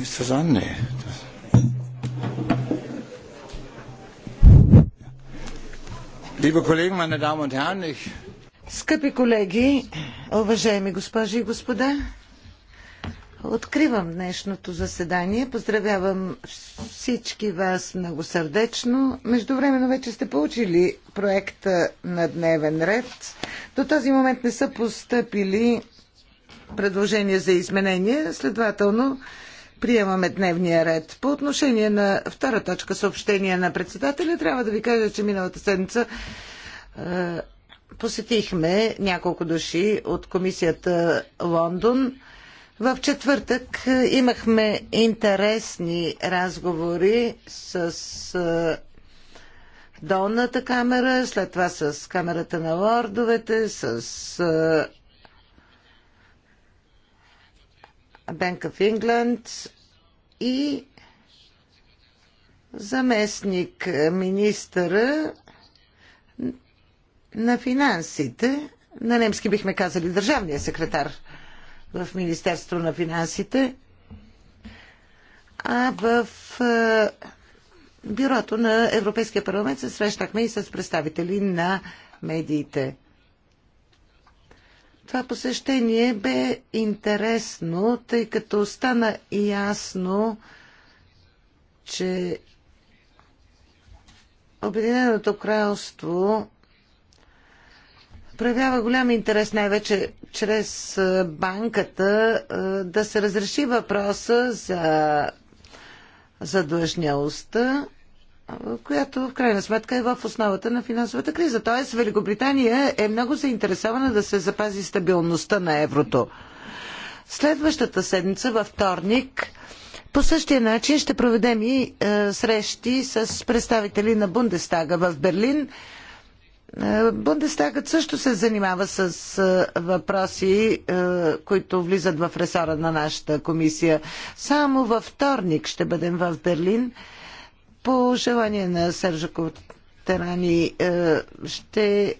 Ist das an? Nee. Liebe Kollegen, meine Damen und Herren, ich... Скъпи колеги, уважаеми госпожи и господа, Откривам днешното заседание. Поздравявам всички вас много сърдечно. Междувременно вече сте получили проекта на дневен ред. До този момент не са поступили предложения за изменение. Следователно, приемаме дневния ред. По отношение на втора точка съобщение на председателя, трябва да ви кажа, че миналата седмица е, посетихме няколко души от комисията Лондон. В четвъртък е, имахме интересни разговори с е, долната камера, след това с камерата на лордовете, с е, Bank of England и заместник е, министъра на финансите, на немски бихме казали държавния секретар в Министерство на финансите, а в е, бюрото на Европейския парламент се срещахме и с представители на медиите. Това посещение бе интересно, тъй като стана ясно, че Обединеното кралство проявява голям интерес най-вече чрез банката да се разреши въпроса за задлъжнялостта която в крайна сметка е в основата на финансовата криза. Тоест Великобритания е много заинтересована да се запази стабилността на еврото. Следващата седмица, във вторник, по същия начин ще проведем и е, срещи с представители на Бундестага в Берлин. Е, Бундестагът също се занимава с е, въпроси, е, които влизат в ресора на нашата комисия. Само във вторник ще бъдем в Берлин. По желание на Сержа Котерани е, ще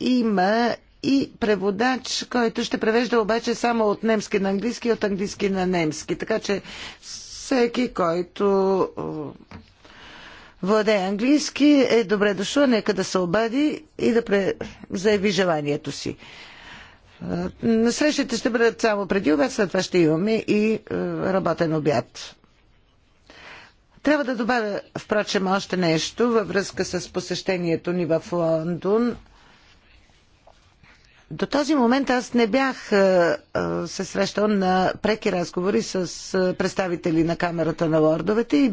има и преводач, който ще превежда обаче само от немски на английски и от английски на немски. Така че всеки, който е, владее английски, е добре дошъл, нека да се обади и да пре... заяви желанието си. Е, срещите ще бъдат само преди обед, след това ще имаме и работен обяд. Трябва да добавя, впрочем, още нещо във връзка с посещението ни в Лондон. До този момент аз не бях се срещал на преки разговори с представители на Камерата на лордовете и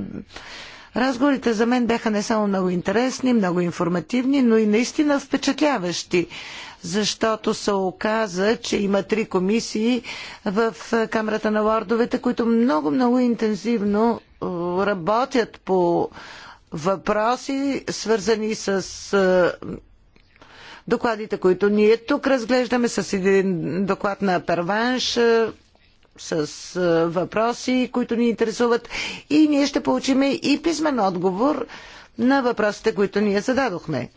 разговорите за мен бяха не само много интересни, много информативни, но и наистина впечатляващи, защото се оказа, че има три комисии в Камерата на лордовете, които много-много интензивно работят по въпроси, свързани с докладите, които ние тук разглеждаме, с един доклад на Перванш, с въпроси, които ни интересуват и ние ще получим и писмен отговор на въпросите, които ние зададохме.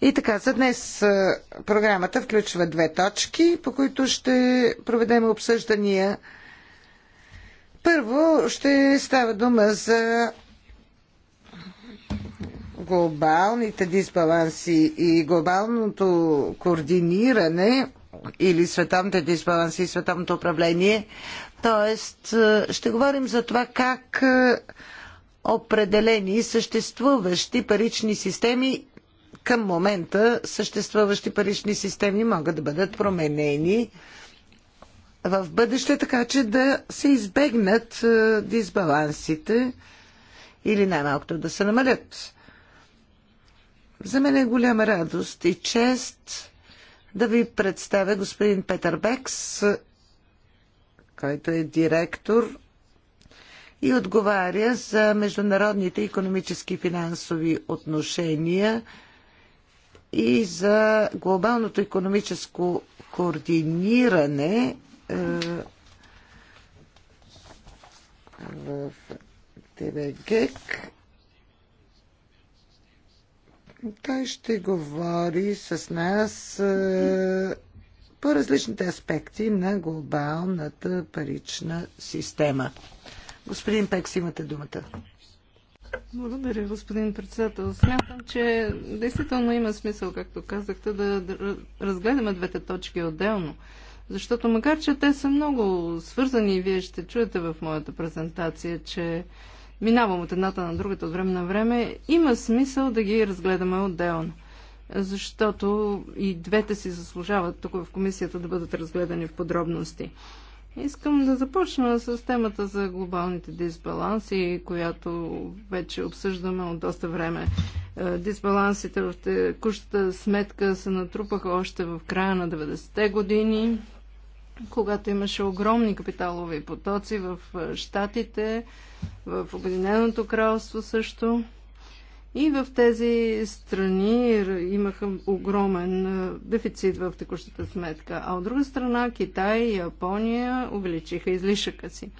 И така, за днес програмата включва две точки, по които ще проведем обсъждания първо ще става дума за глобалните дисбаланси и глобалното координиране или световните дисбаланси и световното управление. Тоест, е, ще говорим за това как е, определени съществуващи парични системи към момента съществуващи парични системи могат да бъдат променени в бъдеще, така че да се избегнат е, дисбалансите или най-малкото да се намалят. За мен е голяма радост и чест да ви представя господин Петър Бекс, който е директор и отговаря за международните економически и финансови отношения и за глобалното економическо координиране в ТВГЕК. Той ще говори с нас по различните аспекти на глобалната парична система. Господин Пекс, имате думата. Благодаря, господин председател. Смятам, че действително има смисъл, както казахте, да разгледаме двете точки отделно. Защото макар, че те са много свързани, и вие ще чуете в моята презентация, че минавам от едната на другата от време на време, има смисъл да ги разгледаме отделно. Защото и двете си заслужават тук в комисията да бъдат разгледани в подробности. Искам да започна с темата за глобалните дисбаланси, която вече обсъждаме от доста време. Е, дисбалансите в текущата сметка се натрупаха още в края на 90-те години когато имаше огромни капиталови потоци в Штатите, в Обединеното кралство също. И в тези страни имаха огромен дефицит в текущата сметка. А от друга страна Китай и Япония увеличиха излишъка си.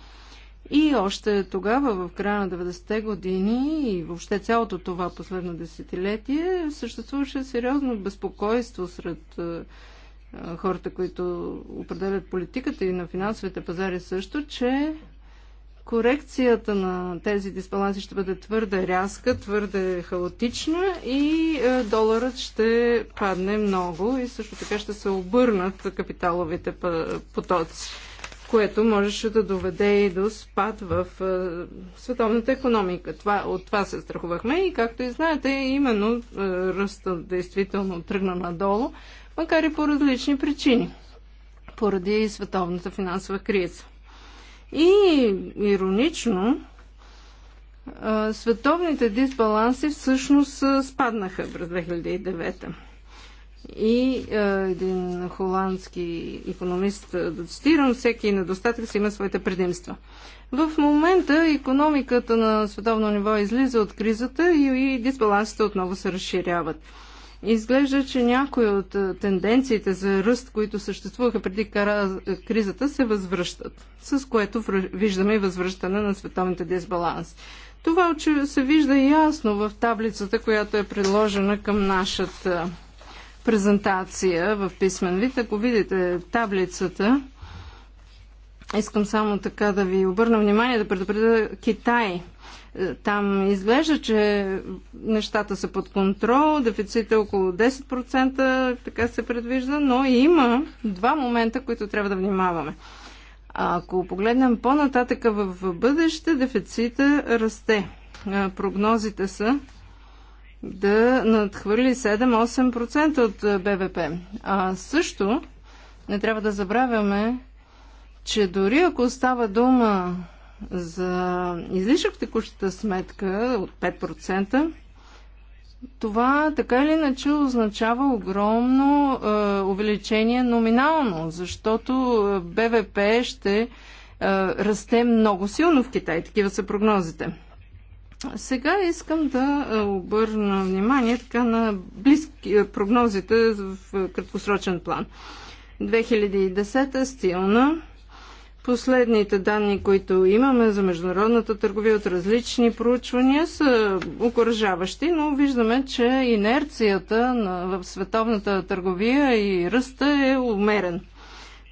И още тогава, в края на 90-те години и въобще цялото това последно десетилетие, съществуваше сериозно безпокойство сред хората, които определят политиката и на финансовите пазари също, че корекцията на тези дисбаланси ще бъде твърде рязка, твърде хаотична и доларът ще падне много и също така ще се обърнат капиталовите потоци, което можеше да доведе и до спад в световната економика. Това, от това се страхувахме и както и знаете, именно ръста действително тръгна надолу, макар и по различни причини, поради световната финансова криза. И иронично, световните дисбаланси всъщност спаднаха през 2009. И един холандски економист, да цитирам, всеки недостатък си има своите предимства. В момента економиката на световно ниво излиза от кризата и дисбалансите отново се разширяват. Изглежда, че някои от е, тенденциите за ръст, които съществуваха преди кризата, се възвръщат, с което виждаме и възвръщане на световните дисбаланси. Това се вижда ясно в таблицата, която е приложена към нашата презентация в писмен вид. Ако видите таблицата, искам само така да ви обърна внимание да предупредя Китай – там изглежда, че нещата са под контрол, дефицит е около 10%, така се предвижда, но има два момента, които трябва да внимаваме. А ако погледнем по-нататъка в бъдеще, дефицита расте. Прогнозите са да надхвърли 7-8% от БВП. А също не трябва да забравяме, че дори ако става дума за излишък в текущата сметка от 5%, това така или иначе означава огромно е, увеличение номинално, защото е, БВП ще е, расте много силно в Китай. Такива са прогнозите. Сега искам да е, обърна внимание така на близки е, прогнозите в краткосрочен план. 2010 стилна Последните данни, които имаме за международната търговия от различни проучвания са окоръжаващи, но виждаме, че инерцията на, в световната търговия и ръста е умерен.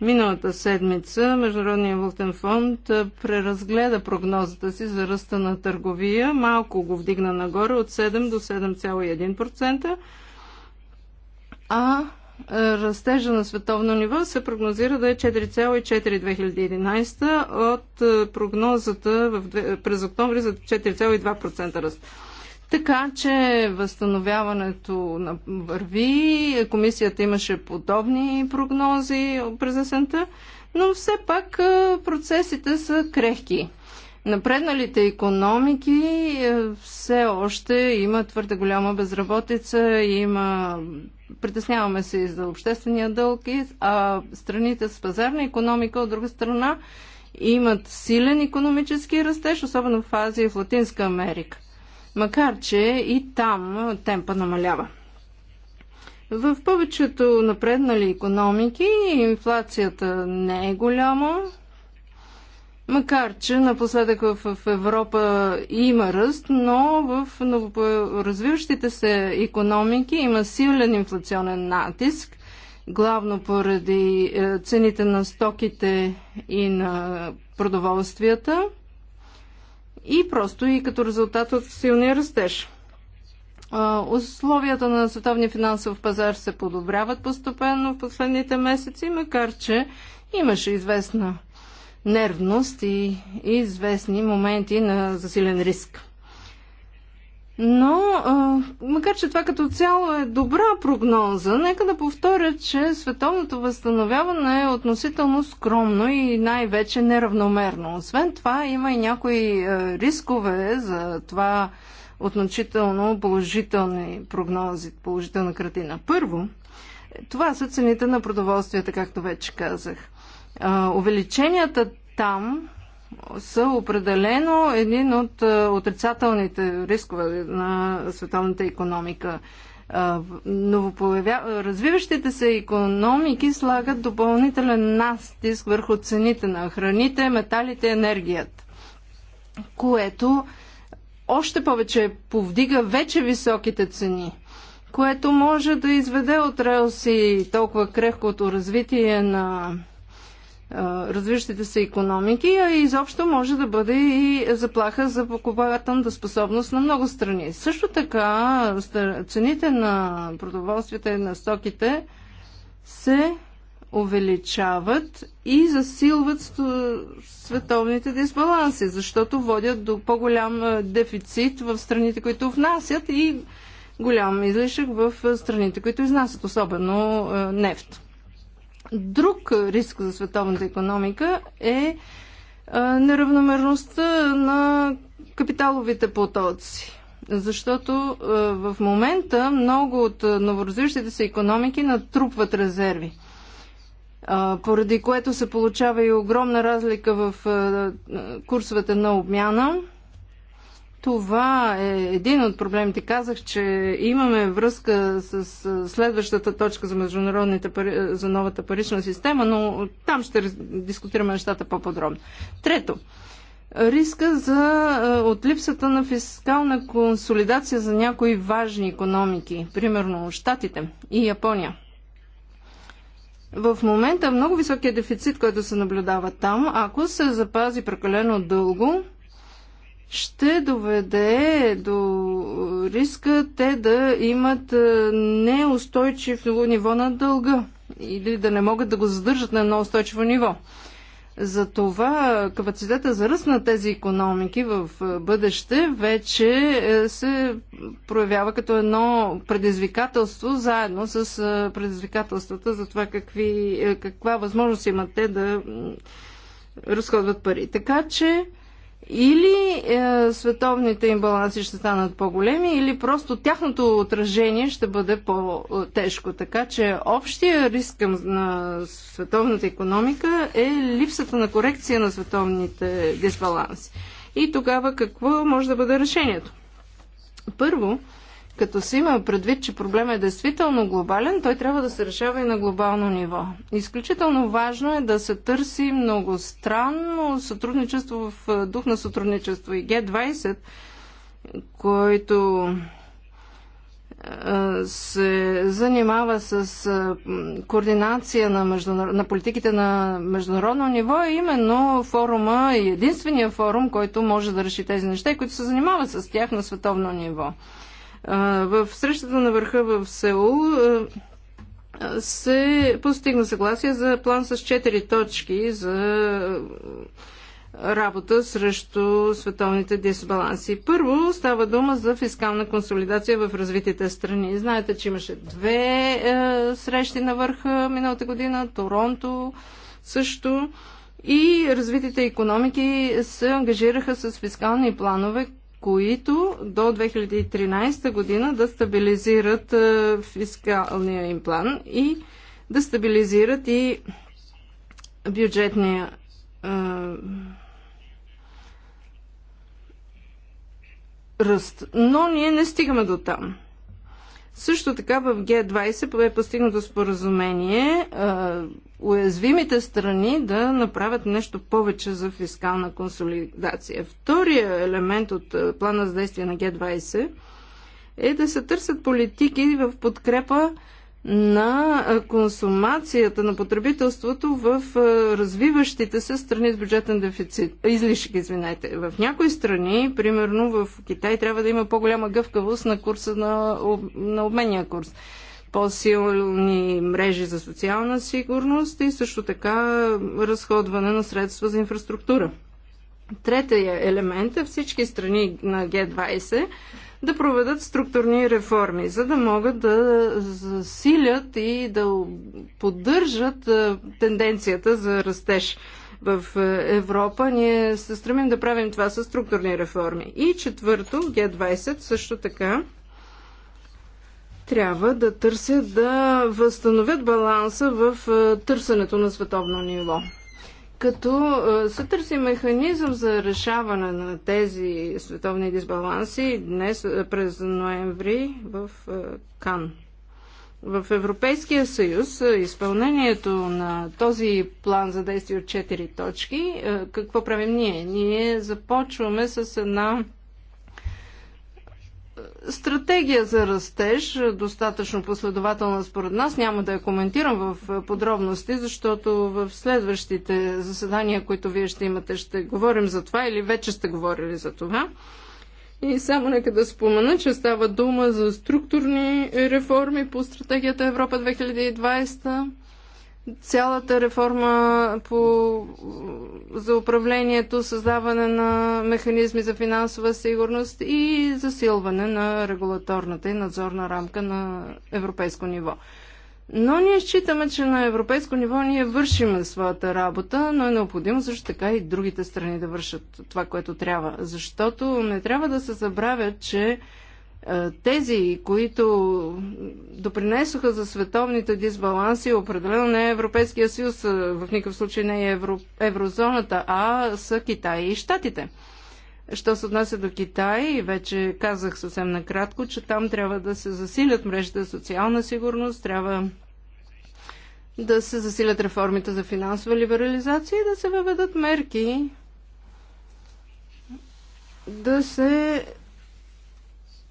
Миналата седмица Международният валутен фонд преразгледа прогнозата си за ръста на търговия, малко го вдигна нагоре от 7 до 7,1%, а растежа на световно ниво се прогнозира да е 4,4 2011 от е, прогнозата в, през октомври за 4,2% ръст. Така че възстановяването на върви, комисията имаше подобни прогнози през есента, но все пак е, процесите са крехки. Напредналите економики е, все още има твърде голяма безработица, има притесняваме се и за обществения дълг, а страните с пазарна економика, от друга страна, имат силен економически растеж, особено в Азия и в Латинска Америка. Макар, че и там темпа намалява. В повечето напреднали економики инфлацията не е голяма, Макар, че напоследък в Европа има ръст, но в развиващите се економики има силен инфлационен натиск, главно поради е, цените на стоките и на продоволствията и просто и като резултат от силния растеж. Е, условията на световния финансов пазар се подобряват постепенно в последните месеци, макар че имаше известна нервност и известни моменти на засилен риск. Но, а, макар че това като цяло е добра прогноза, нека да повторя, че световното възстановяване е относително скромно и най-вече неравномерно. Освен това, има и някои е, рискове за това относително положителни прогнози, положителна картина. Първо, това са цените на продоволствията, както вече казах увеличенията там са определено един от отрицателните рискове на световната економика. Новопоявя... Развиващите се економики слагат допълнителен настиск върху цените на храните, металите, енергият, което още повече повдига вече високите цени, което може да изведе от релси толкова крехкото развитие на развиващите се економики, а изобщо може да бъде и заплаха за покупателната способност на много страни. Също така цените на продоволствията и на стоките се увеличават и засилват световните дисбаланси, защото водят до по-голям дефицит в страните, които внасят и голям излишък в страните, които изнасят, особено нефт. Друг риск за световната економика е неравномерността на капиталовите потоци. Защото в момента много от новоразвиващите се економики натрупват резерви поради което се получава и огромна разлика в курсовете на обмяна това е един от проблемите. Казах, че имаме връзка с следващата точка за международните пари, за новата парична система, но там ще дискутираме нещата по-подробно. Трето, риска за, от липсата на фискална консолидация за някои важни економики, примерно Штатите и Япония. В момента много високия дефицит, който се наблюдава там, ако се запази прекалено дълго, ще доведе до риска те да имат е, неустойчив ниво на дълга или да не могат да го задържат на едно устойчиво ниво. Затова капацитета за ръст на тези економики в е, бъдеще вече е, се проявява като едно предизвикателство, заедно с предизвикателствата за това какви, каква възможност имат те да разходват пари. Така че или е, световните им баланси ще станат по-големи, или просто тяхното отражение ще бъде по-тежко. Така че общия риск на световната економика е липсата на корекция на световните дисбаланси. И тогава какво може да бъде решението? Първо, като се има предвид, че проблемът е действително глобален, той трябва да се решава и на глобално ниво. Изключително важно е да се търси многостранно сътрудничество в е, дух на сътрудничество и Г-20, който е, се занимава с е, координация на, междунар... на политиките на международно ниво е именно форума и единствения форум, който може да реши тези неща и който се занимава с тях на световно ниво. В срещата на върха в Сеул се постигна съгласие за план с четири точки за работа срещу световните дисбаланси. Първо става дума за фискална консолидация в развитите страни. Знаете, че имаше две е, срещи на върха миналата година, Торонто също. И развитите економики се ангажираха с фискални планове, които до 2013 година да стабилизират е, фискалния им план и да стабилизират и бюджетния е, ръст. Но ние не стигаме до там. Също така в Г20 е постигнато споразумение а, е, уязвимите страни да направят нещо повече за фискална консолидация. Втория елемент от е, плана за действие на Г20 е да се търсят политики в подкрепа на консумацията на потребителството в развиващите се страни с бюджетен дефицит. Излишък, извинете. В някои страни, примерно в Китай, трябва да има по-голяма гъвкавост на курса на, на обменния курс. По-силни мрежи за социална сигурност и също така разходване на средства за инфраструктура. Третия елемент е всички страни на Г20 да проведат структурни реформи, за да могат да засилят и да поддържат тенденцията за растеж в Европа. Ние се стремим да правим това с структурни реформи. И четвърто, Г20 също така трябва да търсят да възстановят баланса в търсенето на световно ниво като е, се търси механизъм за решаване на тези световни дисбаланси днес е, през ноември в е, Кан. В Европейския съюз изпълнението на този план за действие от 4 точки, какво правим ние? Ние започваме с една стратегия за растеж, достатъчно последователна според нас. Няма да я коментирам в подробности, защото в следващите заседания, които вие ще имате, ще говорим за това или вече сте говорили за това. И само нека да спомена, че става дума за структурни реформи по стратегията Европа 2020 цялата реформа по, за управлението, създаване на механизми за финансова сигурност и засилване на регулаторната и надзорна рамка на европейско ниво. Но ние считаме, че на европейско ниво ние вършим своята работа, но е необходимо също така и другите страни да вършат това, което трябва. Защото не трябва да се забравя, че е, тези, които допринесоха за световните дисбаланси, определено не е Европейския съюз, е, в никакъв случай не е евро, еврозоната, а са Китай и Штатите. Що се отнася до Китай, вече казах съвсем накратко, че там трябва да се засилят мрежите за социална сигурност, трябва да се засилят реформите за финансова либерализация и да се въведат мерки да се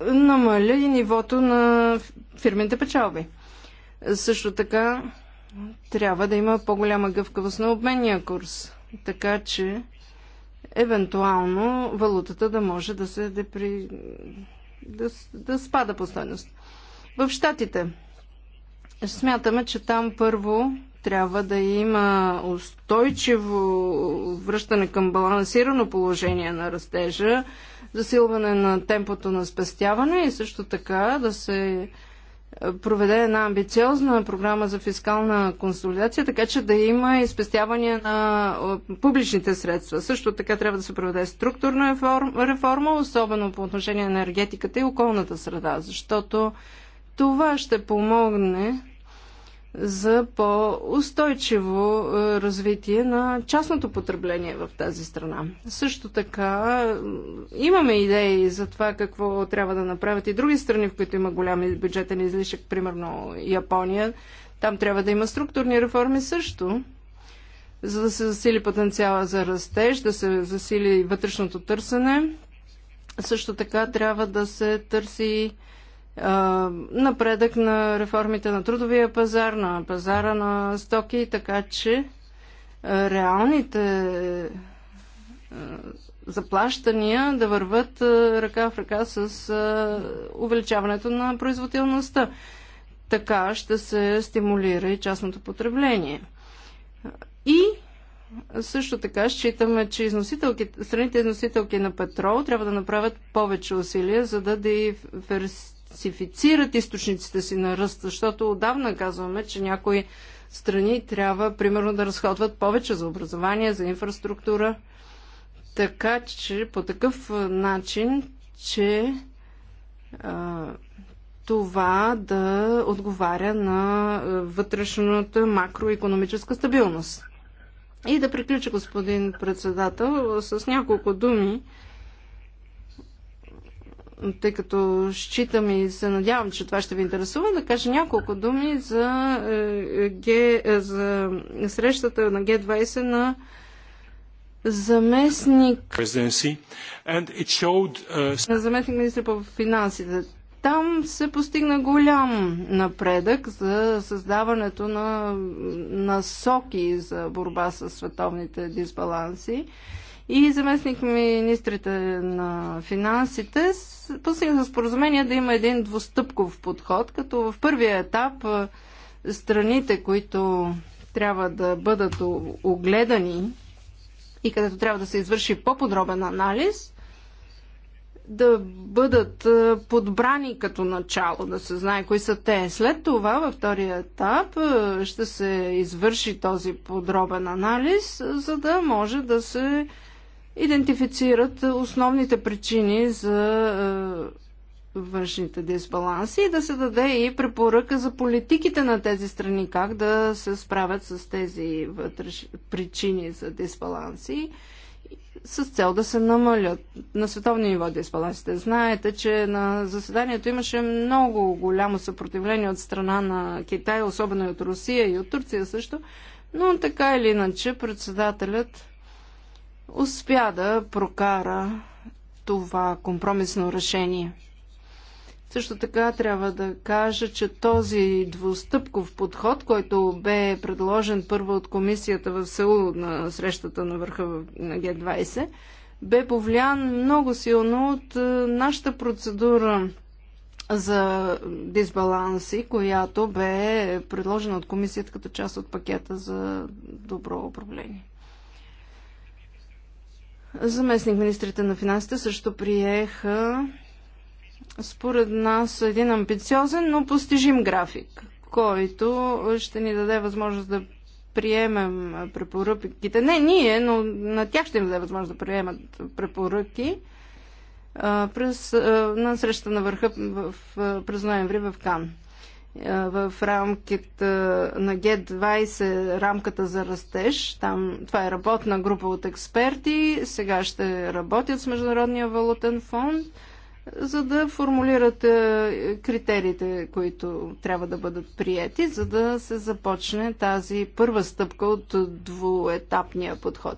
намали нивото на фирмите печалби. Също така трябва да има по-голяма гъвкавост на обменния курс, така че евентуално валутата да може да се депри... да, да спада по стойност. В Штатите смятаме, че там първо трябва да има устойчиво връщане към балансирано положение на растежа, засилване на темпото на спестяване и също така да се е, проведе една амбициозна програма за фискална консолидация, така че да има и спестяване на е, публичните средства. Също така трябва да се проведе структурна реформа, особено по отношение на енергетиката и околната среда, защото това ще помогне за по-устойчиво е, развитие на частното потребление в тази страна. Също така имаме идеи за това какво трябва да направят и други страни, в които има голям бюджетен излишък, примерно Япония. Там трябва да има структурни реформи също, за да се засили потенциала за растеж, да се засили вътрешното търсене. Също така трябва да се търси напредък на реформите на трудовия пазар, на пазара на стоки, така че реалните заплащания да върват ръка в ръка с увеличаването на производителността. Така ще се стимулира и частното потребление. И също така считаме, че износителки, страните износителки на петрол трябва да направят повече усилия, за да диверсифицират диверсифицират източниците си на ръст, защото отдавна казваме, че някои страни трябва, примерно, да разходват повече за образование, за инфраструктура, така че по такъв начин, че а, това да отговаря на вътрешната макроекономическа стабилност. И да приключа, господин председател, с няколко думи тъй като считам и се надявам, че това ще ви интересува, да кажа няколко думи за, е, е, е за срещата на Г20 на заместник е, на заместник министр по финансите. Там се постигна голям напредък за създаването на насоки за борба с световните дисбаланси и заместник министрите на финансите постигнаха споразумение да има един двустъпков подход, като в първия етап страните, които трябва да бъдат огледани и където трябва да се извърши по-подробен анализ, да бъдат подбрани като начало, да се знае кои са те. След това, във втория етап, ще се извърши този подробен анализ, за да може да се идентифицират основните причини за е, външните дисбаланси и да се даде и препоръка за политиките на тези страни, как да се справят с тези вътреш... причини за дисбаланси с цел да се намалят на световни ниво дисбалансите. Знаете, че на заседанието имаше много голямо съпротивление от страна на Китай, особено и от Русия и от Турция също, но така или иначе председателят успя да прокара това компромисно решение. Също така трябва да кажа, че този двустъпков подход, който бе предложен първо от комисията в Сеул на срещата на върха на Г-20, бе повлиян много силно от е, нашата процедура за дисбаланси, която бе предложена от комисията като част от пакета за добро управление. Заместник министрите на финансите също приеха според нас един амбициозен, но постижим график, който ще ни даде възможност да приемем препоръките. Не ние, но на тях ще им даде възможност да приемат препоръки през, на среща на върха в, през ноември в Кан в рамките на Г20 рамката за растеж. Там, това е работна група от експерти. Сега ще работят с Международния валутен фонд, за да формулират критериите, които трябва да бъдат приети, за да се започне тази първа стъпка от двуетапния подход.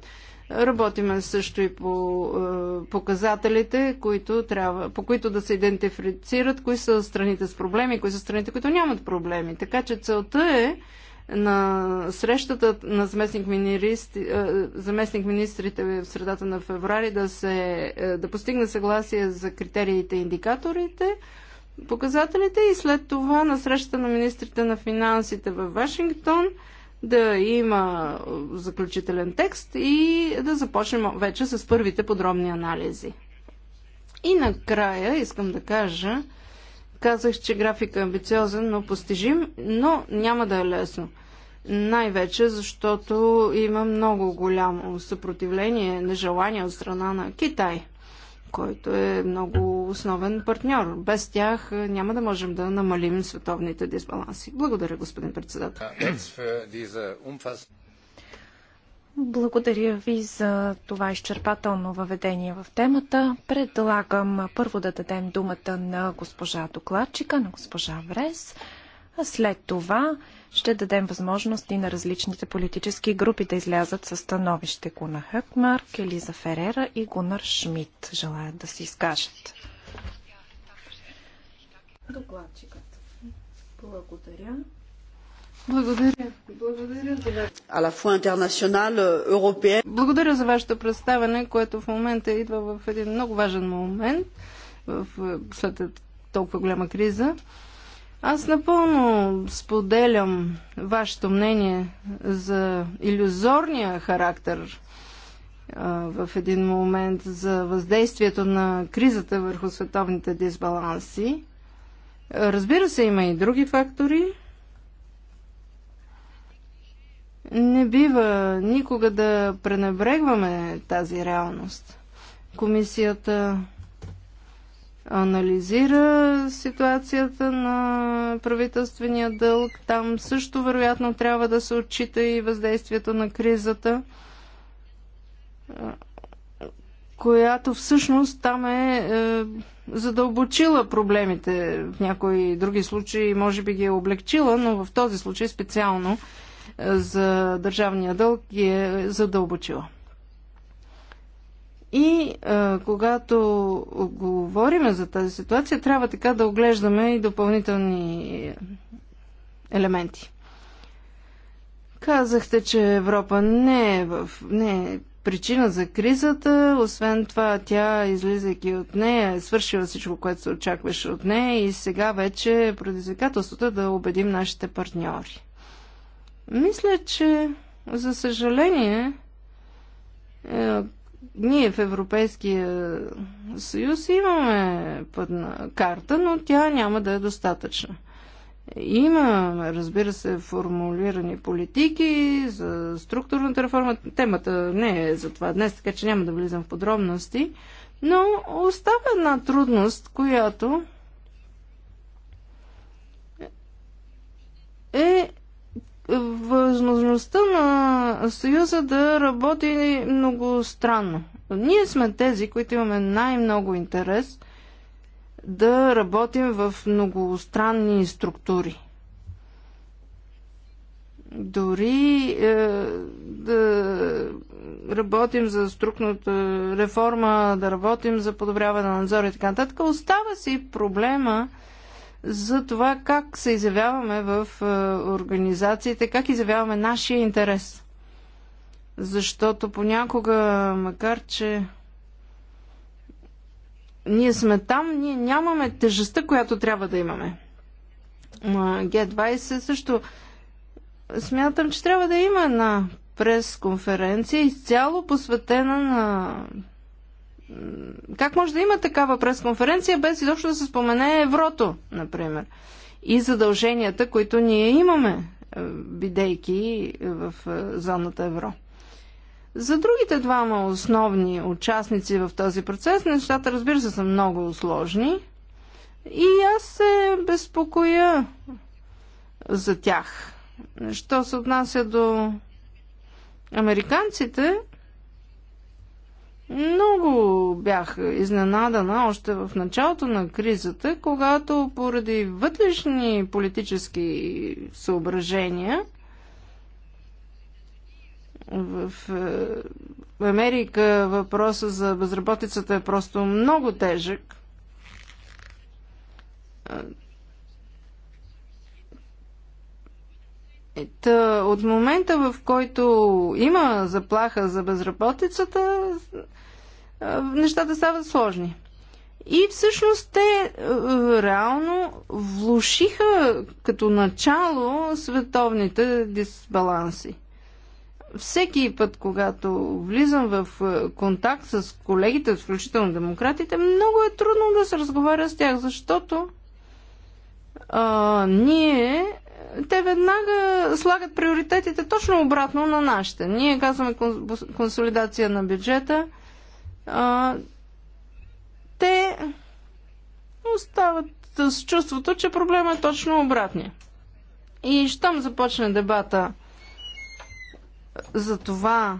Работиме също и по е, показателите, които трябва, по които да се идентифицират кои са страните с проблеми, кои са страните, които нямат проблеми. Така че целта е на срещата на заместник е, министрите в средата на феврари да, се, е, да постигне съгласие за критериите и индикаторите, показателите и след това на срещата на министрите на финансите в Вашингтон – да има заключителен текст и да започнем вече с първите подробни анализи. И накрая искам да кажа, казах, че графика е амбициозен, но постижим, но няма да е лесно. Най-вече, защото има много голямо съпротивление, нежелание от страна на Китай – който е много основен партньор. Без тях е, няма да можем да намалим световните дисбаланси. Благодаря, господин председател. Благодаря ви за това изчерпателно въведение в темата. Предлагам първо да дадем думата на госпожа докладчика, на госпожа Врес, а след това ще дадем възможности на различните политически групи да излязат със становище. Гуна Хъкмарк, Елиза Ферера и Гунар Шмидт желаят да се изкажат. Докладчикът. Благодаря. Благодаря. за... Благодаря за вашето представяне, което в момента идва в един много важен момент, в, след толкова голяма криза. Аз напълно споделям вашето мнение за иллюзорния характер в един момент за въздействието на кризата върху световните дисбаланси. Разбира се, има и други фактори. Не бива никога да пренебрегваме тази реалност. Комисията анализира ситуацията на правителствения дълг. Там също вероятно трябва да се отчита и въздействието на кризата, която всъщност там е, е задълбочила проблемите. В някои други случаи може би ги е облегчила, но в този случай специално е, за държавния дълг ги е задълбочила. И а, е, когато говорим за тази ситуация, трябва така да оглеждаме и допълнителни елементи. Казахте, че Европа не е, в, не е причина за кризата, освен това тя, излизайки от нея, е свършила всичко, което се очакваше от нея и сега вече е предизвикателството е да убедим нашите партньори. Мисля, че за съжаление е, ние в Европейския съюз имаме пътна карта, но тя няма да е достатъчна. Има, разбира се, формулирани политики за структурната реформа. Темата не е за това днес, така че няма да влизам в подробности. Но остава една трудност, която е възможността на Съюза да работи много странно. Ние сме тези, които имаме най-много интерес да работим в многостранни структури. Дори е, да работим за структурната реформа, да работим за подобряване на надзора и така нататък, остава си проблема за това как се изявяваме в е, организациите, как изявяваме нашия интерес. Защото понякога, макар че ние сме там, ние нямаме тежестта, която трябва да имаме. Г20 също смятам, че трябва да има една пресконференция, изцяло посветена на как може да има такава пресконференция без изобщо да се спомене еврото, например? И задълженията, които ние имаме, е, бидейки в е, зоната евро. За другите двама основни участници в този процес, нещата, разбира се, са много сложни. И аз се безпокоя за тях. Що се отнася до американците, много бях изненадана още в началото на кризата, когато поради вътрешни политически съображения в е, Америка въпроса за безработицата е просто много тежък. Ето, от момента, в който има заплаха за безработицата, нещата стават сложни. И всъщност те реално влушиха като начало световните дисбаланси. Всеки път, когато влизам в контакт с колегите, включително демократите, много е трудно да се разговаря с тях, защото а, ние, те веднага слагат приоритетите точно обратно на нашите. Ние казваме консолидация на бюджета – а, те остават с чувството, че проблема е точно обратния. И щом започне дебата за това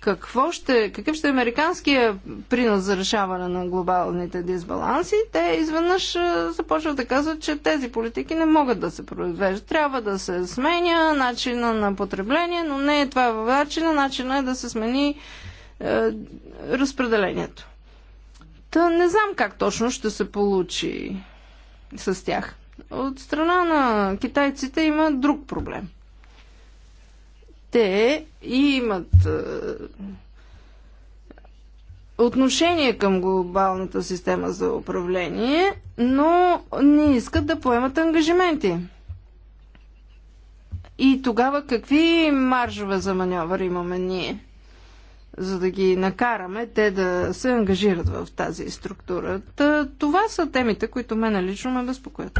какво ще, какъв ще е американския принос за решаване на глобалните дисбаланси, те изведнъж започват да казват, че тези политики не могат да се произвеждат. Трябва да се сменя начина на потребление, но не е това начина. Начина е да се смени е, разпределението. Та не знам как точно ще се получи с тях. От страна на китайците има друг проблем. Те имат е, отношение към глобалната система за управление, но не искат да поемат ангажименти. И тогава какви маржове за маневър имаме ние? за да ги накараме те да се ангажират в тази структура. Та, това са темите, които мен лично ме безпокоят.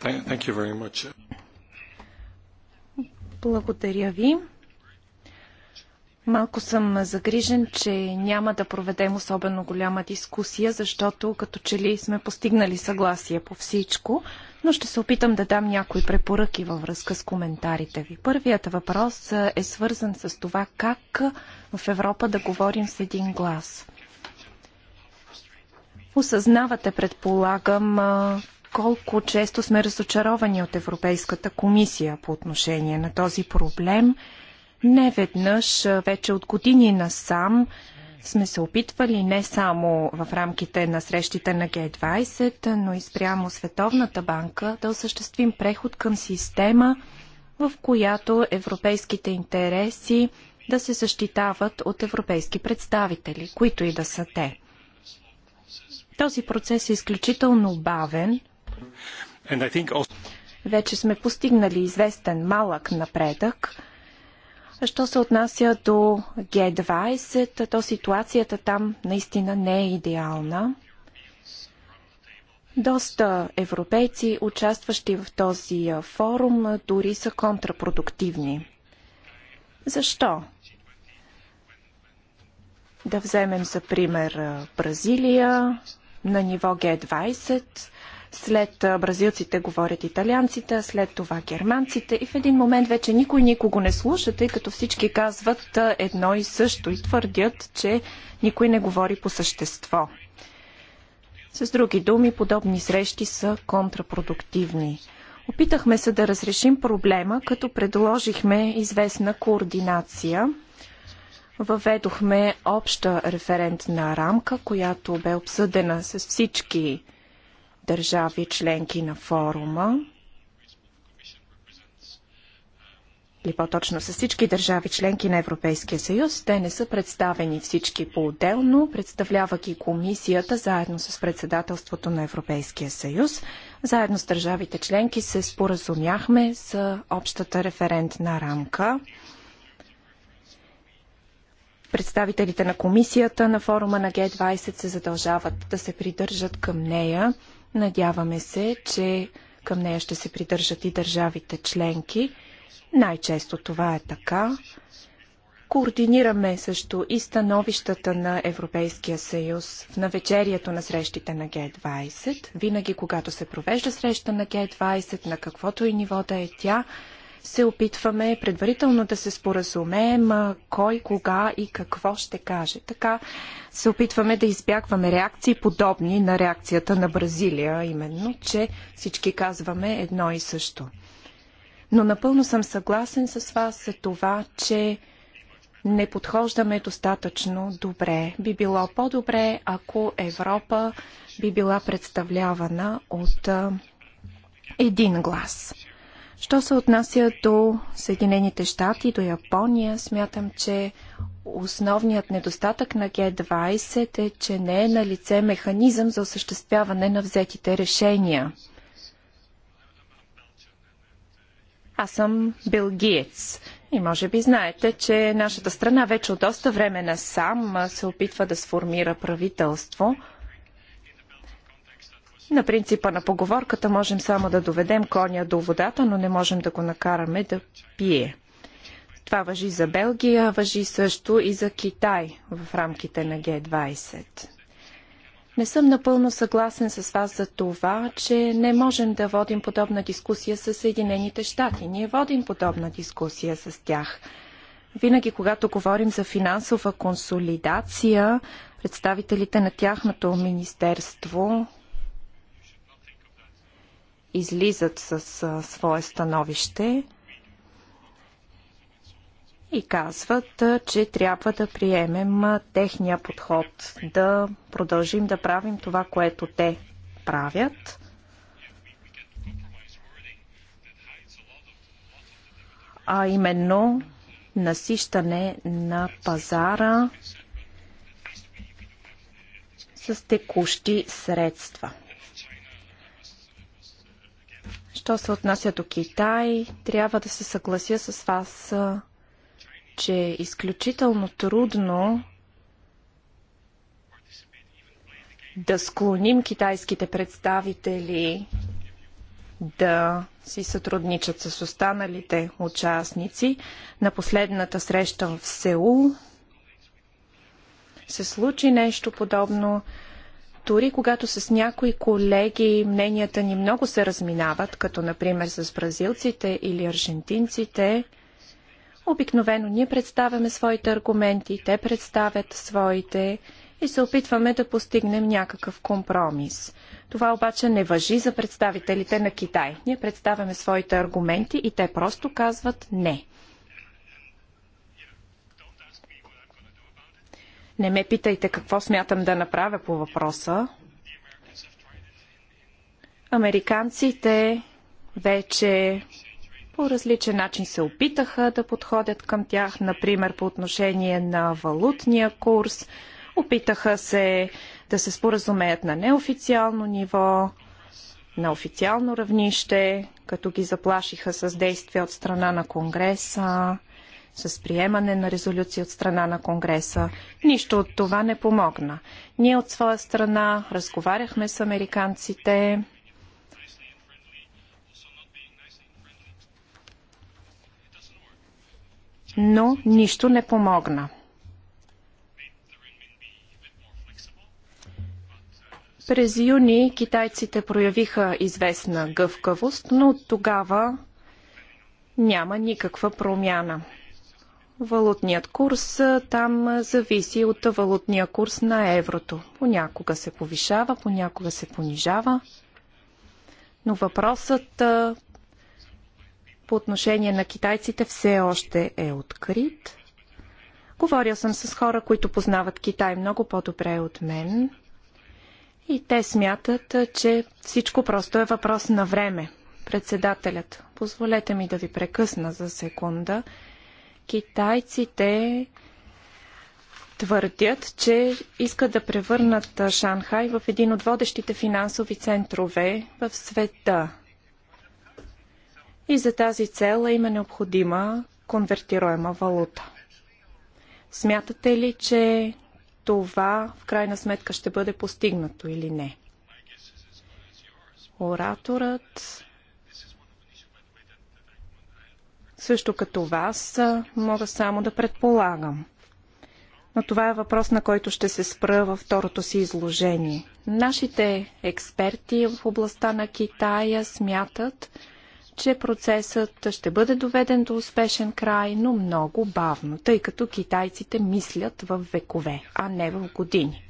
Thank you very much. Благодаря ви. Малко съм загрижен, че няма да проведем особено голяма дискусия, защото като че ли сме постигнали съгласие по всичко но ще се опитам да дам някои препоръки във връзка с коментарите ви. Първият въпрос е свързан с това как в Европа да говорим с един глас. Осъзнавате, предполагам, колко често сме разочаровани от Европейската комисия по отношение на този проблем. Не веднъж, вече от години насам, сме се опитвали не само в рамките на срещите на Г20, но и спрямо Световната банка да осъществим преход към система, в която европейските интереси да се защитават от европейски представители, които и да са те. Този процес е изключително бавен. Вече сме постигнали известен малък напредък, Що се отнася до Г20, то ситуацията там наистина не е идеална. Доста европейци, участващи в този форум, дори са контрапродуктивни. Защо? Да вземем за пример Бразилия на ниво Г20. След бразилците говорят италианците, след това германците и в един момент вече никой никого не слуша, тъй като всички казват едно и също и твърдят, че никой не говори по същество. С други думи, подобни срещи са контрапродуктивни. Опитахме се да разрешим проблема, като предложихме известна координация. Въведохме обща референтна рамка, която бе обсъдена с всички държави членки на форума, или по-точно с всички държави членки на Европейския съюз. Те не са представени всички по-отделно, представлява комисията заедно с председателството на Европейския съюз. Заедно с държавите членки се споразумяхме с общата референтна рамка. Представителите на комисията на форума на Г20 се задължават да се придържат към нея Надяваме се, че към нея ще се придържат и държавите членки. Най-често това е така. Координираме също и становищата на Европейския съюз в навечерието на срещите на Г-20. Винаги, когато се провежда среща на Г-20, на каквото и ниво да е тя, се опитваме предварително да се споразумеем кой, кога и какво ще каже. Така се опитваме да избягваме реакции подобни на реакцията на Бразилия, именно, че всички казваме едно и също. Но напълно съм съгласен с вас за това, че не подхождаме достатъчно добре. Би било по-добре, ако Европа би била представлявана от един глас. Що се отнася до Съединените щати, до Япония, смятам, че основният недостатък на Г-20 е, че не е на лице механизъм за осъществяване на взетите решения. Аз съм белгиец и може би знаете, че нашата страна вече от доста време насам се опитва да сформира правителство – на принципа на поговорката можем само да доведем коня до водата, но не можем да го накараме да пие. Това въжи за Белгия, въжи също и за Китай в рамките на Г20. Не съм напълно съгласен с вас за това, че не можем да водим подобна дискусия с Съединените щати. Ние водим подобна дискусия с тях. Винаги, когато говорим за финансова консолидация, представителите на тяхното министерство излизат с свое становище и казват, че трябва да приемем техния подход, да продължим да правим това, което те правят. А именно насищане на пазара с текущи средства. Що се отнася до Китай, трябва да се съглася с вас, че е изключително трудно да склоним китайските представители да си сътрудничат с останалите участници. На последната среща в Сеул се случи нещо подобно. Дори когато с някои колеги мненията ни много се разминават, като например с бразилците или аржентинците, обикновено ние представяме своите аргументи, те представят своите и се опитваме да постигнем някакъв компромис. Това обаче не въжи за представителите на Китай. Ние представяме своите аргументи и те просто казват не. Не ме питайте какво смятам да направя по въпроса. Американците вече по различен начин се опитаха да подходят към тях, например по отношение на валутния курс. Опитаха се да се споразумеят на неофициално ниво, на официално равнище, като ги заплашиха с действия от страна на Конгреса с приемане на резолюции от страна на Конгреса. Нищо от това не помогна. Ние от своя страна разговаряхме с американците. Но нищо не помогна. През юни китайците проявиха известна гъвкавост, но от тогава няма никаква промяна. Валутният курс там зависи от валутния курс на еврото. Понякога се повишава, понякога се понижава. Но въпросът по отношение на китайците все още е открит. Говорил съм с хора, които познават Китай много по-добре от мен. И те смятат, че всичко просто е въпрос на време. Председателят, позволете ми да ви прекъсна за секунда. Китайците твърдят, че искат да превърнат Шанхай в един от водещите финансови центрове в света. И за тази цел им е необходима конвертируема валута. Смятате ли, че това в крайна сметка ще бъде постигнато или не? Ораторът Също като вас мога само да предполагам. Но това е въпрос, на който ще се спра във второто си изложение. Нашите експерти в областта на Китая смятат, че процесът ще бъде доведен до успешен край, но много бавно, тъй като китайците мислят в векове, а не в години.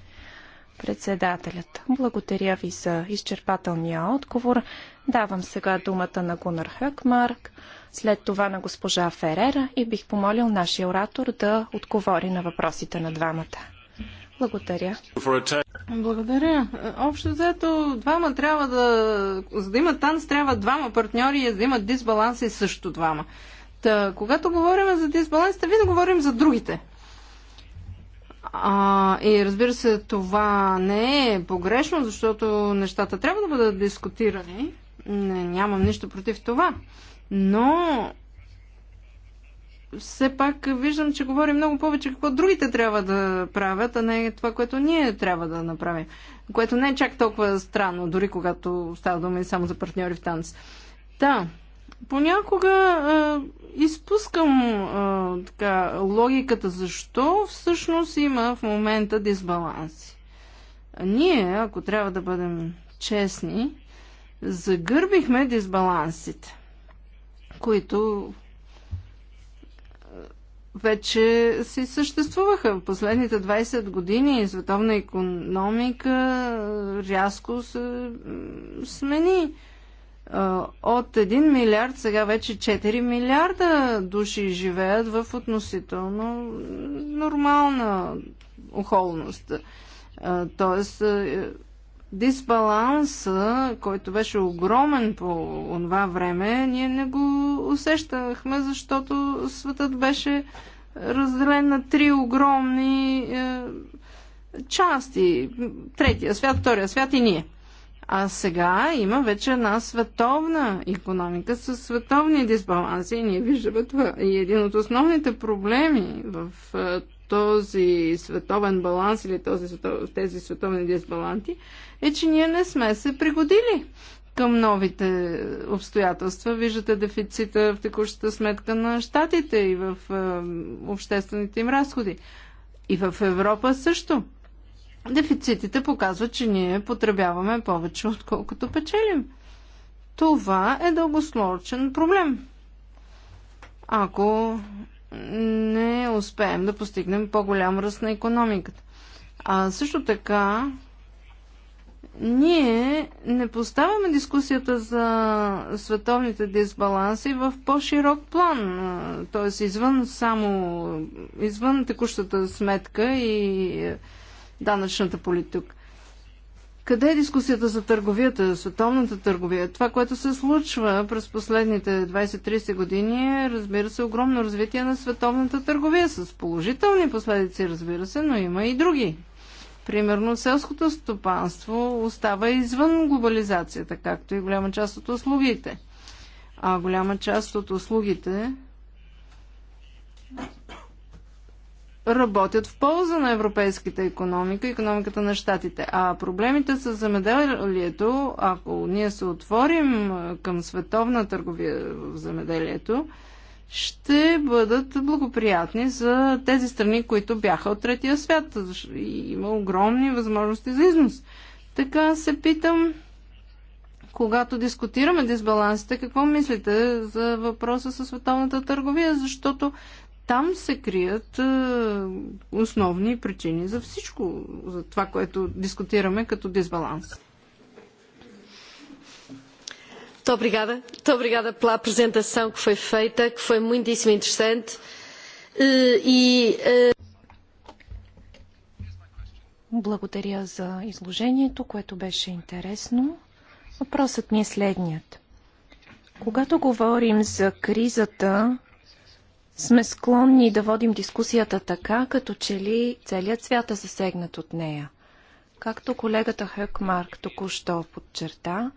Председателят, благодаря ви за изчерпателния отговор. Давам сега думата на Гунар Хъкмарк, след това на госпожа Ферера и бих помолил нашия оратор да отговори на въпросите на двамата. Благодаря. Благодаря. Общо взето, двама трябва да... За да имат танц, трябва двама партньори и за да имат дисбаланс и също двама. Та, когато говорим за дисбаланс, да да говорим за другите. А, и разбира се, това не е погрешно, защото нещата трябва да бъдат дискутирани. Не, нямам нищо против това но все пак виждам, че говори много повече какво другите трябва да правят, а не това, което ние трябва да направим. Което не е чак толкова странно, дори когато става дума и само за партньори в танц. Да, понякога е, изпускам е, така, логиката защо всъщност има в момента дисбаланси. А ние, ако трябва да бъдем честни, загърбихме дисбалансите които вече си съществуваха. В последните 20 години световна економика рязко се смени. От 1 милиард сега вече 4 милиарда души живеят в относително нормална охолност. Тоест дисбаланса, който беше огромен по това време, ние не го усещахме, защото светът беше разделен на три огромни е, части. Третия свят, втория свят и ние. А сега има вече една световна економика с световни дисбаланси и ние виждаме това. И един от основните проблеми в е, този световен баланс или този, тези световни дисбаланти, е, че ние не сме се пригодили към новите обстоятелства. Виждате дефицита в текущата сметка на щатите и в е, обществените им разходи. И в Европа също. Дефицитите показват, че ние потребяваме повече, отколкото печелим. Това е дългосрочен проблем. Ако не успеем да постигнем по-голям ръст на економиката. А също така, ние не поставяме дискусията за световните дисбаланси в по-широк план, т.е. извън само, извън текущата сметка и данъчната политика. Къде е дискусията за търговията, световната търговия? Това, което се случва през последните 20-30 години е, разбира се, огромно развитие на световната търговия с положителни последици, разбира се, но има и други. Примерно, селското стопанство остава извън глобализацията, както и голяма част от услугите. А голяма част от услугите работят в полза на европейската економика, економиката на щатите. А проблемите с земеделието, ако ние се отворим към световна търговия в земеделието, ще бъдат благоприятни за тези страни, които бяха от третия свят. И има огромни възможности за износ. Така се питам, когато дискутираме дисбалансите, какво мислите за въпроса със световната търговия? Защото там се крият е, основни причини за всичко, за това, което дискутираме като дисбаланс. Muito obrigada. Muito obrigada pela apresentação que foi feita, que foi muitíssimo interessante. E, e eh, Благодаря за изложението, което беше интересно. Въпросът ми е следният. Когато говорим за кризата, сме склонни да водим дискусията така, като че ли целият свят е засегнат от нея. Както колегата Марк току-що подчерта,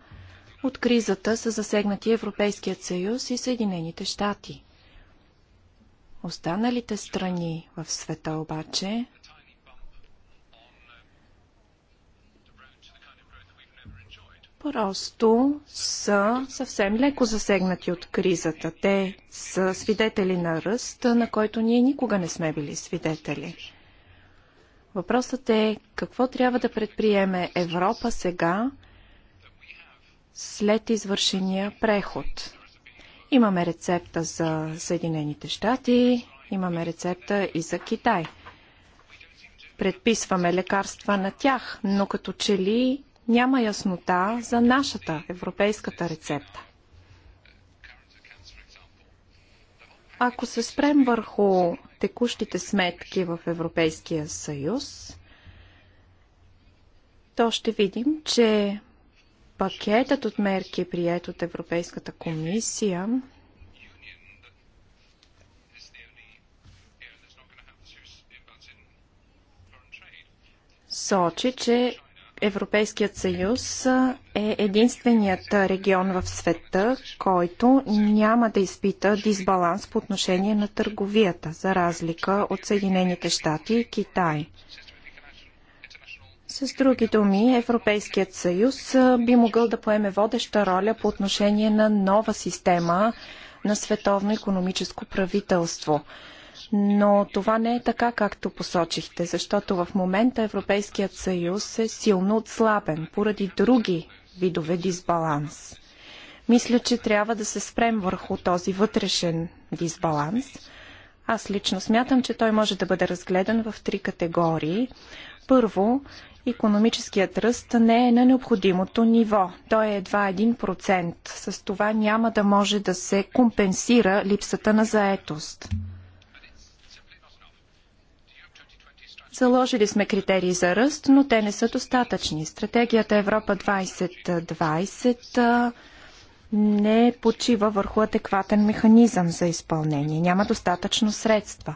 от кризата са засегнати Европейският съюз и Съединените щати. Останалите страни в света обаче просто са съвсем леко засегнати от кризата. Те са свидетели на ръст, на който ние никога не сме били свидетели. Въпросът е какво трябва да предприеме Европа сега, след извършения преход. Имаме рецепта за Съединените щати, имаме рецепта и за Китай. Предписваме лекарства на тях, но като че ли няма яснота за нашата европейската рецепта. Ако се спрем върху текущите сметки в Европейския съюз, то ще видим, че пакетът от мерки, прият от Европейската комисия, сочи, че Европейският съюз е единственият регион в света, който няма да изпита дисбаланс по отношение на търговията, за разлика от Съединените щати и Китай. С други думи, Европейският съюз би могъл да поеме водеща роля по отношение на нова система на световно економическо правителство – но това не е така, както посочихте, защото в момента Европейският съюз е силно отслабен поради други видове дисбаланс. Мисля, че трябва да се спрем върху този вътрешен дисбаланс. Аз лично смятам, че той може да бъде разгледан в три категории. Първо, економическият ръст не е на необходимото ниво. Той е едва 1%. С това няма да може да се компенсира липсата на заетост. Заложили сме критерии за ръст, но те не са достатъчни. Стратегията Европа 2020 не почива върху адекватен механизъм за изпълнение. Няма достатъчно средства.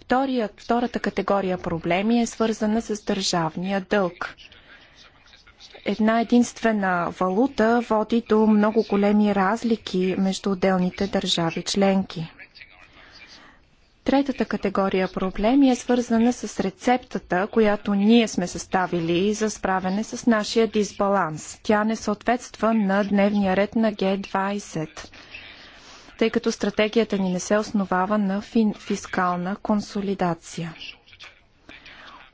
Втория, втората категория проблеми е свързана с държавния дълг. Една единствена валута води до много големи разлики между отделните държави членки. Третата категория проблеми е свързана с рецептата, която ние сме съставили за справяне с нашия дисбаланс. Тя не съответства на дневния ред на Г20, тъй като стратегията ни не се основава на фискална консолидация.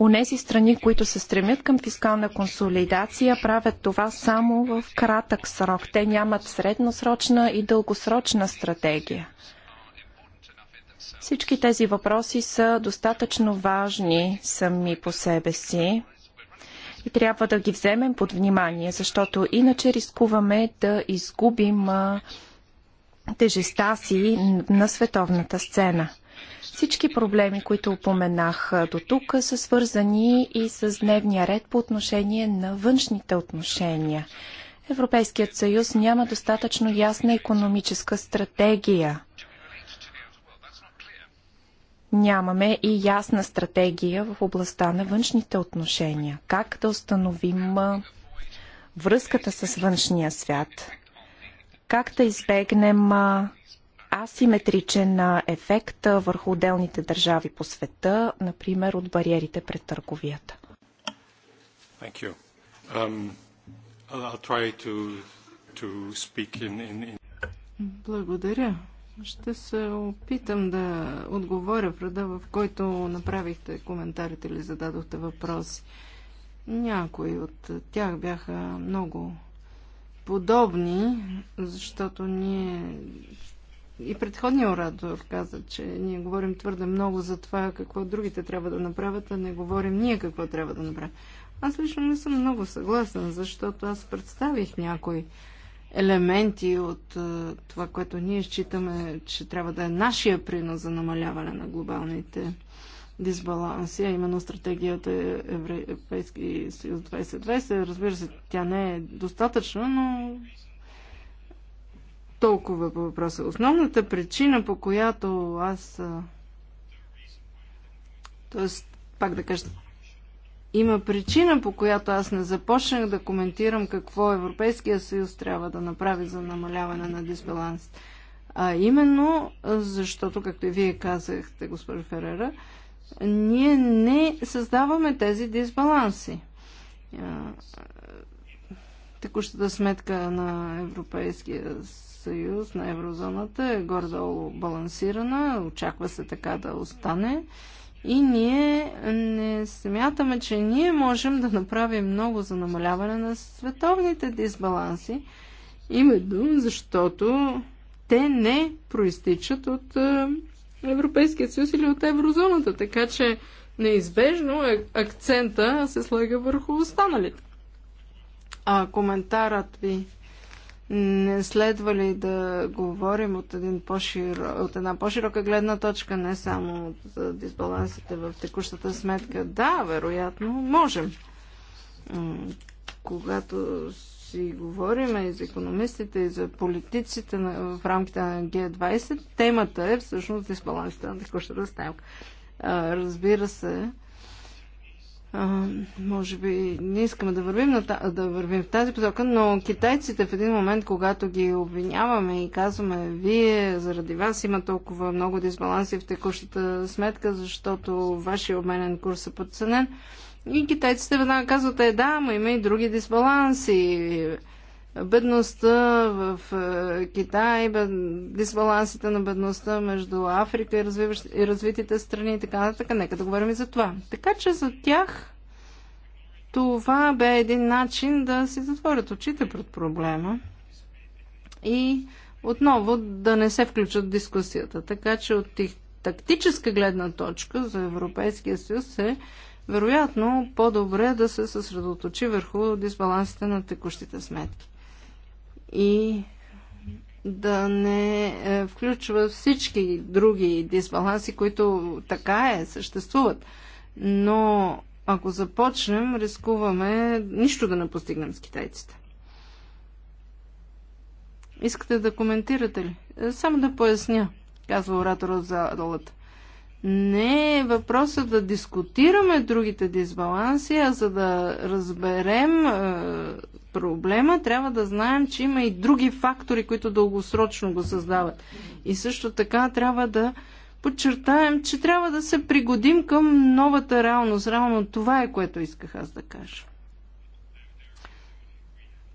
Унези страни, които се стремят към фискална консолидация, правят това само в кратък срок. Те нямат средносрочна и дългосрочна стратегия. Всички тези въпроси са достатъчно важни сами по себе си и трябва да ги вземем под внимание, защото иначе рискуваме да изгубим тежеста си на световната сцена. Всички проблеми, които упоменах до тук, са свързани и с дневния ред по отношение на външните отношения. Европейският съюз няма достатъчно ясна економическа стратегия нямаме и ясна стратегия в областта на външните отношения. Как да установим връзката с външния свят? Как да избегнем асиметричен ефект върху отделните държави по света, например от бариерите пред търговията? Um, to, to in, in... Благодаря. Ще се опитам да отговоря в реда, в който направихте коментарите или зададохте въпроси. Някои от тях бяха много подобни, защото ние и предходния оратор каза, че ние говорим твърде много за това какво другите трябва да направят, а не говорим ние какво трябва да направим. Аз лично не съм много съгласен, защото аз представих някои елементи от е, това, което ние считаме, че трябва да е нашия принос за намаляване на глобалните дисбаланси, а именно стратегията Европейски съюз 2020. Разбира се, тя не е достатъчна, но толкова по въпроса. Основната причина, по която аз... Е, тоест, пак да кажа, има причина, по която аз не започнах да коментирам какво Европейския съюз трябва да направи за намаляване на дисбаланс. А именно, защото, както и вие казахте, госпожо Ферера, ние не създаваме тези дисбаланси. Текущата сметка на Европейския съюз, на еврозоната е гордо балансирана, очаква се така да остане. И ние не смятаме, че ние можем да направим много за намаляване на световните дисбаланси, именно защото те не проистичат от е, Европейския съюз или от еврозоната, така че неизбежно е, акцента се слага върху останалите. А коментарът ви не следва ли да говорим от, един по-широ, от една по-широка гледна точка, не само за дисбалансите в текущата сметка? Да, вероятно, можем. Когато си говорим и за економистите, и за политиците в рамките на Г20, темата е всъщност дисбалансите на текущата сметка. Разбира се, а, може би не искаме да вървим, на, да вървим в тази посока, но китайците в един момент, когато ги обвиняваме и казваме, вие заради вас има толкова много дисбаланси в текущата сметка, защото вашия обменен курс е подценен, и китайците веднага казват, е да, ама има и други дисбаланси бедността в е, Китай, дисбалансите на бедността между Африка и, развиващ... и развитите страни и така нататък. Нека да говорим и за това. Така че за тях това бе един начин да си затворят очите пред проблема и отново да не се включат в дискусията. Така че от тих... тактическа гледна точка за Европейския съюз е вероятно по-добре да се съсредоточи върху дисбалансите на текущите сметки и да не е, включва всички други дисбаланси, които така е, съществуват. Но ако започнем, рискуваме нищо да не постигнем с китайците. Искате да коментирате ли? Е, само да поясня, казва оратора за залата. Не е въпроса да дискутираме другите дисбаланси, а за да разберем е, проблема, трябва да знаем, че има и други фактори, които дългосрочно го създават. И също така трябва да подчертаем, че трябва да се пригодим към новата реалност. Реално това е, което исках аз да кажа.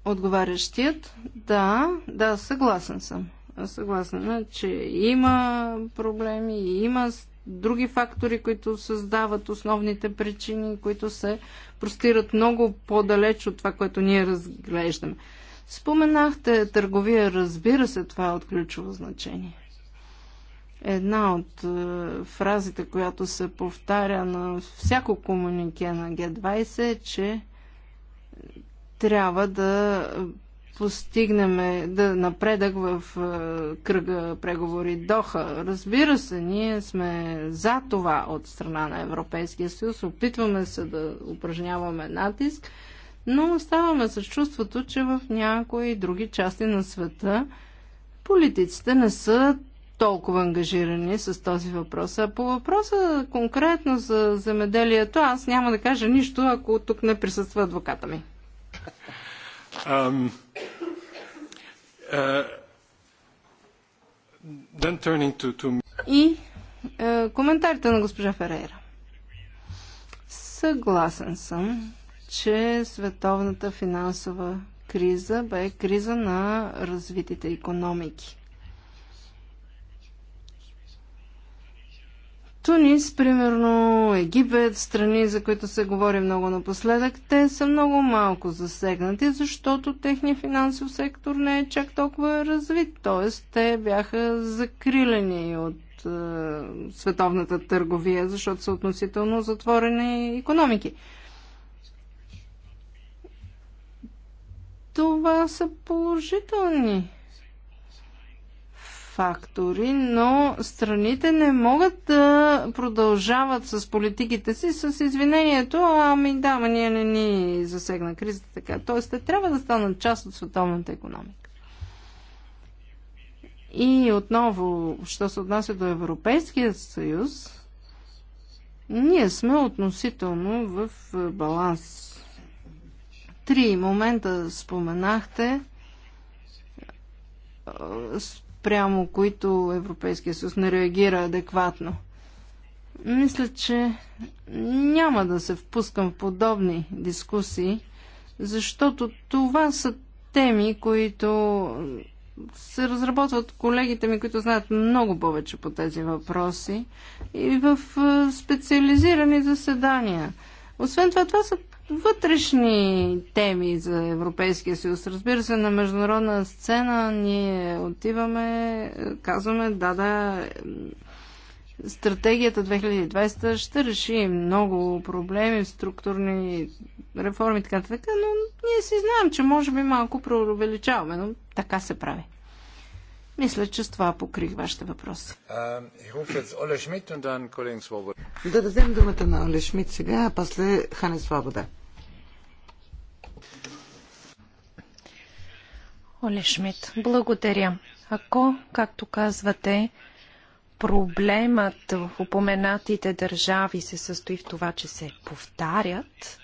Отговарящият, да, да, съгласен съм. Съгласна, че има проблеми, има други фактори, които създават основните причини, които се простират много по-далеч от това, което ние разглеждаме. Споменахте търговия, разбира се, това е от ключово значение. Една от е, фразите, която се повтаря на всяко комунике на Г20 е, че трябва да постигнем да напредък в е, кръга преговори Доха. Разбира се, ние сме за това от страна на Европейския съюз. Опитваме се да упражняваме натиск, но оставаме с чувството, че в някои други части на света политиците не са толкова ангажирани с този въпрос. А по въпроса конкретно за земеделието, аз няма да кажа нищо, ако тук не присъства адвоката ми. Um... Uh, И е, коментарите на госпожа Ферейра. Съгласен съм, че световната финансова криза бе криза на развитите економики. Тунис, примерно Египет, страни, за които се говори много напоследък, те са много малко засегнати, защото техният финансов сектор не е чак толкова развит. Т.е. те бяха закрилени от е, световната търговия, защото са относително затворени економики. Това са положителни фактори, но страните не могат да продължават с политиките си с извинението, ами да, ма ние не ни засегна кризата така. Тоест, те трябва да станат част от световната економика. И отново, що се отнася до Европейския съюз, ние сме относително в е, баланс. Три момента споменахте е, спрямо които Европейския съюз не реагира адекватно. Мисля, че няма да се впускам в подобни дискусии, защото това са теми, които се разработват колегите ми, които знаят много повече по тези въпроси и в специализирани заседания. Освен това, това са вътрешни теми за Европейския съюз. Разбира се, на международна сцена ние отиваме, казваме, да, да, стратегията 2020 ще реши много проблеми, структурни реформи така така но ние си знаем, че може би малко преувеличаваме, но така се прави. Мисля, че с това покрих вашите въпроси. Е, да дадем думата на Оле Шмидт сега, а после Хане Свобода. Оле Шмидт, благодаря. Ако, както казвате, проблемът в упоменатите държави се състои в това, че се повтарят,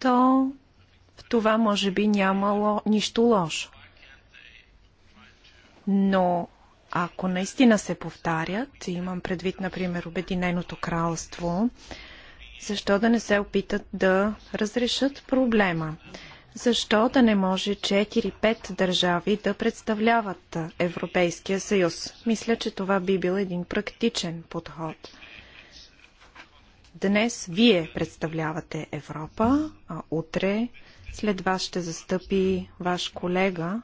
то в това може би нямало нищо лошо. Но ако наистина се повтарят, имам предвид, например, Обединеното кралство, защо да не се опитат да разрешат проблема? Защо да не може 4-5 държави да представляват Европейския съюз? Мисля, че това би бил един практичен подход. Днес вие представлявате Европа, а утре след вас ще застъпи ваш колега,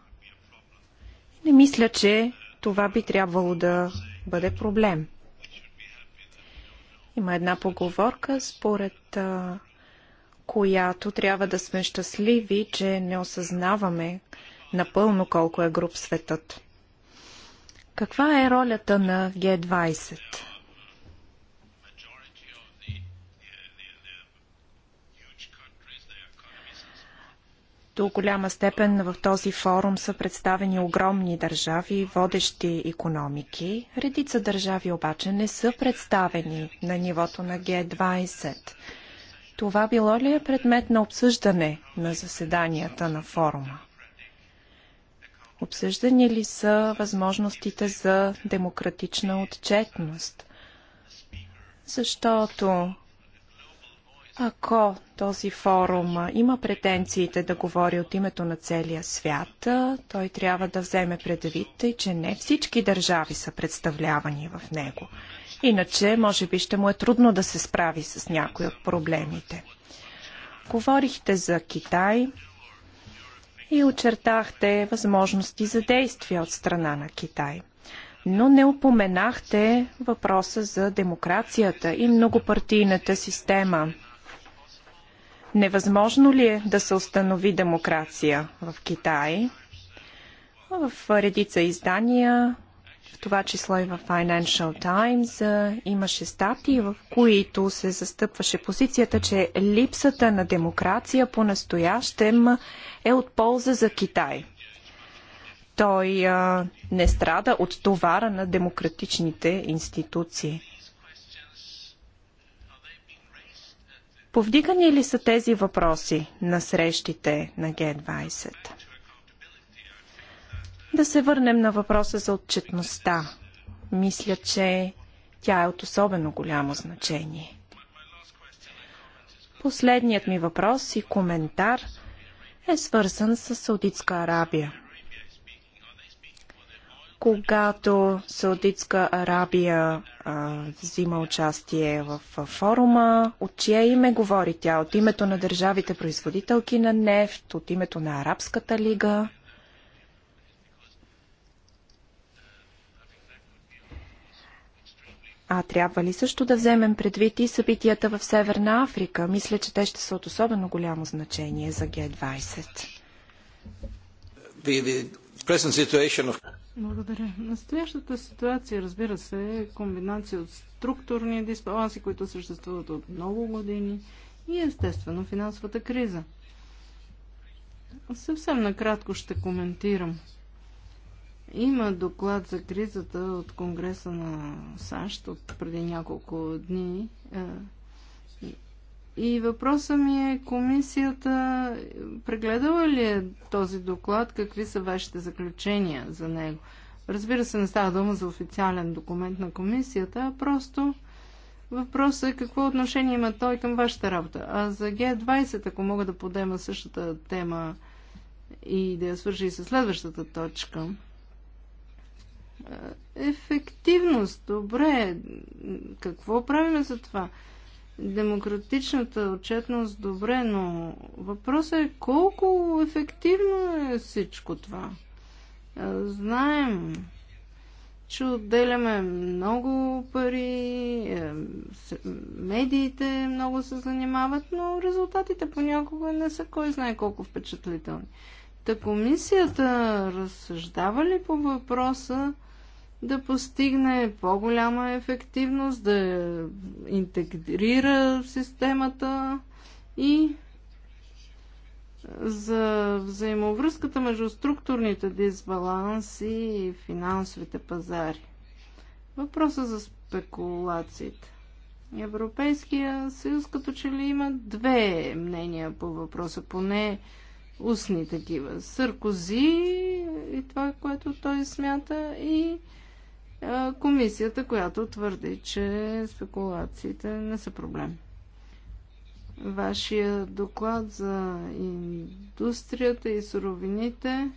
не мисля, че това би трябвало да бъде проблем. Има една поговорка, според а, която трябва да сме щастливи, че не осъзнаваме напълно колко е груб светът. Каква е ролята на Г-20? до голяма степен в този форум са представени огромни държави, водещи економики. Редица държави обаче не са представени на нивото на Г20. Това било ли е предмет на обсъждане на заседанията на форума? Обсъждани ли са възможностите за демократична отчетност? Защото ако този форум има претенциите да говори от името на целия свят, той трябва да вземе предвид, че не всички държави са представлявани в него. Иначе, може би, ще му е трудно да се справи с някои от проблемите. Говорихте за Китай и очертахте възможности за действия от страна на Китай – но не упоменахте въпроса за демокрацията и многопартийната система. Невъзможно ли е да се установи демокрация в Китай? В редица издания, в това число и в Financial Times, имаше статии, в които се застъпваше позицията, че липсата на демокрация по-настоящем е от полза за Китай. Той а, не страда от товара на демократичните институции. Повдигани ли са тези въпроси на срещите на Г-20? Да се върнем на въпроса за отчетността. Мисля, че тя е от особено голямо значение. Последният ми въпрос и коментар е свързан с Саудитска Арабия когато Саудитска Арабия а, взима участие в, форума, от чия име говори тя? От името на държавите производителки на нефт, от името на Арабската лига? А трябва ли също да вземем предвид и събитията в Северна Африка? Мисля, че те ще са от особено голямо значение за Г-20. Благодаря. Настоящата ситуация, разбира се, е комбинация от структурни дисбаланси, които съществуват от много години и естествено финансовата криза. Съвсем накратко ще коментирам. Има доклад за кризата от Конгреса на САЩ от преди няколко дни. Е, и въпросът ми е, комисията прегледала ли е този доклад? Какви са вашите заключения за него? Разбира се, не става дума за официален документ на комисията, а просто въпросът е какво отношение има той към вашата работа. А за Г20, ако мога да подема същата тема и да я свържа и с следващата точка, е, ефективност, добре, какво правим за това? демократичната отчетност добре, но въпросът е колко ефективно е всичко това. Е, знаем, че отделяме много пари, е, медиите много се занимават, но резултатите понякога не са кой знае колко впечатлителни. Та комисията разсъждава ли по въпроса да постигне по-голяма ефективност, да интегрира системата и за взаимовръзката между структурните дисбаланси и финансовите пазари. Въпроса за спекулациите. Европейския съюз като че ли има две мнения по въпроса, поне устни такива. Съркози, и това, което той смята и комисията, която твърди, че спекулациите не са проблем. Вашия доклад за индустрията и суровините,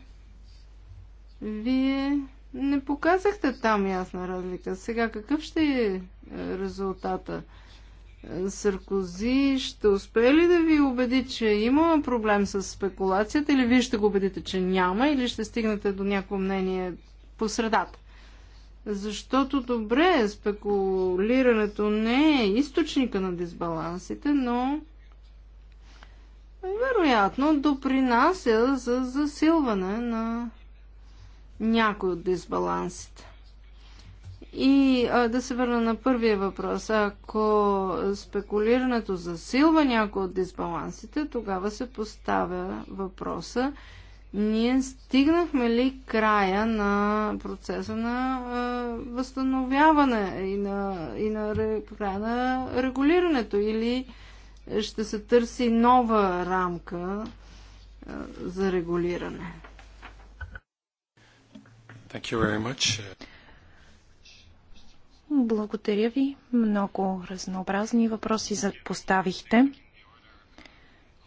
вие не показахте там ясна разлика. Сега какъв ще е, е резултата? Е, Саркози ще успее ли да ви убеди, че има проблем с спекулацията или вие ще го убедите, че няма или ще стигнете до някакво мнение по средата? Защото добре, спекулирането не е източника на дисбалансите, но вероятно допринася за засилване на някой от дисбалансите. И а, да се върна на първия въпрос. Ако спекулирането засилва някой от дисбалансите, тогава се поставя въпроса ние стигнахме ли края на процеса на а, възстановяване и на, и на края на регулирането или ще се търси нова рамка а, за регулиране? Thank you very much. Благодаря ви. Много разнообразни въпроси поставихте.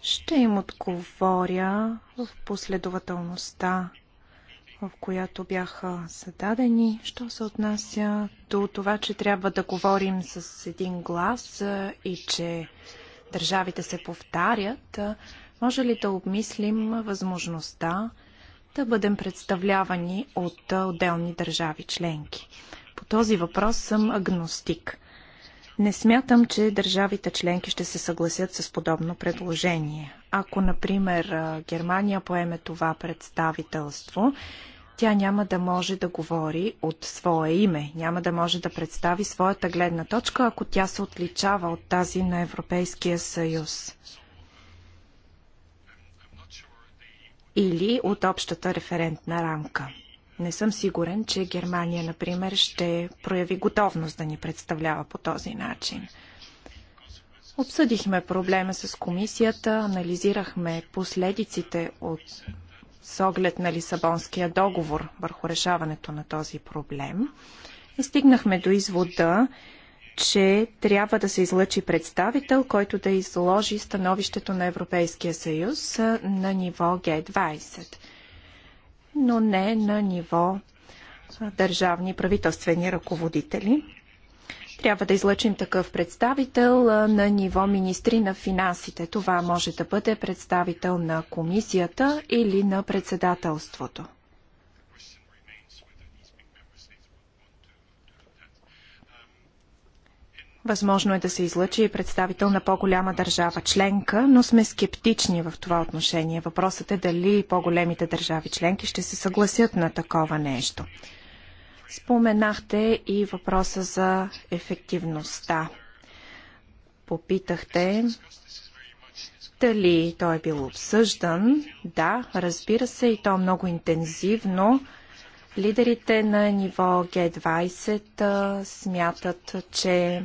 Ще им отговоря в последователността, в която бяха зададени, що се отнася до това, че трябва да говорим с един глас и че държавите се повтарят. Може ли да обмислим възможността да бъдем представлявани от отделни държави членки? По този въпрос съм агностик. Не смятам, че държавите членки ще се съгласят с подобно предложение. Ако, например, Германия поеме това представителство, тя няма да може да говори от свое име, няма да може да представи своята гледна точка, ако тя се отличава от тази на Европейския съюз. Или от общата референтна рамка. Не съм сигурен, че Германия, например, ще прояви готовност да ни представлява по този начин. Обсъдихме проблема с комисията, анализирахме последиците от с оглед на Лисабонския договор върху решаването на този проблем и стигнахме до извода, че трябва да се излъчи представител, който да изложи становището на Европейския съюз на ниво Г20 но не на ниво държавни правителствени ръководители. Трябва да излъчим такъв представител на ниво министри на финансите. Това може да бъде представител на комисията или на председателството. Възможно е да се излъчи и представител на по-голяма държава членка, но сме скептични в това отношение. Въпросът е дали по-големите държави членки ще се съгласят на такова нещо. Споменахте и въпроса за ефективността. Попитахте дали той е бил обсъждан. Да, разбира се, и то много интензивно. Лидерите на ниво Г20 смятат, че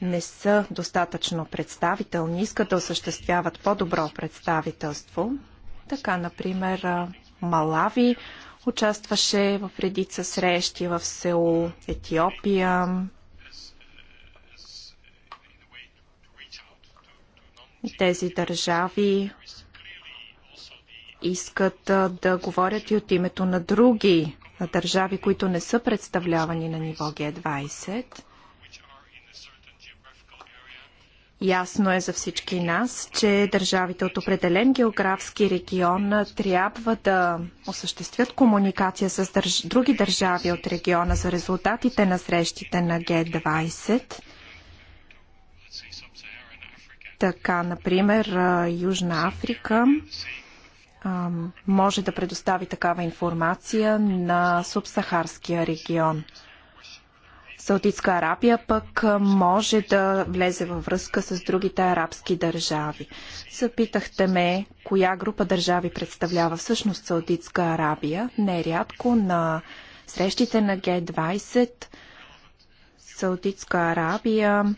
не са достатъчно представителни, искат да осъществяват по-добро представителство. Така, например, Малави участваше в редица срещи в село Етиопия. Тези държави искат да говорят и от името на други на държави, които не са представлявани на ниво Г20. Ясно е за всички нас, че държавите от определен географски регион трябва да осъществят комуникация с държ... други държави от региона за резултатите на срещите на Г-20. Така, например, Южна Африка може да предостави такава информация на субсахарския регион – Саудитска Арабия пък може да влезе във връзка с другите арабски държави. Запитахте ме коя група държави представлява всъщност Саудитска Арабия. Нерядко на срещите на Г-20 Саудитска Арабия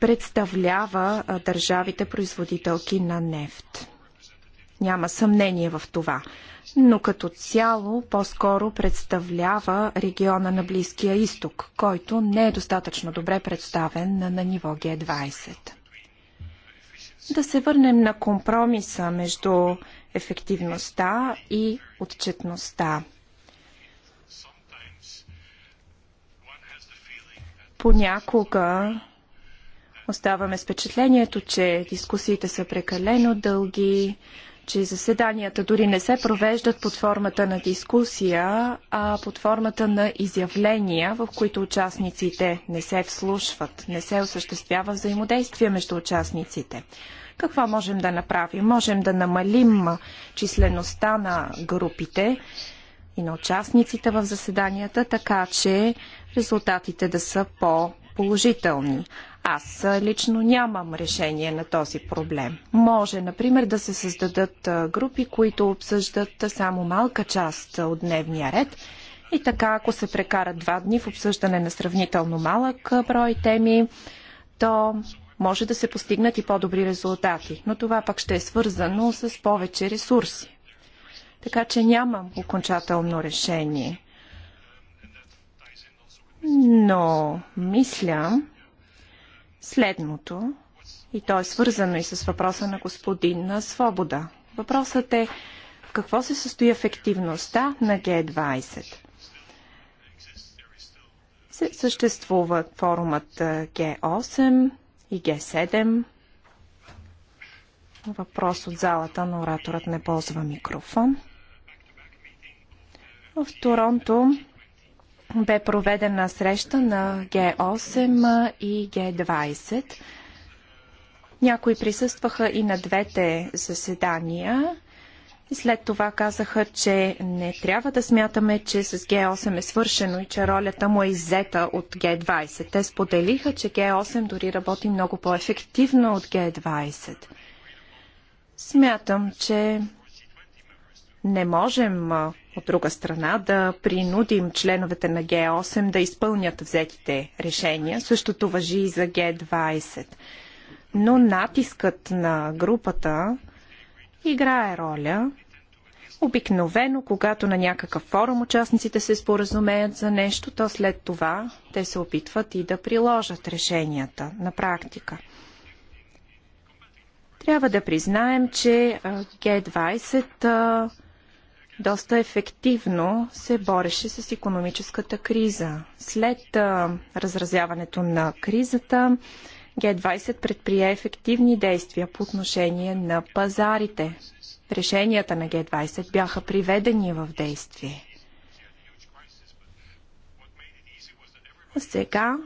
представлява държавите производителки на нефт. Няма съмнение в това. Но като цяло по-скоро представлява региона на Близкия изток, който не е достатъчно добре представен на, на ниво Г20. Да се върнем на компромиса между ефективността и отчетността. Понякога оставаме с впечатлението, че дискусиите са прекалено дълги, че заседанията дори не се провеждат под формата на дискусия, а под формата на изявления, в които участниците не се вслушват, не се осъществява взаимодействие между участниците. Какво можем да направим? Можем да намалим числеността на групите и на участниците в заседанията, така че резултатите да са по-положителни. Аз лично нямам решение на този проблем. Може, например, да се създадат групи, които обсъждат само малка част от дневния ред. И така, ако се прекарат два дни в обсъждане на сравнително малък брой теми, то може да се постигнат и по-добри резултати. Но това пък ще е свързано с повече ресурси. Така че нямам окончателно решение. Но мисля, следното, и то е свързано и с въпроса на господин на Свобода. Въпросът е в какво се състои ефективността на Г20. Съществува форумът Г8 и Г7. Въпрос от залата, на ораторът не ползва микрофон. В Торонто бе проведена среща на Г8 и Г20. Някои присъстваха и на двете заседания. И след това казаха, че не трябва да смятаме, че с Г8 е свършено и че ролята му е иззета от Г20. Те споделиха, че Г8 дори работи много по-ефективно от Г20. Смятам, че не можем от друга страна, да принудим членовете на Г8 да изпълнят взетите решения. Същото въжи и за Г20. Но натискът на групата играе роля. Обикновено, когато на някакъв форум участниците се споразумеят за нещо, то след това те се опитват и да приложат решенията на практика. Трябва да признаем, че Г20 доста ефективно се бореше с економическата криза. След а, разразяването на кризата, Г-20 предприе ефективни действия по отношение на пазарите. Решенията на Г-20 бяха приведени в действие. Сега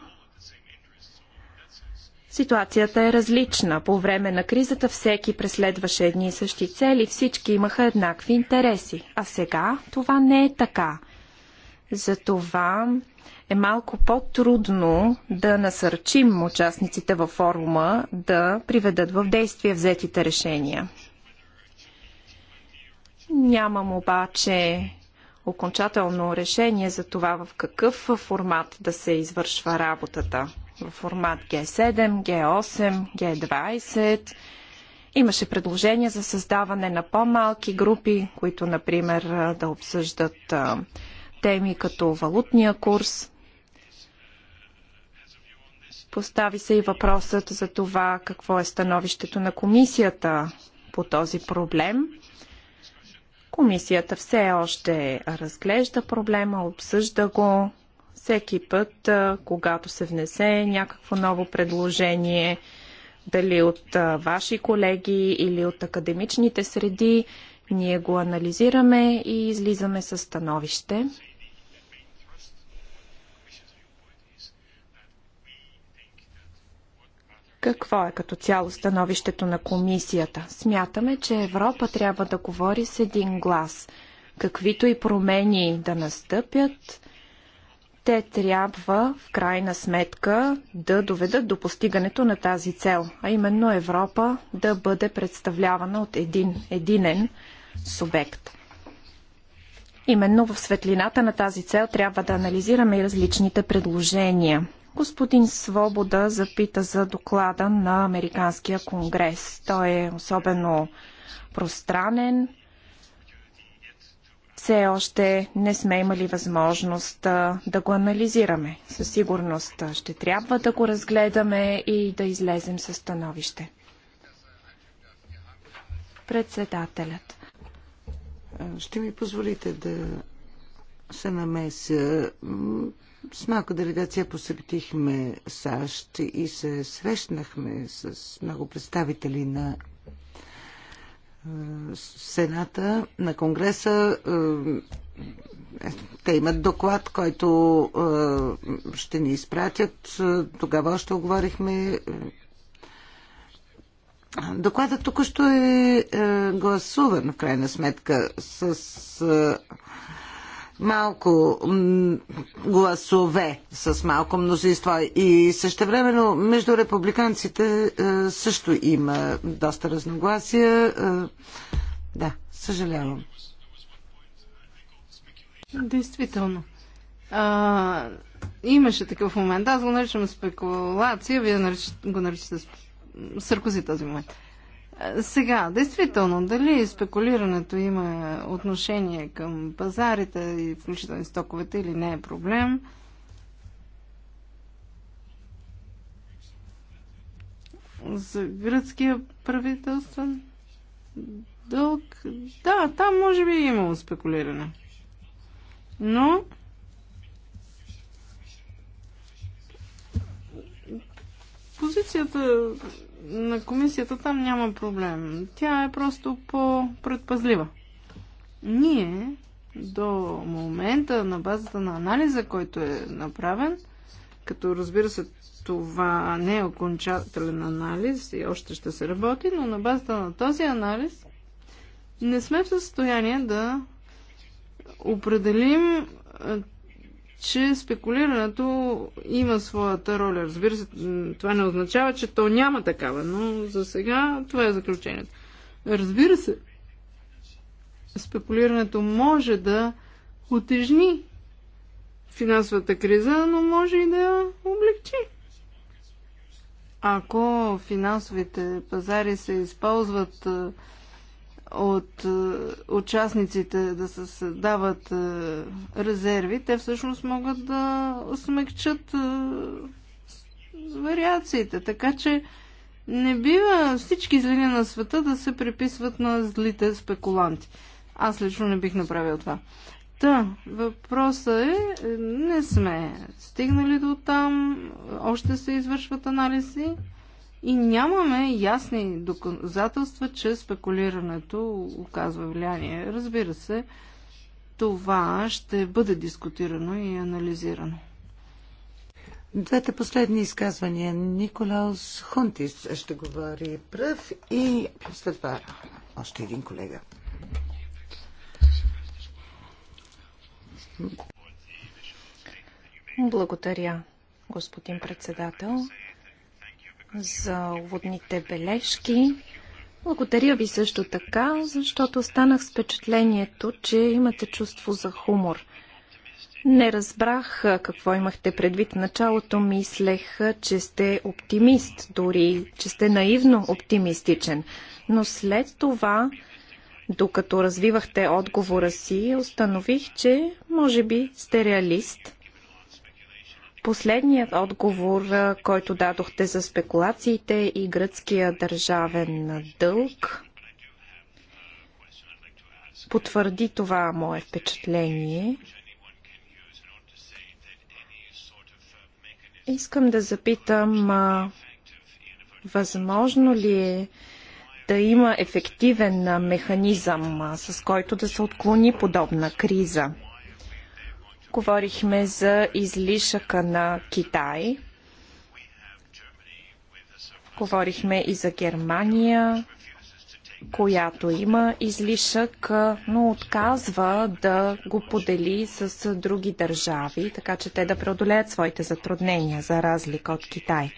Ситуацията е различна. По време на кризата всеки преследваше едни и същи цели, всички имаха еднакви интереси. А сега това не е така. Затова е малко по-трудно да насърчим участниците във форума да приведат в действие взетите решения. Нямам обаче окончателно решение за това в какъв формат да се извършва работата в формат G7, G8, G20. Имаше предложения за създаване на по-малки групи, които, например, да обсъждат теми като валутния курс. Постави се и въпросът за това какво е становището на комисията по този проблем. Комисията все още разглежда проблема, обсъжда го, всеки път, когато се внесе някакво ново предложение, дали от ваши колеги или от академичните среди, ние го анализираме и излизаме със становище. Какво е като цяло становището на комисията? Смятаме, че Европа трябва да говори с един глас. Каквито и промени да настъпят, те трябва в крайна сметка да доведат до постигането на тази цел, а именно Европа да бъде представлявана от един единен субект. Именно в светлината на тази цел трябва да анализираме и различните предложения. Господин Свобода запита за доклада на Американския конгрес. Той е особено пространен, все още не сме имали възможност да го анализираме. Със сигурност ще трябва да го разгледаме и да излезем със становище. Председателят. Ще ми позволите да се намеся. С малка делегация посетихме САЩ и се срещнахме с много представители на Сената, на Конгреса. Е, те имат доклад, който е, ще ни изпратят. Тогава още оговорихме. Докладът тук още е гласуван, в крайна сметка, с е, малко гласове, с малко мнозинство. И същевременно между републиканците е, също има доста разногласия. Е, да, съжалявам. Действително. А, имаше такъв момент. Аз го наричам спекулация, вие го наричате съркози този момент. Сега, действително, дали спекулирането има отношение към пазарите и включително стоковете или не е проблем, за гръцкия правителствен дълг. Да, там може би е имало спекулиране. Но позицията на комисията там няма проблем. Тя е просто по-предпазлива. Ние до момента, на базата на анализа, който е направен, като разбира се, това не е окончателен анализ и още ще се работи, но на базата на този анализ не сме в състояние да определим че спекулирането има своята роля. Разбира се, това не означава, че то няма такава, но за сега това е заключението. Разбира се, спекулирането може да отежни финансовата криза, но може и да я облегчи. Ако финансовите пазари се използват от е, участниците да се създават е, резерви, те всъщност могат да смекчат е, вариациите. Така че не бива всички злини на света да се приписват на злите спекуланти. Аз лично не бих направил това. Та, въпросът е, не сме стигнали до там, още се извършват анализи и нямаме ясни доказателства, че спекулирането оказва влияние. Разбира се, това ще бъде дискутирано и анализирано. Двете последни изказвания. Николаус Хунтис ще говори пръв и след това още един колега. Благодаря, господин председател за уводните бележки. Благодаря ви също така, защото останах с впечатлението, че имате чувство за хумор. Не разбрах какво имахте предвид. В началото мислех, че сте оптимист, дори че сте наивно оптимистичен. Но след това, докато развивахте отговора си, установих, че може би сте реалист – Последният отговор, който дадохте за спекулациите и гръцкия държавен дълг, потвърди това мое впечатление. Искам да запитам, възможно ли е да има ефективен механизъм, с който да се отклони подобна криза? Говорихме за излишъка на Китай. Говорихме и за Германия, която има излишък, но отказва да го подели с други държави, така че те да преодолеят своите затруднения, за разлика от Китай.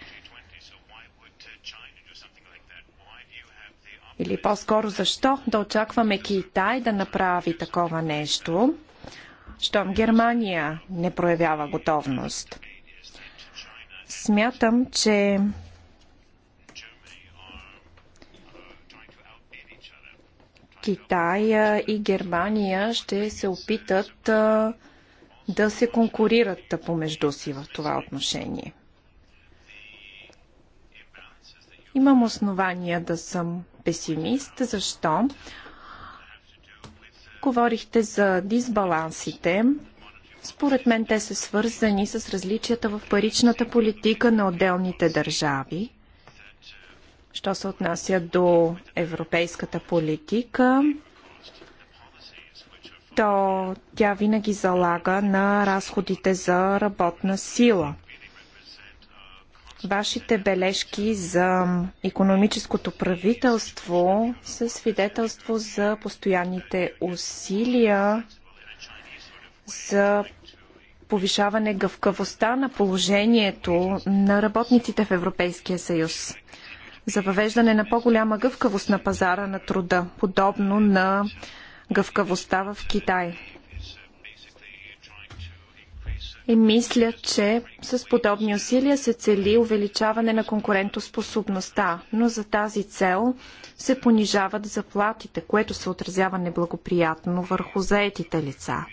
Или по-скоро защо да очакваме Китай да направи такова нещо? щом Германия не проявява готовност. Смятам, че Китай и Германия ще се опитат да се конкурират помежду си в това отношение. Имам основания да съм песимист. Защо? Говорихте за дисбалансите. Според мен те са свързани с различията в паричната политика на отделните държави. Що се отнася до европейската политика, то тя винаги залага на разходите за работна сила – Вашите бележки за економическото правителство са свидетелство за постоянните усилия за повишаване гъвкавостта на положението на работниците в Европейския съюз, за въвеждане на по-голяма гъвкавост на пазара на труда, подобно на гъвкавостта в Китай. И мисля, че с подобни усилия се цели увеличаване на конкурентоспособността, но за тази цел се понижават заплатите, което се отразява неблагоприятно върху заетите лица.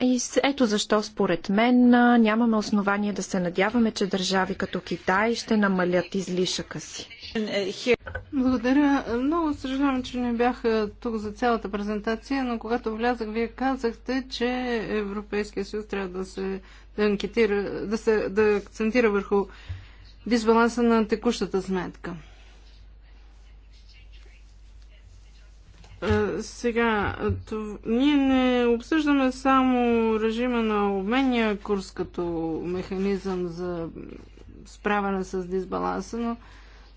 И ето защо според мен нямаме основание да се надяваме, че държави като Китай ще намалят излишъка си. Благодаря. Много съжалявам, че не бях тук за цялата презентация, но когато влязах, вие казахте, че Европейския съюз трябва да се да, анкетира, да, се, да акцентира върху дисбаланса на текущата сметка. Е, сега, ние не обсъждаме само режима на обменния курс като механизъм за справяне с дисбаланса, но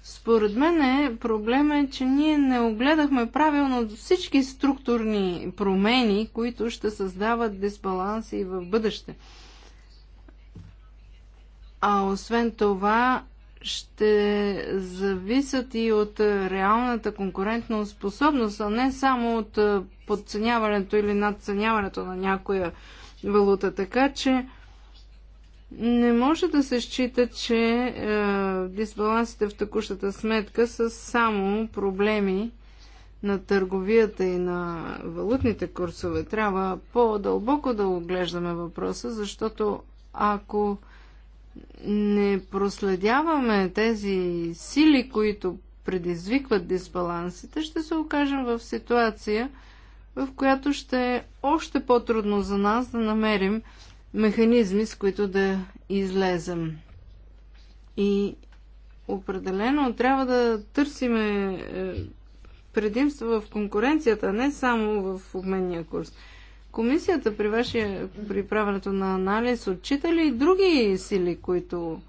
според мен е, проблем е, че ние не огледахме правилно всички структурни промени, които ще създават дисбаланси в бъдеще. А освен това, ще зависят и от реалната конкурентна способност, а не само от подценяването или надценяването на някоя валута. Така че не може да се счита, че е, дисбалансите в текущата сметка са само проблеми на търговията и на валутните курсове. Трябва по-дълбоко да оглеждаме въпроса, защото ако не проследяваме тези сили, които предизвикват дисбалансите, ще се окажем в ситуация, в която ще е още по-трудно за нас да намерим механизми, с които да излезем. И определено трябва да търсиме е, предимства в конкуренцията, не само в обменния курс. Комисията при, вашия, при правенето на анализ отчита ли и други сили, които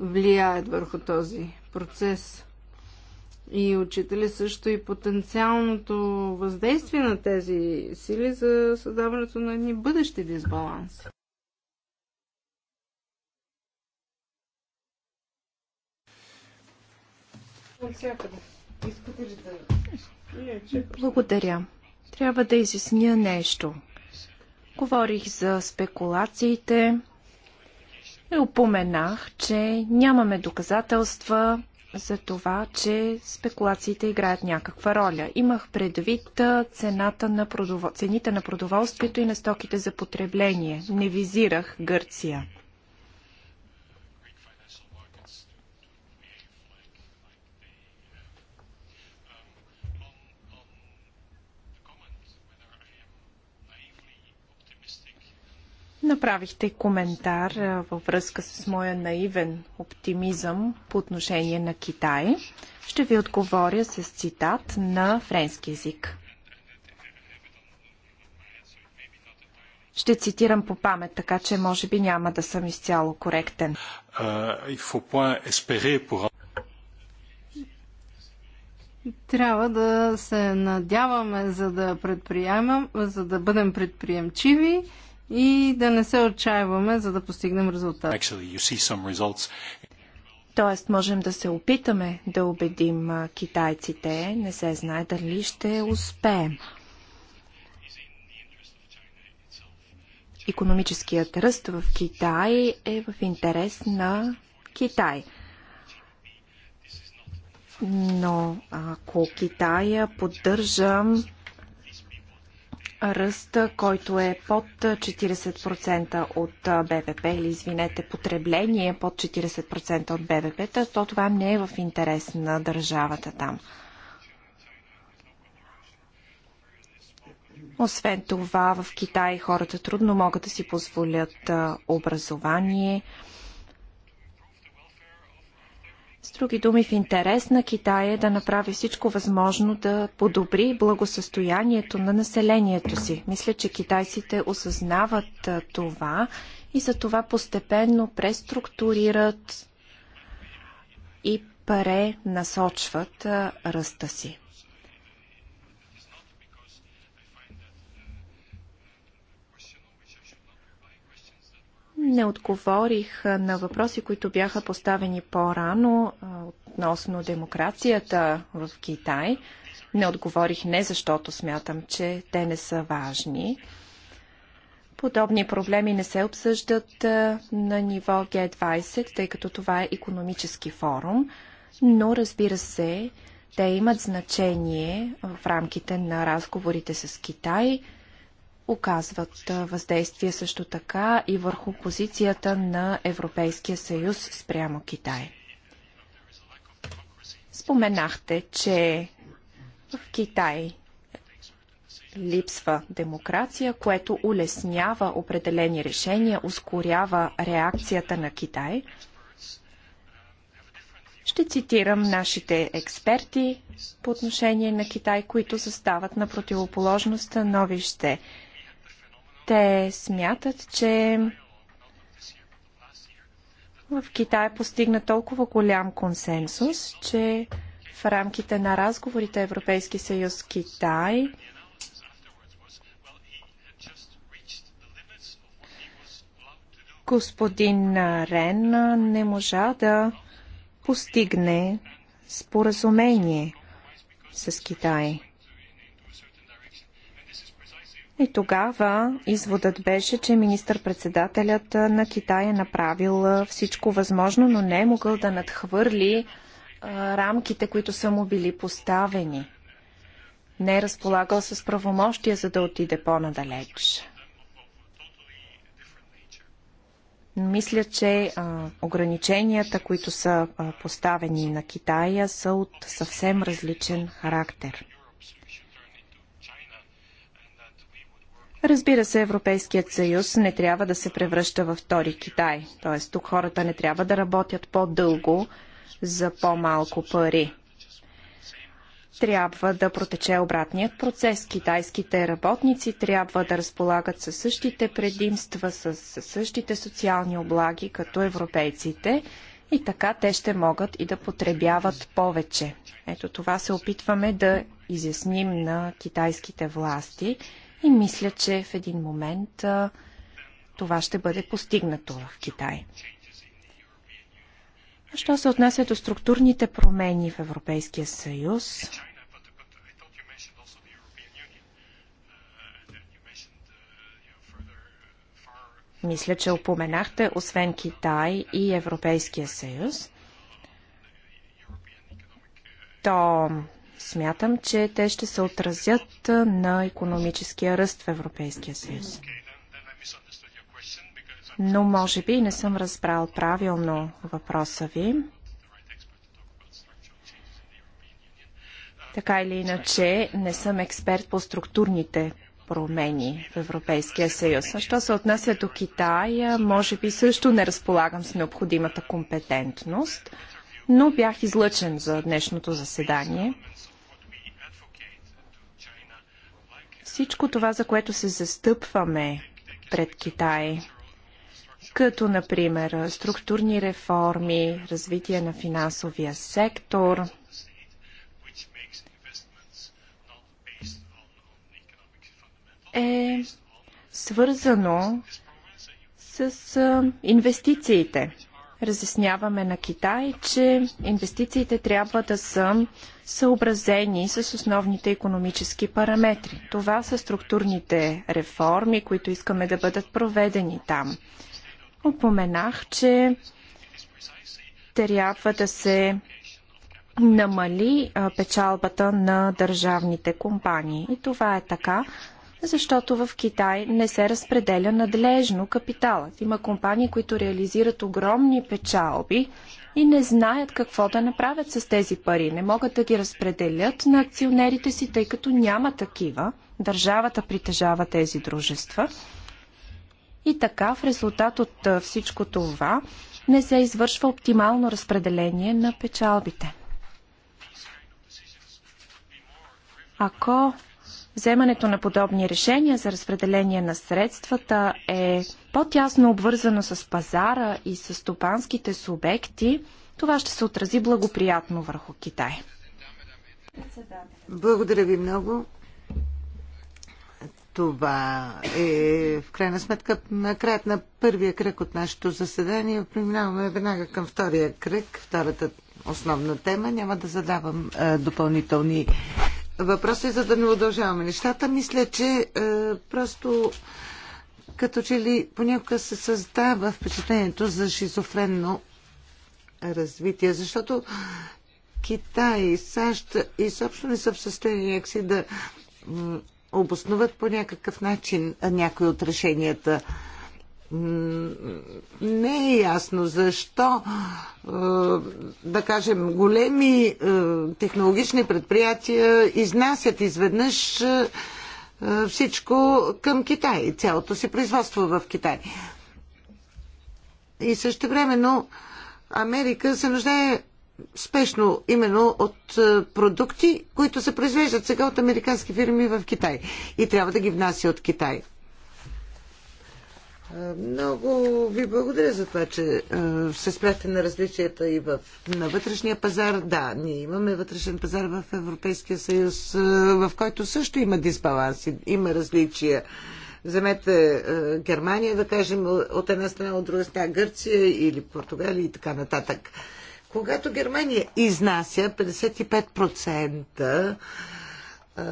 влияят върху този процес? И отчита ли също и потенциалното въздействие на тези сили за създаването на едни бъдещи дисбаланси? Благодаря. Трябва да изясня нещо. Говорих за спекулациите и упоменах, че нямаме доказателства за това, че спекулациите играят някаква роля. Имах предвид цената на продов... цените на продоволствието и на стоките за потребление. Не визирах Гърция. Направихте коментар във връзка с моя наивен оптимизъм по отношение на Китай. Ще ви отговоря с цитат на френски язик. Ще цитирам по памет, така че може би няма да съм изцяло коректен. Трябва да се надяваме, за да предприемам, за да бъдем предприемчиви и да не се отчаиваме, за да постигнем резултат. Тоест, можем да се опитаме да убедим китайците, не се знае дали ще успеем. Економическият ръст в Китай е в интерес на Китай. Но ако Китая поддържа ръст, който е под 40% от БВП или извинете потребление е под 40% от БВП, то това не е в интерес на държавата там. Освен това, в Китай хората трудно могат да си позволят образование, с други думи, в интерес на Китай е да направи всичко възможно да подобри благосъстоянието на населението си. Мисля, че китайците осъзнават това и за това постепенно преструктурират и пренасочват ръста си. Не отговорих на въпроси, които бяха поставени по-рано относно демокрацията в Китай. Не отговорих не защото смятам, че те не са важни. Подобни проблеми не се обсъждат на ниво Г20, тъй като това е економически форум, но разбира се, те имат значение в рамките на разговорите с Китай – оказват въздействие също така и върху позицията на Европейския съюз спрямо Китай. Споменахте, че в Китай липсва демокрация, което улеснява определени решения, ускорява реакцията на Китай. Ще цитирам нашите експерти по отношение на Китай, които състават на противоположно становище. Те смятат, че в Китай е постигна толкова голям консенсус, че в рамките на разговорите Европейски съюз Китай господин Рен не можа да постигне споразумение с Китай. И тогава изводът беше, че министър-председателят на Китай е направил всичко възможно, но не е могъл да надхвърли рамките, които са му били поставени. Не е разполагал с правомощия, за да отиде по-надалеч. Мисля, че а, ограниченията, които са а, поставени на Китая, са от съвсем различен характер. Разбира се, Европейският съюз не трябва да се превръща във втори Китай. Тоест, тук хората не трябва да работят по-дълго за по-малко пари. Трябва да протече обратният процес. Китайските работници трябва да разполагат със същите предимства, с същите социални облаги като европейците и така те ще могат и да потребяват повече. Ето това се опитваме да изясним на китайските власти и мисля, че в един момент това ще бъде постигнато в Китай. А що се отнася до структурните промени в Европейския съюз, мисля, че упоменахте, освен Китай и Европейския съюз, то Смятам, че те ще се отразят на економическия ръст в Европейския съюз. Но може би не съм разбрал правилно въпроса ви. Така или иначе, не съм експерт по структурните промени в Европейския съюз. А що се отнася до Китай, може би също не разполагам с необходимата компетентност, но бях излъчен за днешното заседание. Всичко това, за което се застъпваме пред Китай, като, например, структурни реформи, развитие на финансовия сектор, е свързано с инвестициите разясняваме на Китай, че инвестициите трябва да са съобразени с основните економически параметри. Това са структурните реформи, които искаме да бъдат проведени там. Опоменах, че трябва да се намали печалбата на държавните компании. И това е така, защото в Китай не се разпределя надлежно капиталът. Има компании, които реализират огромни печалби и не знаят какво да направят с тези пари. Не могат да ги разпределят на акционерите си, тъй като няма такива. Държавата притежава тези дружества. И така, в резултат от всичко това, не се извършва оптимално разпределение на печалбите. Ако Вземането на подобни решения за разпределение на средствата е по-тясно обвързано с пазара и с стопанските субекти. Това ще се отрази благоприятно върху Китай. Благодаря ви много. Това е в крайна сметка на краят на първия кръг от нашето заседание. Преминаваме веднага към втория кръг, втората основна тема. Няма да задавам е, допълнителни въпрос е, за да не удължаваме нещата. Мисля, че е, просто като че ли понякога се създава впечатлението за шизофренно развитие, защото Китай и САЩ изобщо не са в състояние си да обосноват по някакъв начин някои от решенията не е ясно защо, е, да кажем, големи е, технологични предприятия изнасят изведнъж е, всичко към Китай, цялото си производство в Китай. И също времено Америка се нуждае спешно именно от продукти, които се произвеждат сега от американски фирми в Китай. И трябва да ги внася от Китай. Много ви благодаря за това, че се спряхте на различията и в, на вътрешния пазар. Да, ние имаме вътрешен пазар в Европейския съюз, в който също има дисбаланси, има различия. Вземете Германия, да кажем, от една страна, от друга страна Гърция или Португалия и така нататък. Когато Германия изнася 55% е,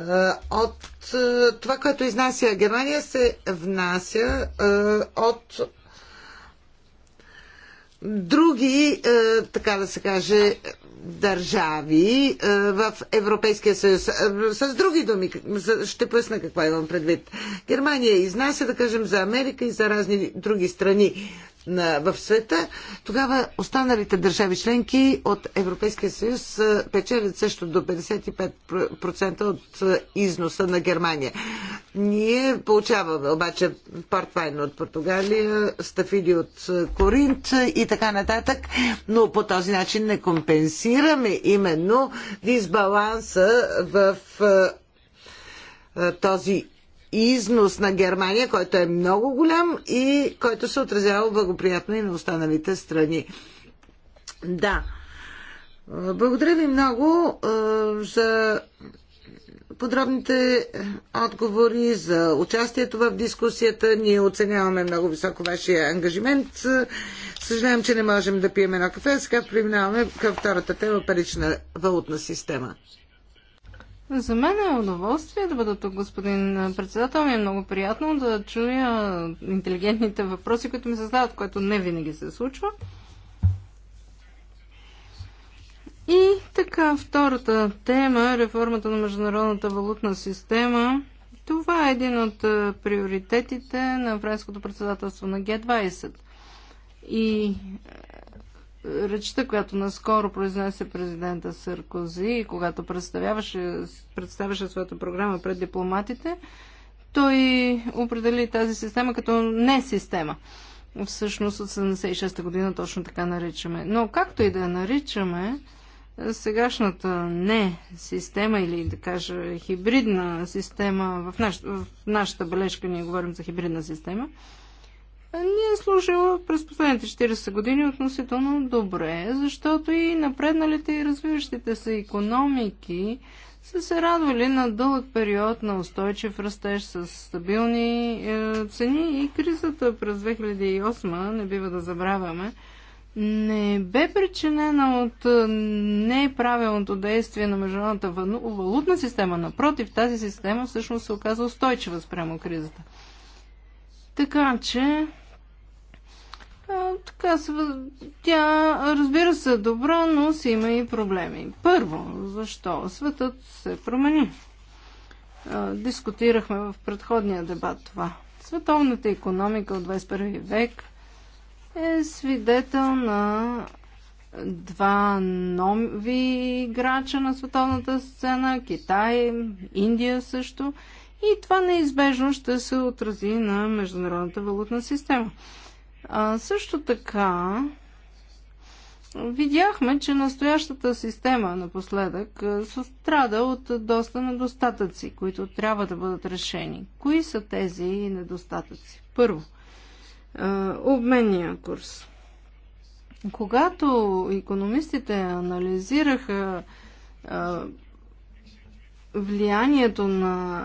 от е, това, което изнася Германия, се внася е, от други, така да се каже, държави в Европейския съюз. С други думи, ще поясна какво имам предвид. Германия изнася, да кажем, за Америка и за разни други страни в света, тогава останалите държави членки от Европейския съюз печелят също до 55% от износа на Германия. Ние получаваме обаче портвайн от Португалия, стафиди от Коринт и така нататък, но по този начин не компенсираме именно дисбаланса в този износ на Германия, който е много голям и който се отразява благоприятно и на останалите страни. Да. Благодаря ви много за подробните отговори, за участието в дискусията. Ние оценяваме много високо вашия ангажимент. Съжалявам, че не можем да пием едно кафе. Сега преминаваме към втората тема парична валутна система. За мен е удоволствие да бъда тук, господин председател. Ми е много приятно да чуя интелигентните въпроси, които ми се задават, което не винаги се случва. И така, втората тема, е реформата на Международната валутна система. Това е един от е, приоритетите на френското председателство на Г-20. И е, речта, която наскоро произнесе президента Саркози, когато представяваше, представяше своята програма пред дипломатите, той определи тази система като не система. Всъщност от 76-та година точно така наричаме. Но както и да я наричаме, сегашната не система или да кажа хибридна система, в, наш, в нашата бележка ние говорим за хибридна система, ни е служила през последните 40 години относително добре, защото и напредналите и развиващите се економики са се радвали на дълъг период на устойчив растеж с стабилни е, цени и кризата през 2008, не бива да забравяме, не бе причинена от е, неправилното действие на международната валутна система. Напротив, тази система всъщност се оказа устойчива спрямо кризата. Така че така, тя разбира се добра, но си има и проблеми. Първо, защо светът се промени? Дискутирахме в предходния дебат това. Световната економика от 21 век е свидетел на два нови играча на световната сцена Китай, Индия също – и това неизбежно ще се отрази на международната валутна система. А, също така, видяхме, че настоящата система напоследък страда от доста недостатъци, които трябва да бъдат решени. Кои са тези недостатъци? Първо, обменния курс. Когато економистите анализираха влиянието на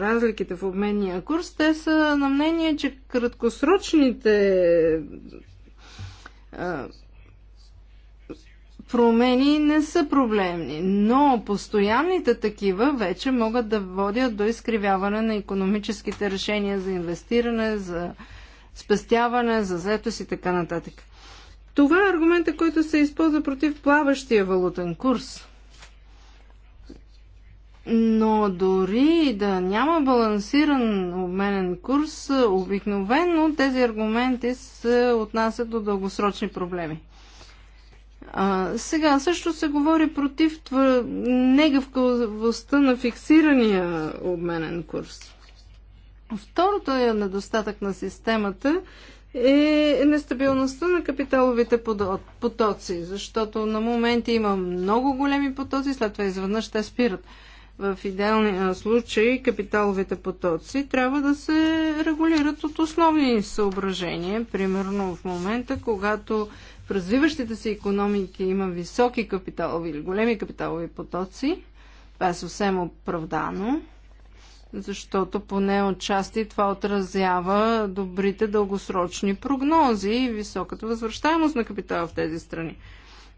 разликите в обменния курс, те са на мнение, че краткосрочните промени не са проблемни, но постоянните такива вече могат да водят до изкривяване на економическите решения за инвестиране, за спестяване, за заетост и така нататък. Това е аргумента, който се използва против плаващия валутен курс. Но дори да няма балансиран обменен курс, обикновено тези аргументи се отнасят до дългосрочни проблеми. А, сега също се говори против твър... негъвкавостта на фиксирания обменен курс. Второто е недостатък на системата е нестабилността на капиталовите потоци, защото на моменти има много големи потоци, след това изведнъж те спират в идеалния случай капиталовите потоци трябва да се регулират от основни съображения. Примерно в момента, когато в развиващите се економики има високи капиталови или големи капиталови потоци, това е съвсем оправдано, защото поне отчасти това отразява добрите дългосрочни прогнози и високата възвръщаемост на капитала в тези страни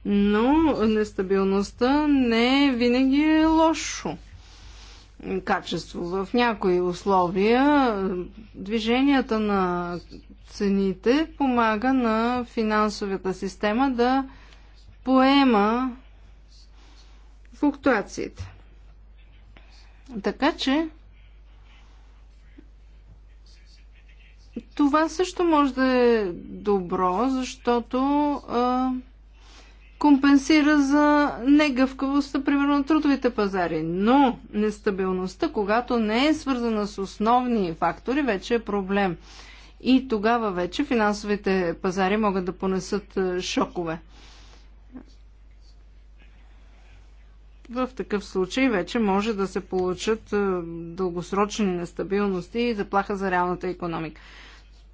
но нестабилността не е винаги е лошо качество. В някои условия движенията на цените помага на финансовата система да поема флуктуациите. Така че това също може да е добро, защото а, компенсира за негъвкавостта, примерно на трудовите пазари. Но нестабилността, когато не е свързана с основни фактори, вече е проблем. И тогава вече финансовите пазари могат да понесат е, шокове. В такъв случай вече може да се получат е, дългосрочни нестабилности и заплаха за реалната економика.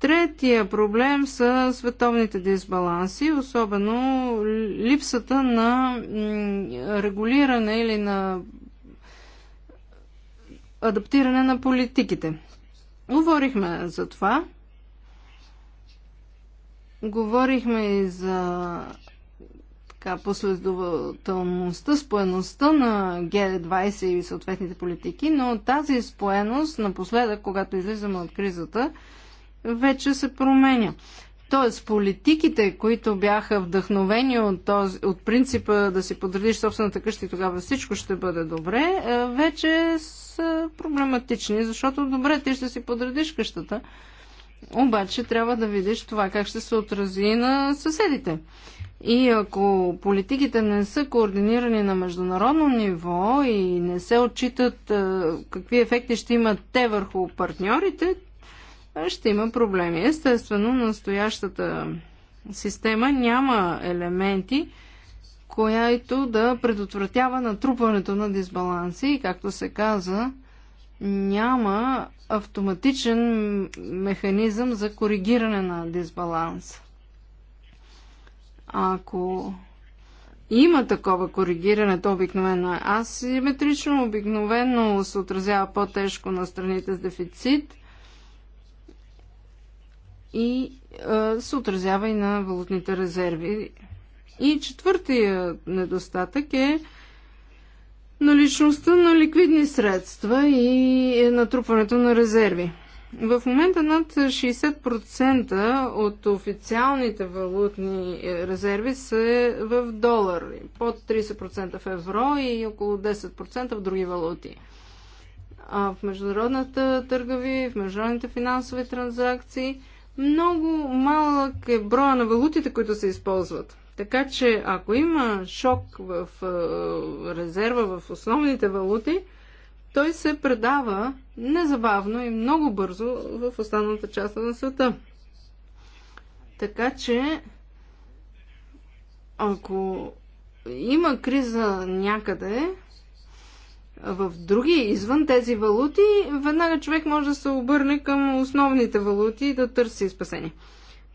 Третия проблем са световните дисбаланси, особено липсата на регулиране или на адаптиране на политиките. Говорихме за това. Говорихме и за така, последователността, споеността на Г20 и съответните политики, но тази споеност напоследък, когато излизаме от кризата, вече се променя. Тоест, политиките, които бяха вдъхновени от, този, от принципа да си подредиш собствената къща и тогава всичко ще бъде добре, е, вече са проблематични, защото добре, ти ще си подредиш къщата, обаче трябва да видиш това как ще се отрази на съседите. И ако политиките не са координирани на международно ниво и не се отчитат е, какви ефекти ще имат те върху партньорите, ще има проблеми. Естествено, настоящата система няма елементи, която да предотвратява натрупването на дисбаланси и, както се каза, няма автоматичен механизъм за коригиране на дисбаланс. Ако има такова коригиране, то обикновено е асиметрично, обикновено се отразява по-тежко на страните с дефицит – и а, се отразява и на валутните резерви. И четвъртия недостатък е наличността на ликвидни средства и е натрупването на резерви. В момента над 60% от официалните валутни е, резерви са в долар, под 30% в евро и около 10% в други валути. А в международната търгови, в международните финансови транзакции много малък е броя на валутите, които се използват. Така че, ако има шок в е, резерва, в основните валути, той се предава незабавно и много бързо в останалата част на света. Така че, ако има криза някъде, в други, извън тези валути, веднага човек може да се обърне към основните валути и да търси спасение.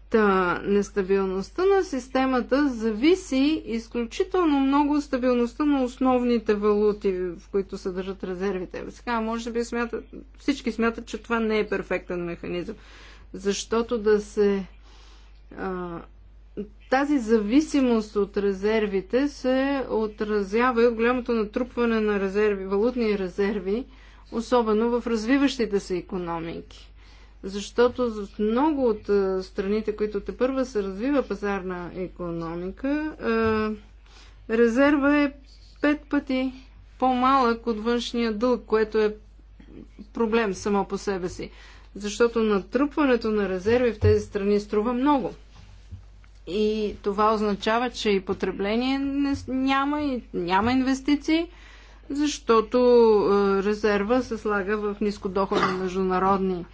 Та нестабилността на системата зависи изключително много от стабилността на основните валути, в които се държат резервите. Сега, може би смятат, всички смятат, че това не е перфектен механизъм, защото да се а, тази зависимост от резервите се отразява и от голямото натрупване на резерви, валутни резерви, особено в развиващите се економики. Защото много от е, страните, които те първа се развива пазарна економика, е, резерва е пет пъти по-малък от външния дълг, което е проблем само по себе си. Защото натрупването на резерви в тези страни струва много – и това означава, че и потребление не, няма, и няма инвестиции, защото е, резерва се слага в нискодоходни международни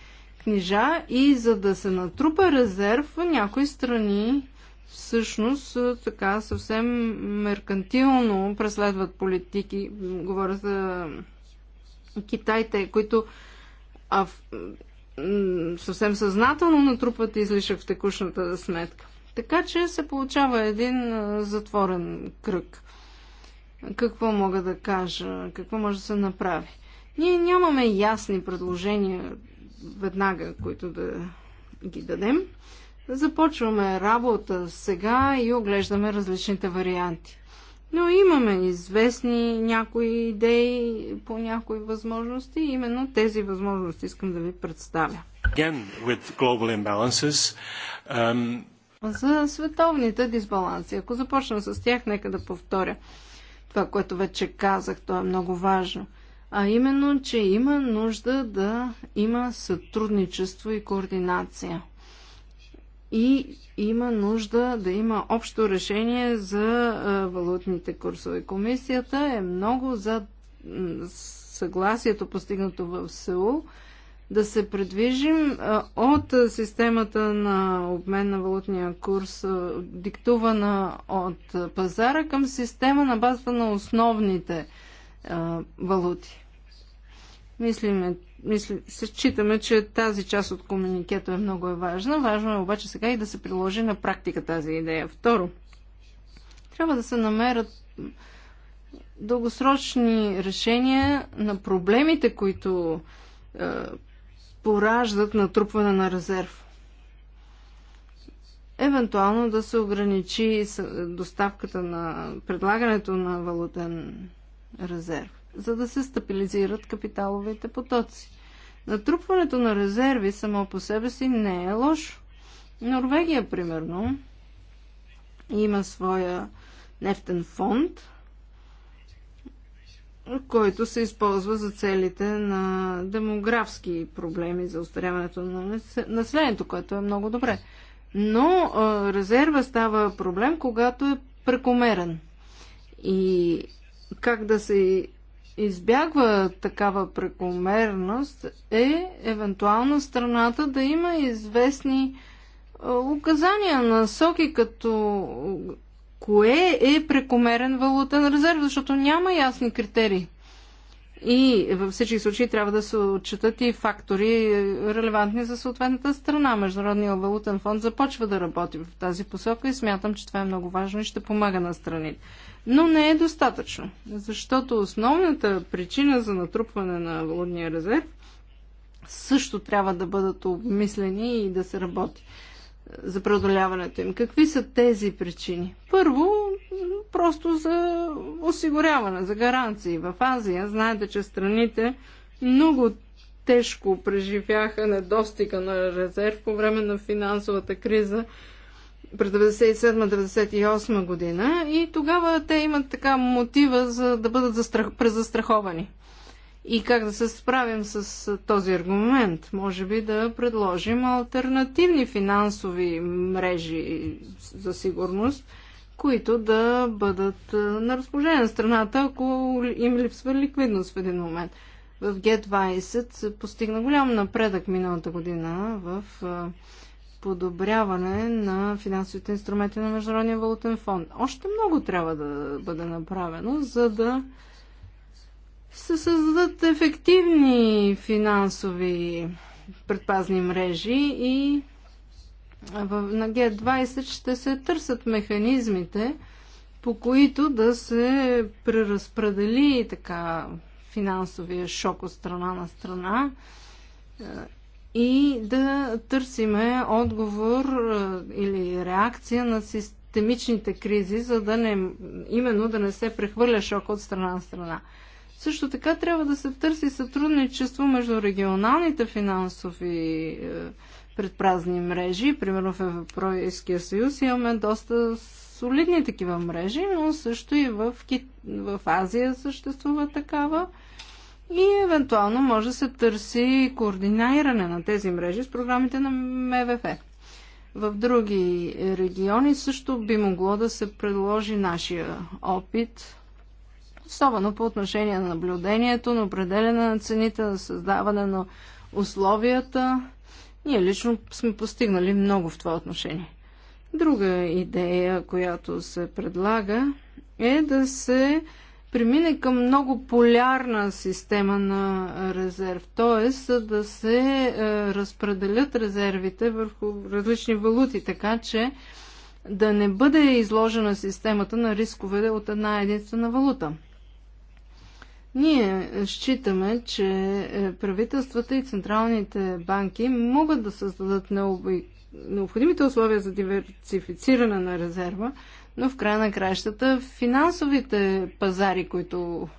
книжа и за да се натрупа резерв в някои страни всъщност е, така съвсем меркантилно преследват политики. Говоря за Китайте, които а, в, съвсем съзнателно натрупват излишък в текущата сметка. Така че се получава един затворен кръг. Какво мога да кажа? Какво може да се направи? Ние нямаме ясни предложения веднага, които да ги дадем. Започваме работа сега и оглеждаме различните варианти. Но имаме известни някои идеи по някои възможности и именно тези възможности искам да ви представя. Again, with global imbalances, um, за световните дисбаланси. Ако започна с тях, нека да повторя това, което вече казах, то е много важно. А именно, че има нужда да има сътрудничество и координация. И има нужда да има общо решение за валутните курсове. Комисията е много за съгласието, постигнато в Сеул, да се предвижим от системата на обмен на валутния курс, диктувана от пазара, към система на базата на основните валути. Мислиме, мисли, се считаме, че тази част от комуникето е много е важна. Важно е обаче сега и да се приложи на практика тази идея. Второ, трябва да се намерят дългосрочни решения на проблемите, които пораждат натрупване на резерв. Евентуално да се ограничи доставката на предлагането на валутен резерв, за да се стабилизират капиталовите потоци. Натрупването на резерви само по себе си не е лошо. Норвегия, примерно, има своя нефтен фонд – който се използва за целите на демографски проблеми за устаряването на населението, което е много добре. Но а, резерва става проблем, когато е прекомерен. И как да се избягва такава прекомерност е евентуално страната да има известни указания, насоки като кое е прекомерен валутен резерв, защото няма ясни критерии. И във всички случаи трябва да се отчитат и фактори е, релевантни за съответната страна. Международният валутен фонд започва да работи в тази посока и смятам, че това е много важно и ще помага на страните. Но не е достатъчно, защото основната причина за натрупване на валутния резерв също трябва да бъдат обмислени и да се работи за преодоляването им. Какви са тези причини? Първо, просто за осигуряване, за гаранции. В Азия знаете, че страните много тежко преживяха недостига на резерв по време на финансовата криза през 1997-1998 година и тогава те имат така мотива за да бъдат застрах... презастраховани и как да се справим с този аргумент? Може би да предложим альтернативни финансови мрежи за сигурност, които да бъдат на разположение на страната, ако им липсва ликвидност в един момент. В G20 се постигна голям напредък миналата година в подобряване на финансовите инструменти на Международния валутен фонд. Още много трябва да бъде направено, за да се създадат ефективни финансови предпазни мрежи и на Г20 ще се търсят механизмите, по които да се преразпредели така финансовия шок от страна на страна е, и да търсиме отговор е, или реакция на системичните кризи, за да не, именно да не се прехвърля шок от страна на страна. Също така трябва да се търси сътрудничество между регионалните финансови е, предпразни мрежи. Примерно в Европейския съюз имаме доста солидни такива мрежи, но също и в, Кит... в Азия съществува такава. И евентуално може да се търси координиране на тези мрежи с програмите на МВФ. В други региони също би могло да се предложи нашия опит особено по отношение на наблюдението, на определене на цените, на създаване на условията. Ние лично сме постигнали много в това отношение. Друга идея, която се предлага, е да се премине към много полярна система на резерв, т.е. да се е, разпределят резервите върху различни валути, така че да не бъде изложена системата на рискове от една единствена валута. Ние считаме, че е, правителствата и централните банки могат да създадат необходимите условия за диверсифициране на резерва, но в края на кращата финансовите пазари, които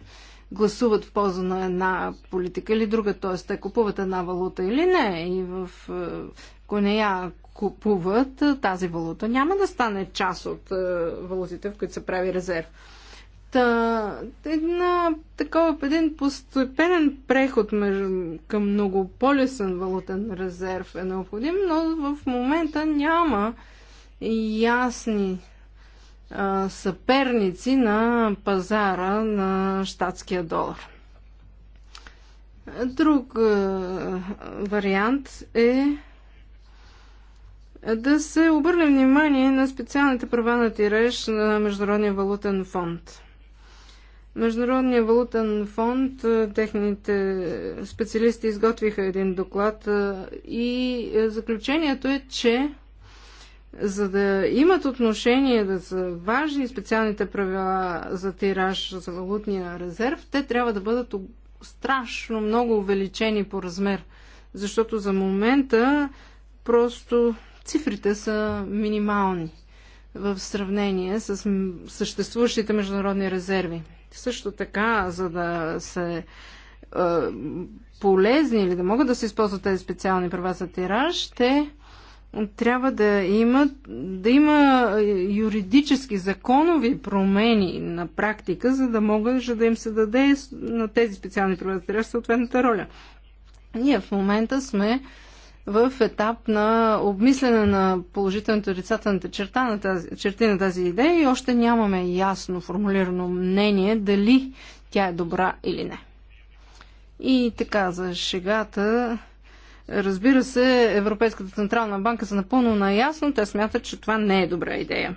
гласуват в полза на една политика или друга, т.е. те купуват една валута или не. И в, е, ако не я купуват, е, тази валута няма да стане част от валутите, в които се прави резерв. Та, една, такова, един постепенен преход между, към многополюсен валутен резерв е необходим, но в момента няма ясни а, съперници на пазара на щатския долар. Друг а, вариант е да се обърне внимание на специалните права на тиреж на Международния валутен фонд. Международния валутен фонд, е, техните специалисти изготвиха един доклад е, и е, заключението е, че за да имат отношение да са важни специалните правила за тираж за валутния резерв, те трябва да бъдат страшно много увеличени по размер. Защото за момента просто цифрите са минимални в сравнение с съществуващите международни резерви. Също така, за да се е, полезни или да могат да се използват тези специални права за тираж, те трябва да има, да има юридически, законови промени на практика, за да же да им се даде на тези специални права за тираж съответната роля. Ние в момента сме в етап на обмислене на положителната отрицателната черта на тази, черти на тази идея и още нямаме ясно формулирано мнение дали тя е добра или не. И така за шегата. Разбира се, Европейската централна банка са напълно наясно. Те смятат, че това не е добра идея.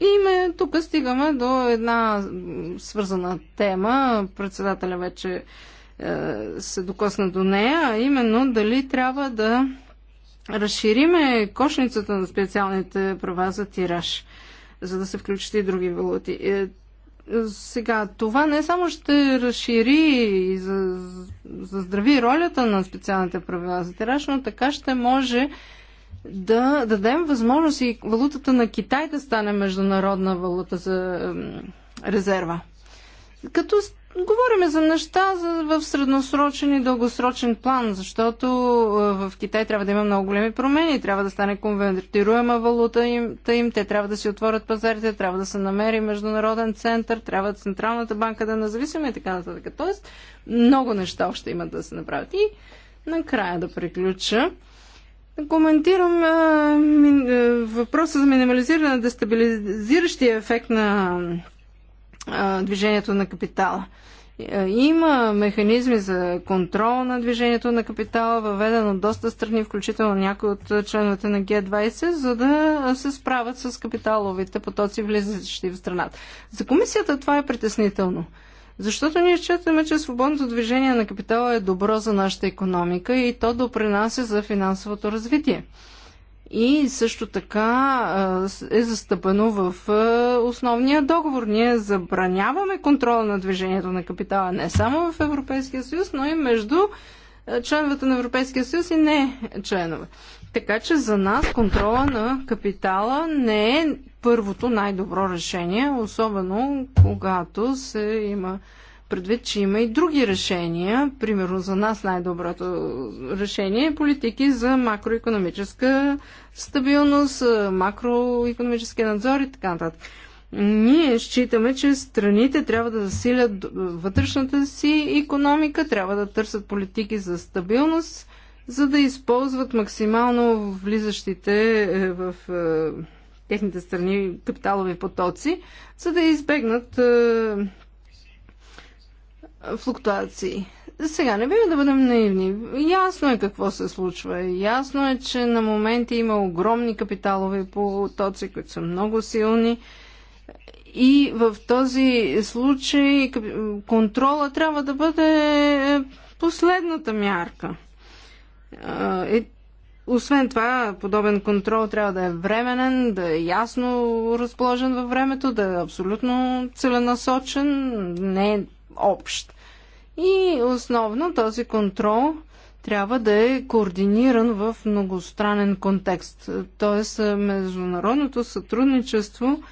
И ме, тук стигаме до една свързана тема. Председателя вече е, се докосна до нея, а именно дали трябва да разшириме кошницата на специалните права за тираж, за да се включат и други валути. Е, сега, това не само ще разшири и за, заздрави ролята на специалните правила за тираж, но така ще може да дадем възможност и валутата на Китай да стане международна валута за резерва. Като Говориме за неща за, в средносрочен и дългосрочен план, защото е, в Китай трябва да има много големи промени, трябва да стане конвертируема валута им, им, те трябва да си отворят пазарите, трябва да се намери международен център, трябва Централната банка да е независима и така нататък. Тоест, много неща още имат да се направят. И накрая да приключа. коментирам а, е, ми, а, е, въпроса за минимализиране на дестабилизиращия ефект на движението на капитала. Е, има механизми за контрол на движението на капитала, въведен от доста страни, включително някои от членовете на Г20, за да се справят с капиталовите потоци, влизащи в страната. За комисията това е притеснително. Защото ние считаме, че свободното движение на капитала е добро за нашата економика и то допринася за финансовото развитие и също така е застъпено в основния договор. Ние забраняваме контрола на движението на капитала не само в Европейския съюз, но и между членовете на Европейския съюз и не членове. Така че за нас контрола на капитала не е първото най-добро решение, особено когато се има предвид, че има и други решения. Примерно за нас най-доброто решение е политики за макроекономическа стабилност, макроекономически надзор и така нататък. Ние считаме, че страните трябва да засилят вътрешната си економика, трябва да търсят политики за стабилност, за да използват максимално влизащите е, в е, техните страни капиталови потоци, за да избегнат е, флуктуации. Сега не бива да бъдем наивни. Ясно е какво се случва. Ясно е, че на моменти има огромни капиталови потоци, които са много силни. И в този случай контрола трябва да бъде е, последната мярка. Е, освен това, подобен контрол трябва да е временен, да е ясно разположен във времето, да е абсолютно целенасочен, не е общ. И основно този контрол трябва да е координиран в многостранен контекст. Тоест, е, международното сътрудничество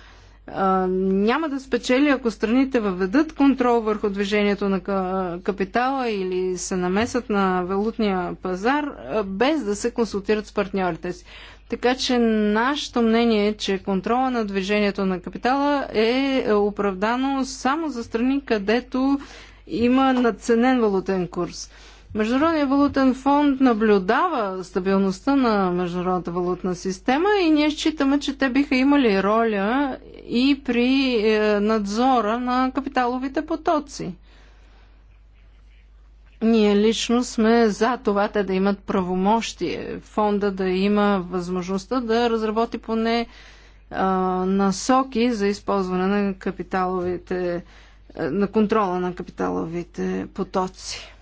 а, е, няма да спечели, ако страните въведат контрол върху движението на капитала или се намесат на валутния пазар, е, без да се консултират с партньорите си. Така че нашето мнение е, че контрола на движението на капитала е оправдано само за страни, където има надценен валутен курс. Международният валутен фонд наблюдава стабилността на международната валутна система и ние считаме, че те биха имали роля и при е, надзора на капиталовите потоци. Ние лично сме за това те да имат правомощие, фонда да има възможността да разработи поне а, насоки за използване на капиталовите, на контрола на капиталовите потоци.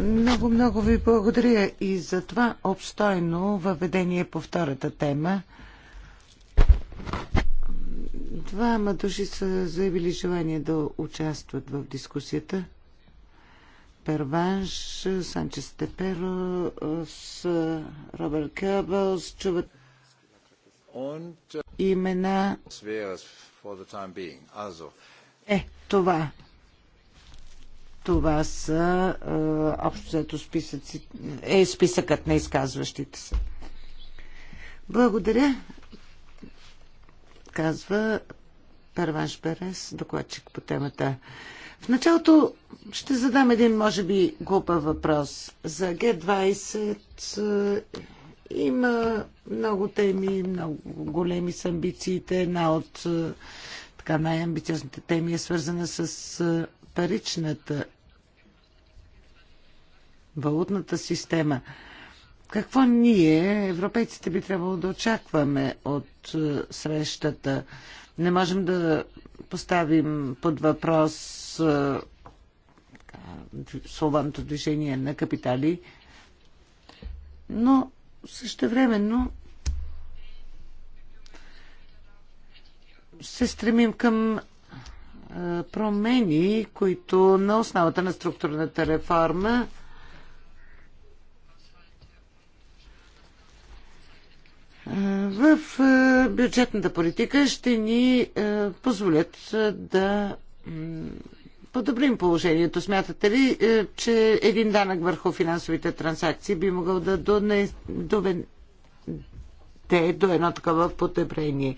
Много, много ви благодаря и за това обстойно въведение по втората тема. Двама души са заявили желание да участват в дискусията. Перванш, Санчес Теперо, с Робърт Кебълс, чуват имена. Е, това. Това са общото общо взето списъци, е списъкът на изказващите се. Благодаря, казва Перванш Перес, докладчик по темата. В началото ще задам един, може би, глупа въпрос. За Г20 е, има много теми, много големи са амбициите. Една от е, така най-амбициозните теми е свързана с е, паричната валутната система. Какво ние, европейците, би трябвало да очакваме от срещата? Не можем да поставим под въпрос е, свободното движение на капитали, но същевременно се стремим към е, промени, които на основата на структурната реформа в бюджетната политика ще ни позволят да подобрим положението. Смятате ли, че един данък върху финансовите транзакции би могъл да доведе до едно такова потепление?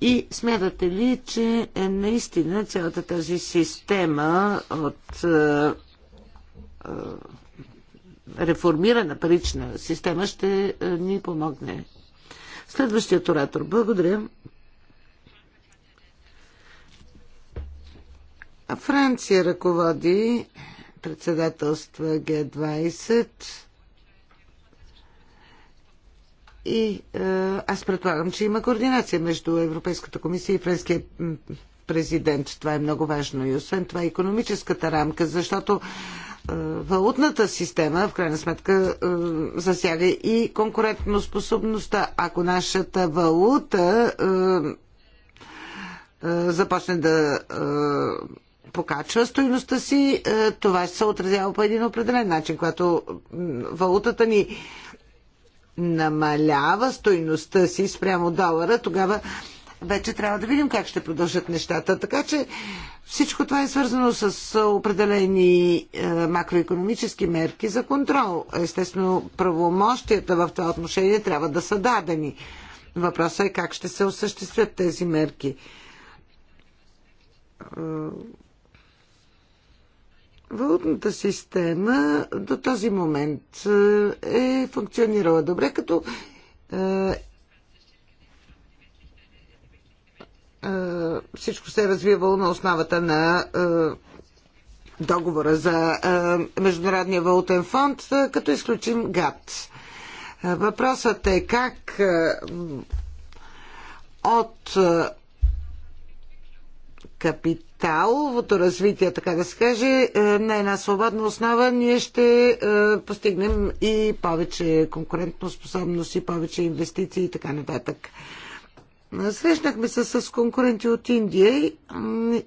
И смятате ли, че е наистина цялата тази система от реформирана парична система ще ни помогне Следващият оратор. Благодаря. Франция ръководи председателства Г-20 и е, аз предполагам, че има координация между Европейската комисия и френския президент. Това е много важно. И освен това економическата рамка, защото валутната система в крайна сметка засяга и конкурентноспособността. Ако нашата валута започне да покачва стоиността си, това ще се отразява по един определен начин. Когато валутата ни намалява стоиността си спрямо долара, тогава вече трябва да видим как ще продължат нещата. Така че всичко това е свързано с определени е, макроекономически мерки за контрол. Естествено, правомощията в това отношение трябва да са дадени. Въпросът е как ще се осъществят тези мерки. Е, валутната система до този момент е, е функционирала добре, като Е, всичко се е развивало на основата на е, договора за е, Международния валутен фонд, като изключим ГАТ. Въпросът е как от капиталовото развитие, така да се каже, на една свободна основа, ние ще постигнем и повече конкурентно способност, и повече инвестиции и така нататък. Срещнахме се с конкуренти от Индия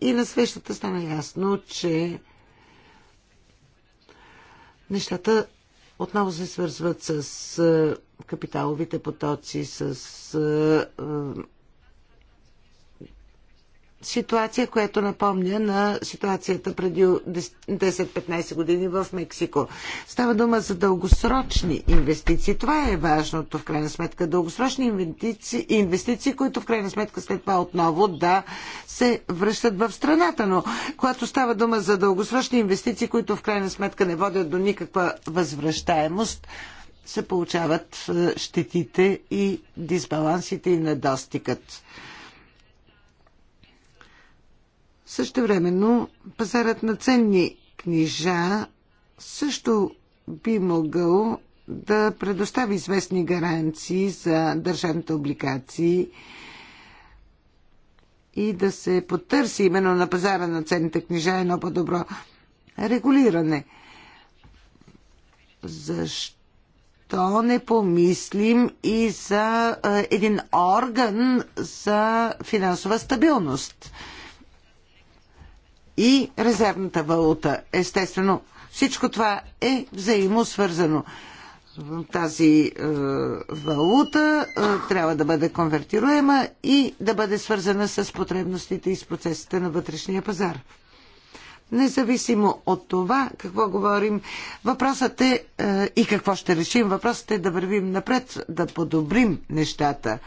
и на срещата стана ясно, че нещата отново се свързват с е, капиталовите потоци, с е, е, ситуация, която напомня на ситуацията преди 10-15 години в Мексико. Става дума за дългосрочни инвестиции. Това е важното в крайна сметка. Дългосрочни инвестиции, инвестиции които в крайна сметка след това отново да се връщат в страната. Но когато става дума за дългосрочни инвестиции, които в крайна сметка не водят до никаква възвръщаемост, се получават е, щетите и дисбалансите и недостигът. Също времено пазарът на ценни книжа също би могъл да предостави известни гаранции за държавните облигации и да се потърси именно на пазара на ценните книжа едно по-добро регулиране. Защо не помислим и за е, един орган за финансова стабилност? и резервната валута. Естествено, всичко това е взаимосвързано. Тази е, валута е, трябва да бъде конвертируема и да бъде свързана с потребностите и с процесите на вътрешния пазар. Независимо от това какво говорим, въпросът е, е и какво ще решим, въпросът е да вървим напред, да подобрим нещата.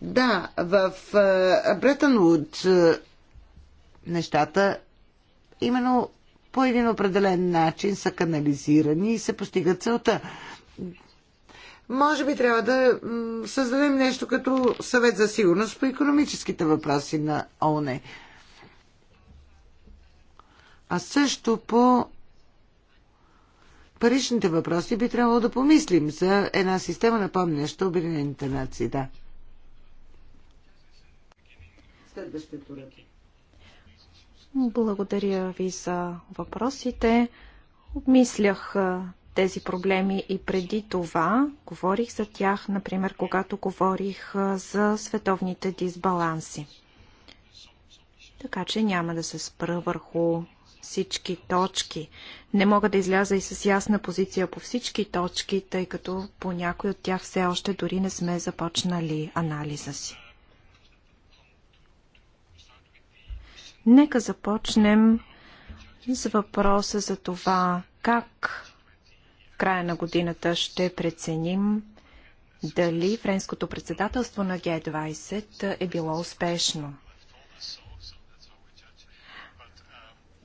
Да, в е, Бретън е, нещата именно по един определен начин са канализирани и се постига целта. Може би трябва да създадем нещо като съвет за сигурност по економическите въпроси на ОНЕ. А също по паричните въпроси би трябвало да помислим за една система, напомняща Обединените нации. Да. Следващият оратор. Благодаря ви за въпросите. Обмислях тези проблеми и преди това. Говорих за тях, например, когато говорих за световните дисбаланси. Така че няма да се спра върху всички точки. Не мога да изляза и с ясна позиция по всички точки, тъй като по някой от тях все още дори не сме започнали анализа си. Нека започнем с въпроса за това как в края на годината ще преценим дали френското председателство на Г-20 е било успешно.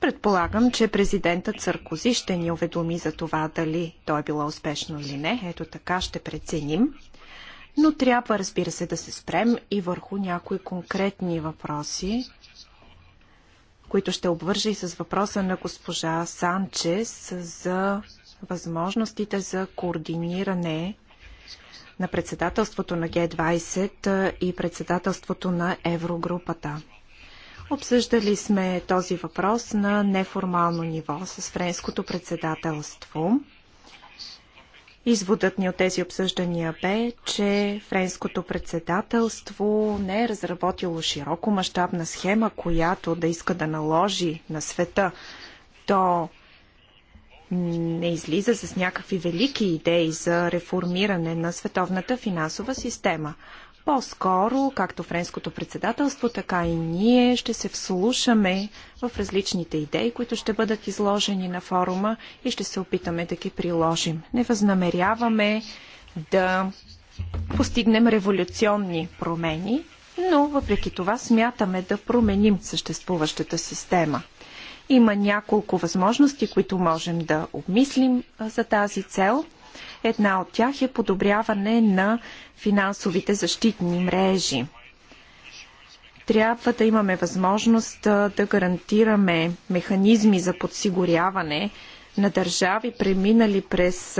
Предполагам, че президентът Саркози ще ни уведоми за това дали то е било успешно или не. Ето така ще преценим. Но трябва, разбира се, да се спрем и върху някои конкретни въпроси, които ще обвържа и с въпроса на госпожа Санчес за възможностите за координиране на председателството на Г-20 и председателството на Еврогрупата. Обсъждали сме този въпрос на неформално ниво с френското председателство. Изводът ни от тези обсъждания бе, че френското председателство не е разработило широко мащабна схема, която да иска да наложи на света. То не излиза с някакви велики идеи за реформиране на световната финансова система. По-скоро, както френското председателство, така и ние ще се вслушаме в различните идеи, които ще бъдат изложени на форума и ще се опитаме да ги приложим. Не възнамеряваме да постигнем революционни промени, но въпреки това смятаме да променим съществуващата система. Има няколко възможности, които можем да обмислим за тази цел – Една от тях е подобряване на финансовите защитни мрежи. Трябва да имаме възможност да гарантираме механизми за подсигуряване на държави, преминали през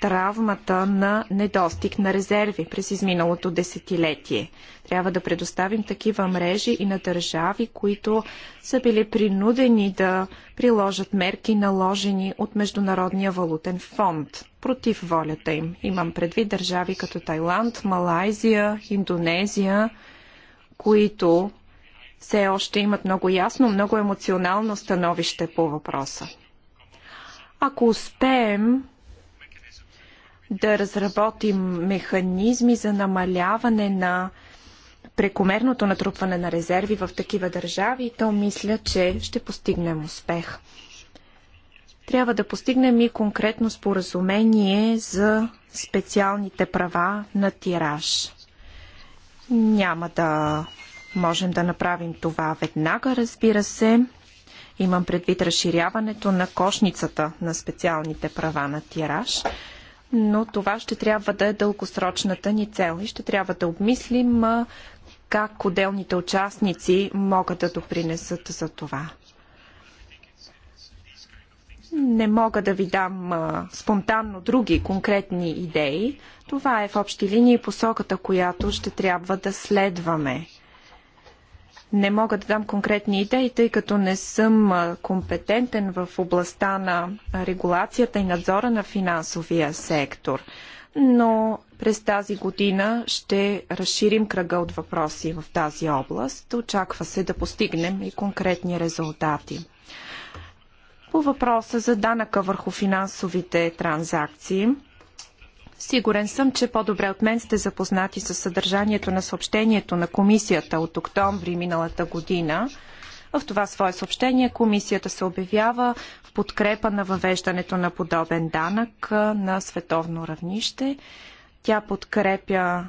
травмата на недостиг на резерви през изминалото десетилетие. Трябва да предоставим такива мрежи и на държави, които са били принудени да приложат мерки, наложени от Международния валутен фонд против волята им. Имам предвид държави като Тайланд, Малайзия, Индонезия, които все още имат много ясно, много емоционално становище по въпроса. Ако успеем да разработим механизми за намаляване на прекомерното натрупване на резерви в такива държави, то мисля, че ще постигнем успех. Трябва да постигнем и конкретно споразумение за специалните права на тираж. Няма да можем да направим това веднага, разбира се. Имам предвид разширяването на кошницата на специалните права на тираж – но това ще трябва да е дългосрочната ни цел и ще трябва да обмислим как отделните участници могат да допринесат за това. Не мога да ви дам а, спонтанно други конкретни идеи. Това е в общи линии посоката, която ще трябва да следваме. Не мога да дам конкретни идеи, тъй като не съм компетентен в областта на регулацията и надзора на финансовия сектор. Но през тази година ще разширим кръга от въпроси в тази област. Очаква се да постигнем и конкретни резултати. По въпроса за данъка върху финансовите транзакции – Сигурен съм, че по-добре от мен сте запознати с съдържанието на съобщението на комисията от октомври миналата година. В това свое съобщение комисията се обявява в подкрепа на въвеждането на подобен данък на световно равнище. Тя подкрепя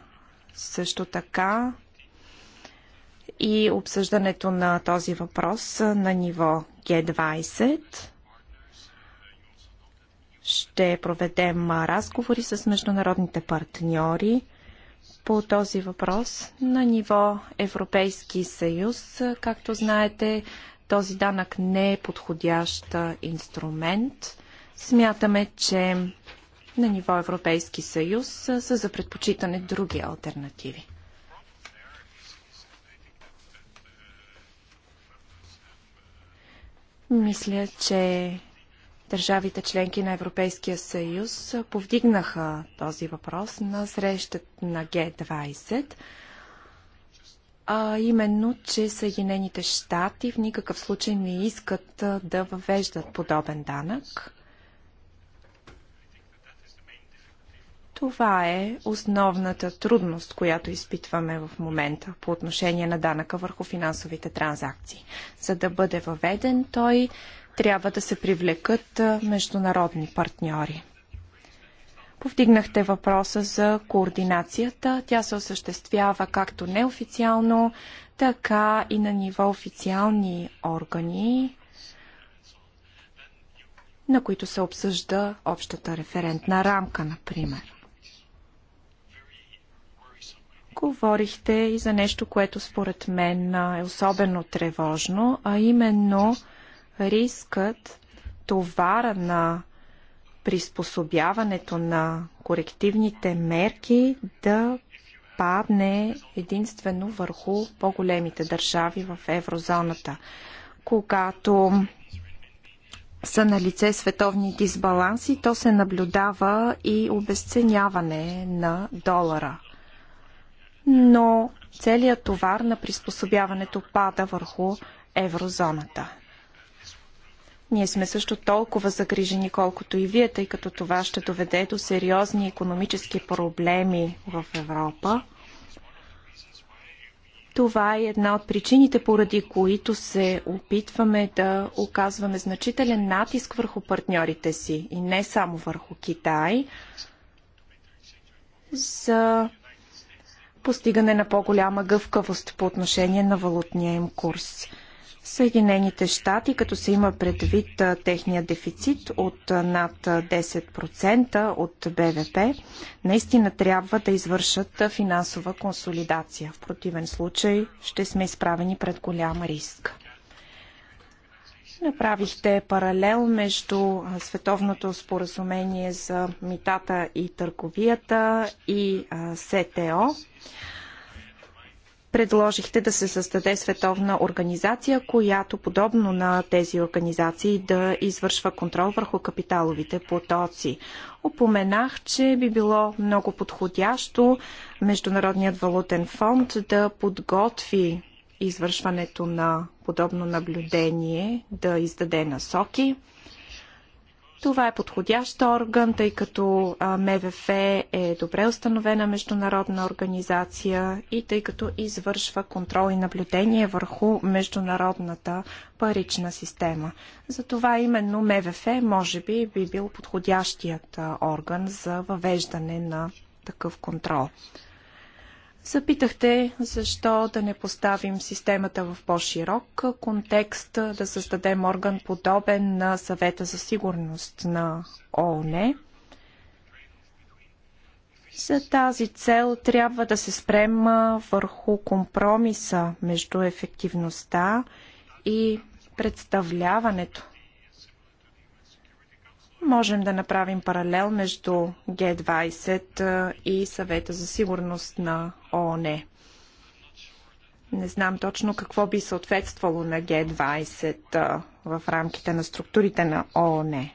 също така и обсъждането на този въпрос на ниво Г20. Ще проведем разговори с международните партньори по този въпрос на ниво Европейски съюз. Както знаете, този данък не е подходящ инструмент. Смятаме, че на ниво Европейски съюз са за предпочитане други альтернативи. Мисля, че Държавите членки на Европейския съюз повдигнаха този въпрос на срещата на Г-20, а именно, че Съединените щати в никакъв случай не искат да въвеждат подобен данък. Това е основната трудност, която изпитваме в момента по отношение на данъка върху финансовите транзакции. За да бъде въведен той, трябва да се привлекат международни партньори. Повдигнахте въпроса за координацията. Тя се осъществява както неофициално, така и на ниво официални органи, на които се обсъжда общата референтна рамка, например. Говорихте и за нещо, което според мен е особено тревожно, а именно – Рискът, товара на приспособяването на корективните мерки да падне единствено върху по-големите държави в еврозоната. Когато са на лице световни дисбаланси, то се наблюдава и обесценяване на долара. Но целият товар на приспособяването пада върху еврозоната. Ние сме също толкова загрижени, колкото и вие, тъй като това ще доведе до сериозни економически проблеми в Европа. Това е една от причините, поради които се опитваме да оказваме значителен натиск върху партньорите си и не само върху Китай за постигане на по-голяма гъвкавост по отношение на валутния им курс. Съединените щати, като се има предвид техния дефицит от над 10% от БВП, наистина трябва да извършат финансова консолидация. В противен случай ще сме изправени пред голям риск. Направихте паралел между Световното споразумение за митата и търговията и СТО предложихте да се създаде световна организация, която подобно на тези организации да извършва контрол върху капиталовите потоци. Опоменах, че би било много подходящо Международният валутен фонд да подготви извършването на подобно наблюдение, да издаде насоки. Това е подходящ орган, тъй като МВФ е добре установена международна организация и тъй като извършва контрол и наблюдение върху международната парична система. Затова именно МВФ може би би бил подходящият орган за въвеждане на такъв контрол. Запитахте защо да не поставим системата в по-широк контекст, да създадем орган подобен на съвета за сигурност на ООН. За тази цел трябва да се спрем върху компромиса между ефективността и представляването Можем да направим паралел между Г20 и съвета за сигурност на ООН. Не знам точно какво би съответствало на Г20 в рамките на структурите на ООН.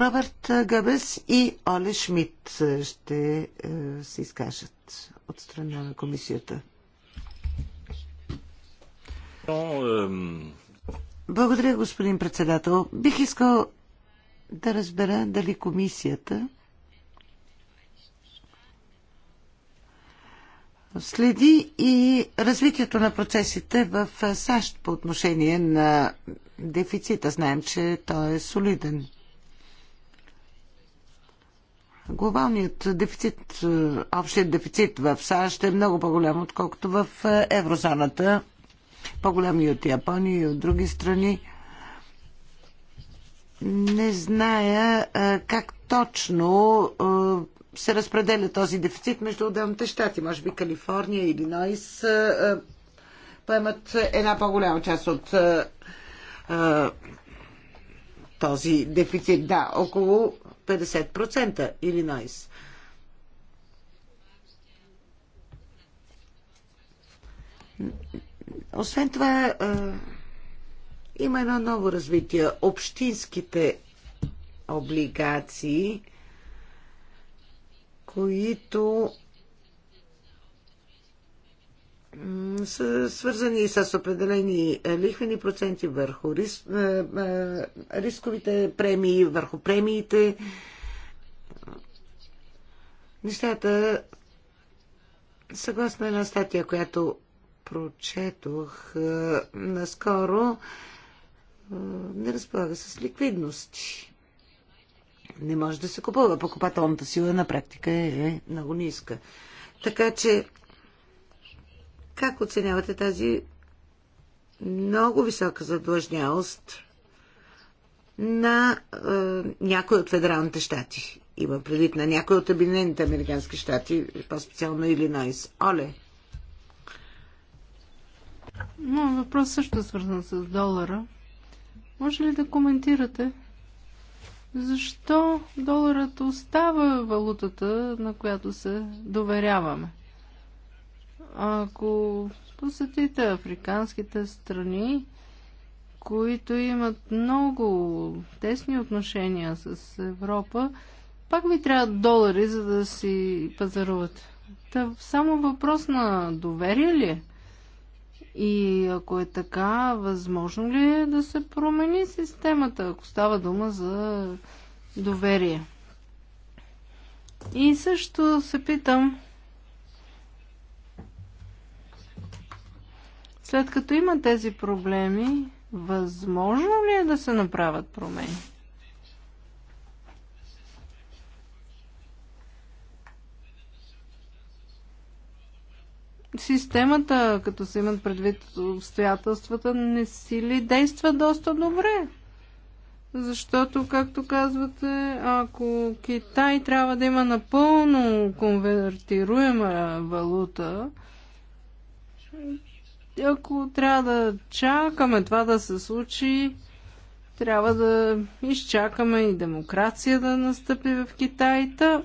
Робърт Габес и Оле Шмидт ще е, се изкажат от страна на комисията. Благодаря, господин председател. Бих искал да разбера дали комисията следи и развитието на процесите в САЩ по отношение на дефицита. Знаем, че той е солиден. Глобалният дефицит, е, общият дефицит в САЩ е много по-голям, отколкото в е, еврозоната. По-голям и от Япония, и от други страни. Не зная е, как точно се разпределя този дефицит между отделните щати. Може би Калифорния, или Нойс, поемат една по-голяма част от този дефицит. Да, около 50% Илинойс. Освен това, има едно ново развитие. Общинските облигации, които са свързани с определени е, лихвени проценти върху рис, е, е, рисковите премии, върху премиите. Нещата, съгласно една статия, която прочетох наскоро, не разполага с ликвидности. Не може да се купува. Покупателната сила на практика е много ниска. Така че как оценявате тази много висока задлъжнялост на е, някои от федералните щати? Има предвид на някои от Обединените американски щати, по-специално Илинойс. Оле! Но въпрос също е свързан с долара. Може ли да коментирате защо доларът остава валутата, на която се доверяваме? Ако посетите африканските страни, които имат много тесни отношения с Европа, пак ви трябва долари, за да си пазаруват. Та само въпрос на доверие ли е? И ако е така, възможно ли е да се промени системата, ако става дума за доверие? И също се питам, След като има тези проблеми, възможно ли е да се направят промени? Системата, като се имат предвид обстоятелствата, не си ли действа доста добре? Защото, както казвате, ако Китай трябва да има напълно конвертируема валута, ако трябва да чакаме това да се случи, трябва да изчакаме и демокрация да настъпи в Китайта.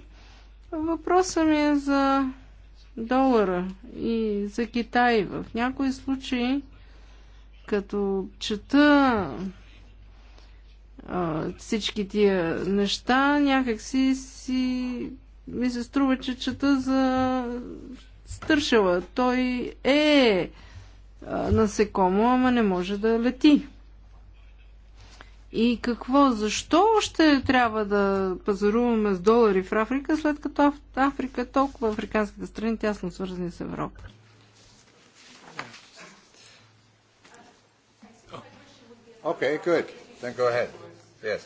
Въпросът ми е за долара и за Китай. В някои случаи, като чета а, всички тия неща, някак си ми се струва, че чета за стършела. Той е насекомо, ама не може да лети. И какво, защо още трябва да пазаруваме с долари в Африка, след като Африка, е толкова африканските страни тясно свързани с Европа? Okay, good. Then go ahead. Yes.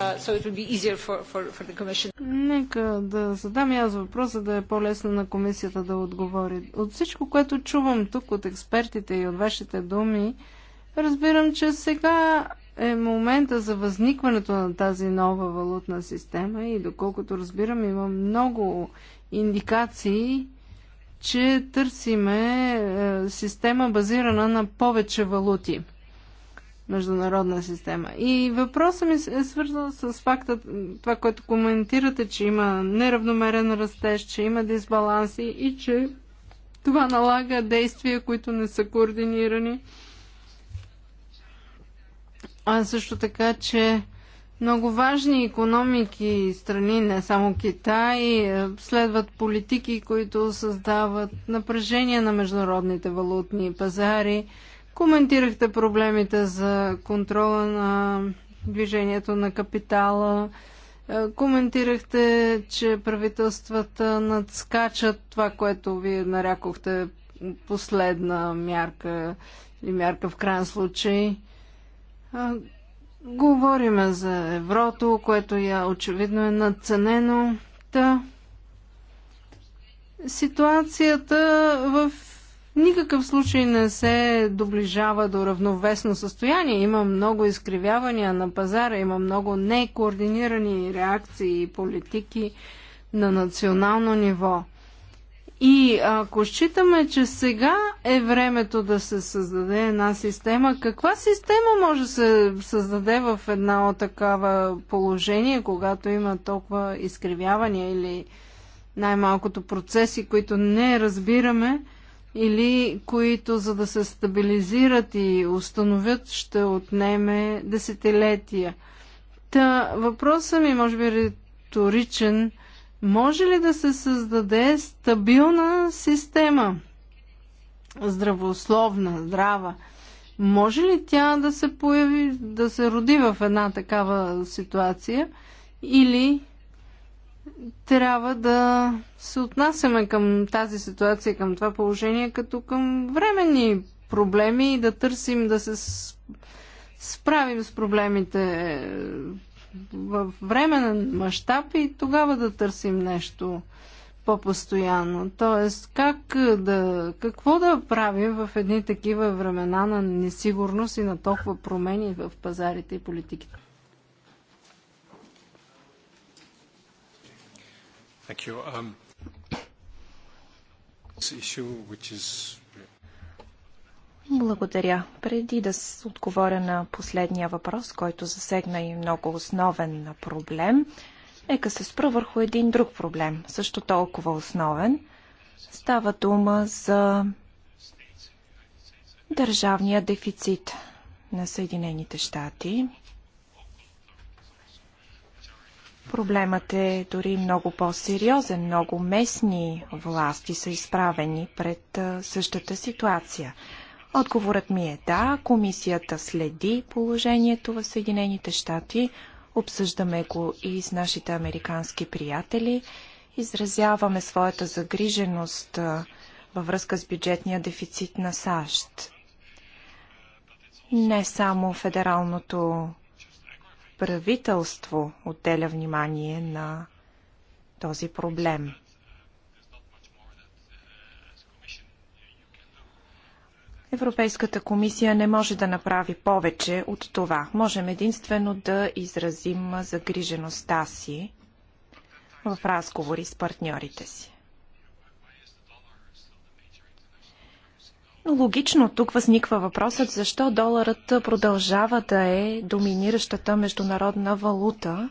Uh, Нека да задам аз въпрос, за да е по-лесно на комисията да отговори. От всичко, което чувам тук от експертите и от вашите думи, разбирам, че сега е момента за възникването на тази нова валутна система и доколкото разбирам, има много индикации, че търсиме е, система базирана на повече валути международна система. И въпросът ми е свързан с факта, това, което коментирате, че има неравномерен растеж, че има дисбаланси и че това налага действия, които не са координирани. А също така, че много важни економики и страни, не само Китай, е, следват политики, които създават напрежение на международните валутни пазари Коментирахте проблемите за контрола на движението на капитала. Е, коментирахте, че правителствата надскачат това, което вие нарякохте последна мярка или мярка в крайен случай. Е, говориме за еврото, което я очевидно е надценено. Та, ситуацията в никакъв случай не се доближава до равновесно състояние. Има много изкривявания на пазара, има много некоординирани реакции и политики на национално ниво. И ако считаме, че сега е времето да се създаде една система, каква система може да се създаде в една от такава положение, когато има толкова изкривявания или най-малкото процеси, които не разбираме? или които за да се стабилизират и установят ще отнеме десетилетия. Та въпросът ми може би риторичен. Може ли да се създаде стабилна система? Здравословна, здрава. Може ли тя да се появи, да се роди в една такава ситуация? Или трябва да се отнасяме към тази ситуация, към това положение, като към временни проблеми и да търсим да се справим с проблемите в временен мащаб и тогава да търсим нещо по-постоянно. Тоест, как да, какво да правим в едни такива времена на несигурност и на толкова промени в пазарите и политиките? Thank you. Um, issue, which is... Благодаря. Преди да отговоря на последния въпрос, който засегна и много основен проблем, нека се спра върху един друг проблем, също толкова основен. Става дума за държавния дефицит на Съединените щати. Проблемът е дори много по-сериозен. Много местни власти са изправени пред същата ситуация. Отговорът ми е да, комисията следи положението в Съединените щати, обсъждаме го и с нашите американски приятели, изразяваме своята загриженост във връзка с бюджетния дефицит на САЩ. Не само федералното правителство отделя внимание на този проблем. Европейската комисия не може да направи повече от това. Можем единствено да изразим загрижеността си в разговори с партньорите си. Логично тук възниква въпросът защо доларът продължава да е доминиращата международна валута.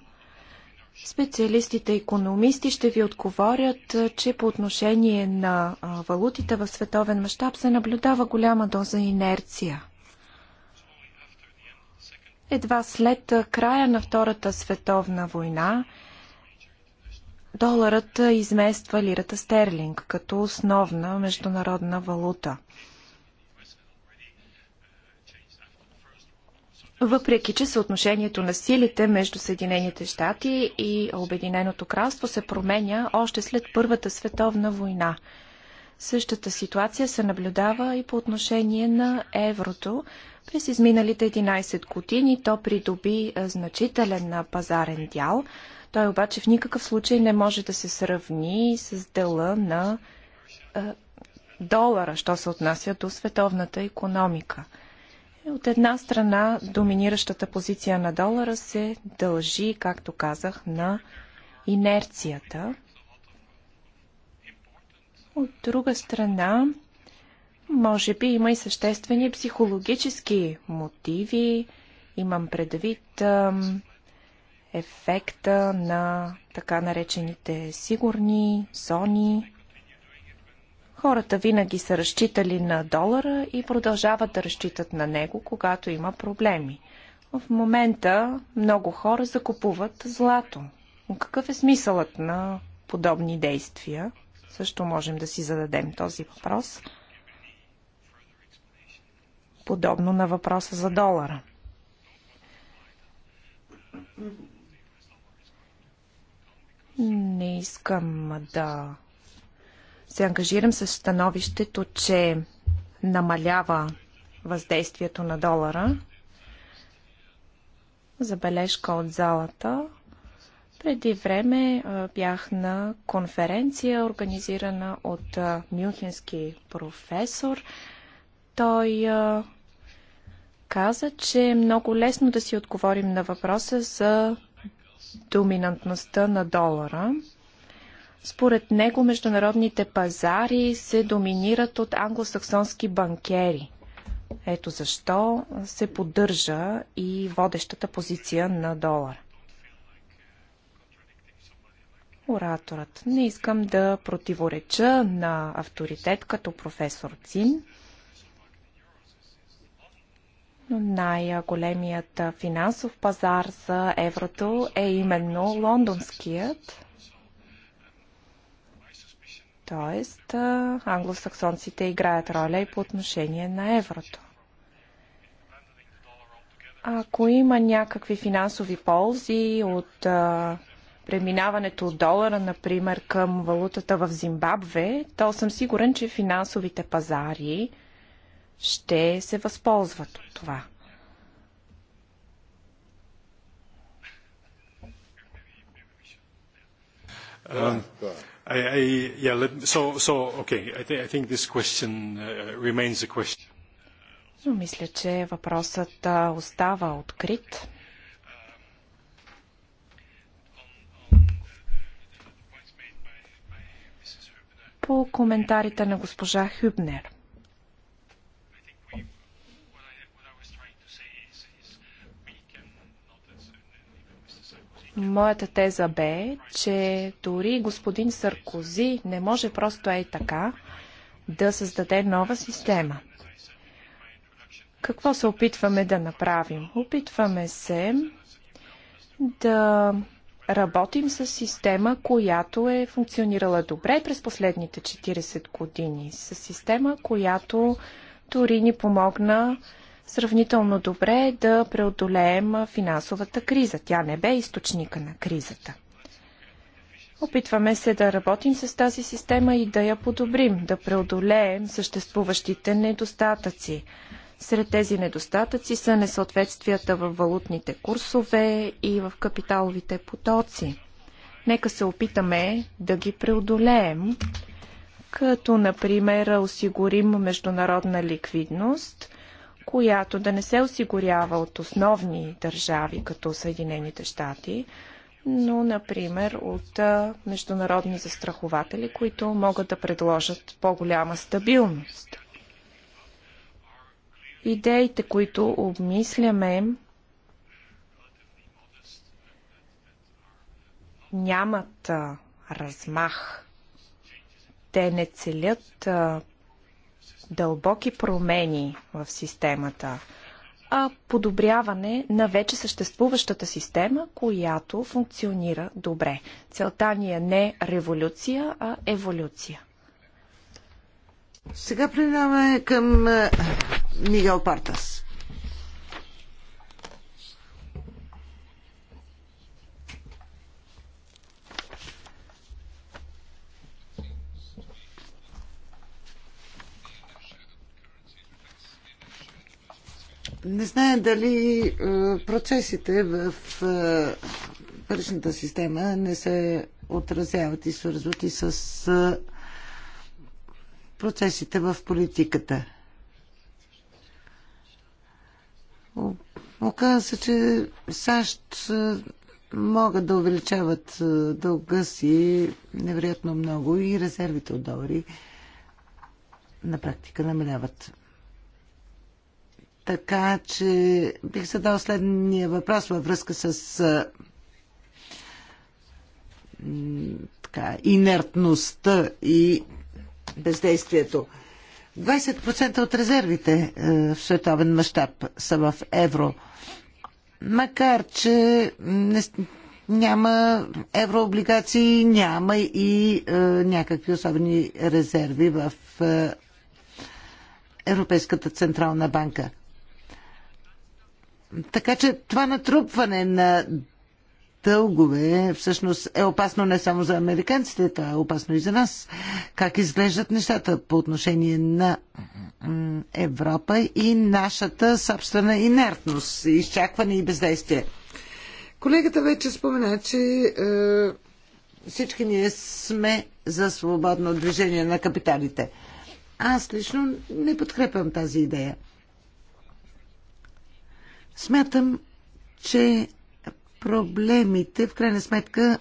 Специалистите економисти ще ви отговорят, че по отношение на валутите в световен мащаб се наблюдава голяма доза инерция. Едва след края на Втората световна война, доларът измества лирата стерлинг като основна международна валута. въпреки че съотношението на силите между Съединените щати и Обединеното кралство се променя още след Първата световна война. Същата ситуация се наблюдава и по отношение на еврото. През изминалите 11 години то придоби значителен пазарен дял. Той обаче в никакъв случай не може да се сравни с дела на е, долара, що се отнася до световната економика. От една страна, доминиращата позиция на долара се дължи, както казах, на инерцията. От друга страна, може би има и съществени психологически мотиви. Имам предвид ефекта на така наречените сигурни зони, Хората винаги са разчитали на долара и продължават да разчитат на него, когато има проблеми. В момента много хора закупуват злато. Но какъв е смисълът на подобни действия? Също можем да си зададем този въпрос. Подобно на въпроса за долара. Не искам да се ангажирам с становището, че намалява въздействието на долара. Забележка от залата. Преди време бях на конференция, организирана от мюнхенски професор. Той каза, че е много лесно да си отговорим на въпроса за доминантността на долара – според него международните пазари се доминират от англосаксонски банкери. Ето защо се поддържа и водещата позиция на долара. Ораторът. Не искам да противореча на авторитет като професор Цин, но най-големият финансов пазар за еврото е именно лондонският. Тоест, англосаксонците играят роля и по отношение на еврото. Ако има някакви финансови ползи от а, преминаването от долара, например, към валутата в Зимбабве, то съм сигурен, че финансовите пазари ще се възползват от това. Uh, Yeah, okay. I, think this question uh, remains a question. мисля, че въпросът остава открит. По коментарите на госпожа Хюбнер. Моята теза бе, че дори господин Саркози не може просто ей така да създаде нова система. Какво се опитваме да направим? Опитваме се да работим с система, която е функционирала добре през последните 40 години. С система, която дори ни помогна сравнително добре е да преодолеем финансовата криза. Тя не бе източника на кризата. Опитваме се да работим с тази система и да я подобрим, да преодолеем съществуващите недостатъци. Сред тези недостатъци са несъответствията в валутните курсове и в капиталовите потоци. Нека се опитаме да ги преодолеем, като например осигурим международна ликвидност, която да не се осигурява от основни държави, като Съединените щати, но, например, от международни застрахователи, които могат да предложат по-голяма стабилност. Идеите, които обмисляме, нямат размах. Те не целят дълбоки промени в системата, а подобряване на вече съществуващата система, която функционира добре. Целта ни е не революция, а еволюция. Сега преминаваме към е, Мигел Партас. Не знае дали е, процесите в е, паричната система не се отразяват и свързват и с е, процесите в политиката. Оказва се, че САЩ могат да увеличават дълга си невероятно много и резервите от долари на практика намаляват. Така че бих задал следния въпрос във връзка с така, инертността и бездействието. 20% от резервите в световен мащаб са в евро. Макар, че не, няма еврооблигации, няма и а, някакви особени резерви в а, Европейската централна банка. Така че това натрупване на дългове всъщност е опасно не само за американците, това е опасно и за нас. Как изглеждат нещата по отношение на Европа и нашата собствена инертност, изчакване и бездействие. Колегата вече спомена, че е, всички ние сме за свободно движение на капиталите. Аз лично не подкрепям тази идея. Смятам, че проблемите в крайна сметка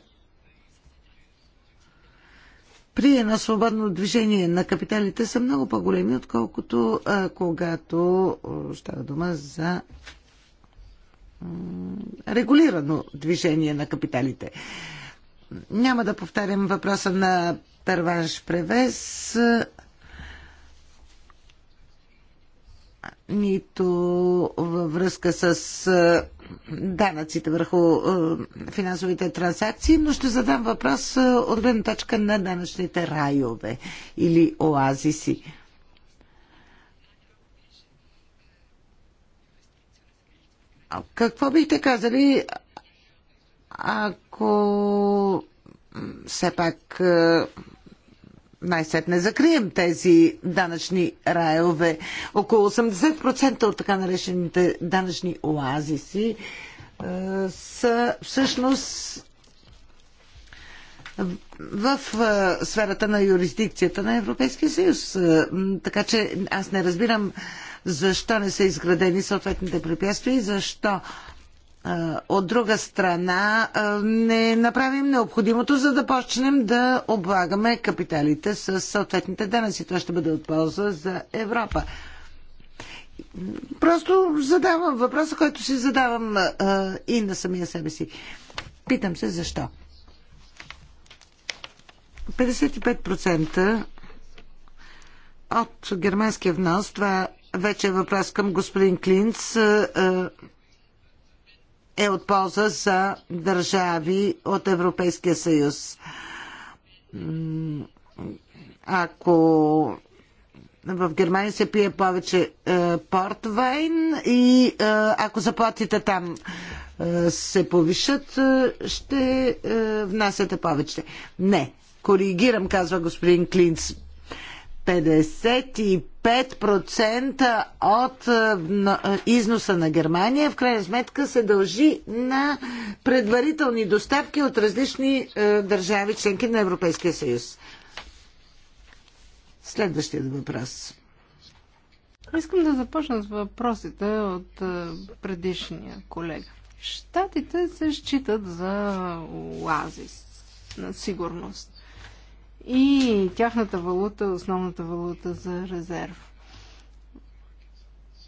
при едно свободно движение на капиталите са много по-големи, отколкото а, когато става дума за регулирано движение на капиталите. Няма да повтарям въпроса на Перванш Превес. нито във връзка с данъците върху финансовите транзакции, но ще задам въпрос от гледна точка на данъчните райове или оазиси. Какво бихте казали, ако все пак най-сетне закрием тези данъчни райове. Около 80% от така наречените данъчни оазиси е, са всъщност в е, сферата на юрисдикцията на Европейския съюз. Е, така че аз не разбирам защо не са изградени съответните препятствия и защо от друга страна не направим необходимото, за да почнем да облагаме капиталите с съответните данъци. Това ще бъде от полза за Европа. Просто задавам въпроса, който си задавам и на самия себе си. Питам се защо. 55% от германския внос, това вече е въпрос към господин Клинц, е от полза за държави от Европейския съюз. Ако в Германия се пие повече е, портвайн и е, ако заплатите там е, се повишат, е, ще е, внасяте повече. Не, коригирам, казва господин Клинц. 55 5% от е, е, износа на Германия в крайна сметка се дължи на предварителни доставки от различни е, държави, членки на Европейския съюз. Следващият въпрос. Искам да започна с въпросите от предишния колега. Штатите се считат за оазис на сигурност и тяхната валута е основната валута за резерв.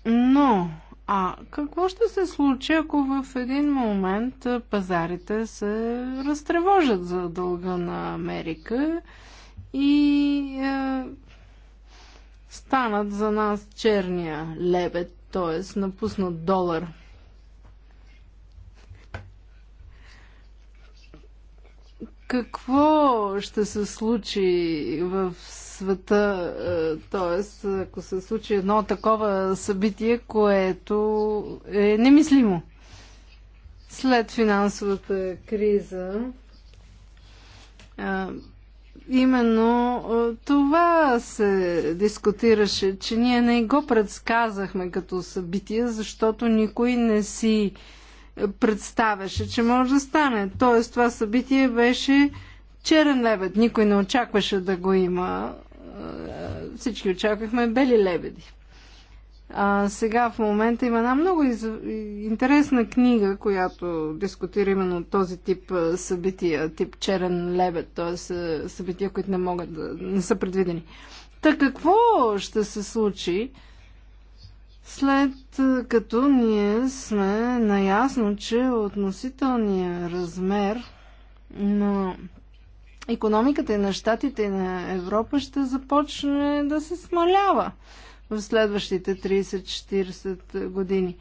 Но, а какво ще се случи, ако в един момент пазарите се разтревожат за дълга на Америка и е, станат за нас черния лебед, т.е. напуснат долар? какво ще се случи в света, т.е. ако се случи едно такова събитие, което е немислимо. След финансовата криза, е, именно е, това се дискутираше, че ние не го предсказахме като събитие, защото никой не си представяше, че може да стане. Тоест това събитие беше черен лебед. Никой не очакваше да го има. Е, всички очаквахме бели лебеди. А, сега в момента има една много из... интересна книга, която дискутира именно този тип е, събития, тип черен лебед, т.е. събития, които не могат да не са предвидени. Та какво ще се случи? след като ние сме наясно, че относителният размер на економиката и на щатите и на Европа ще започне да се смалява в следващите 30-40 години.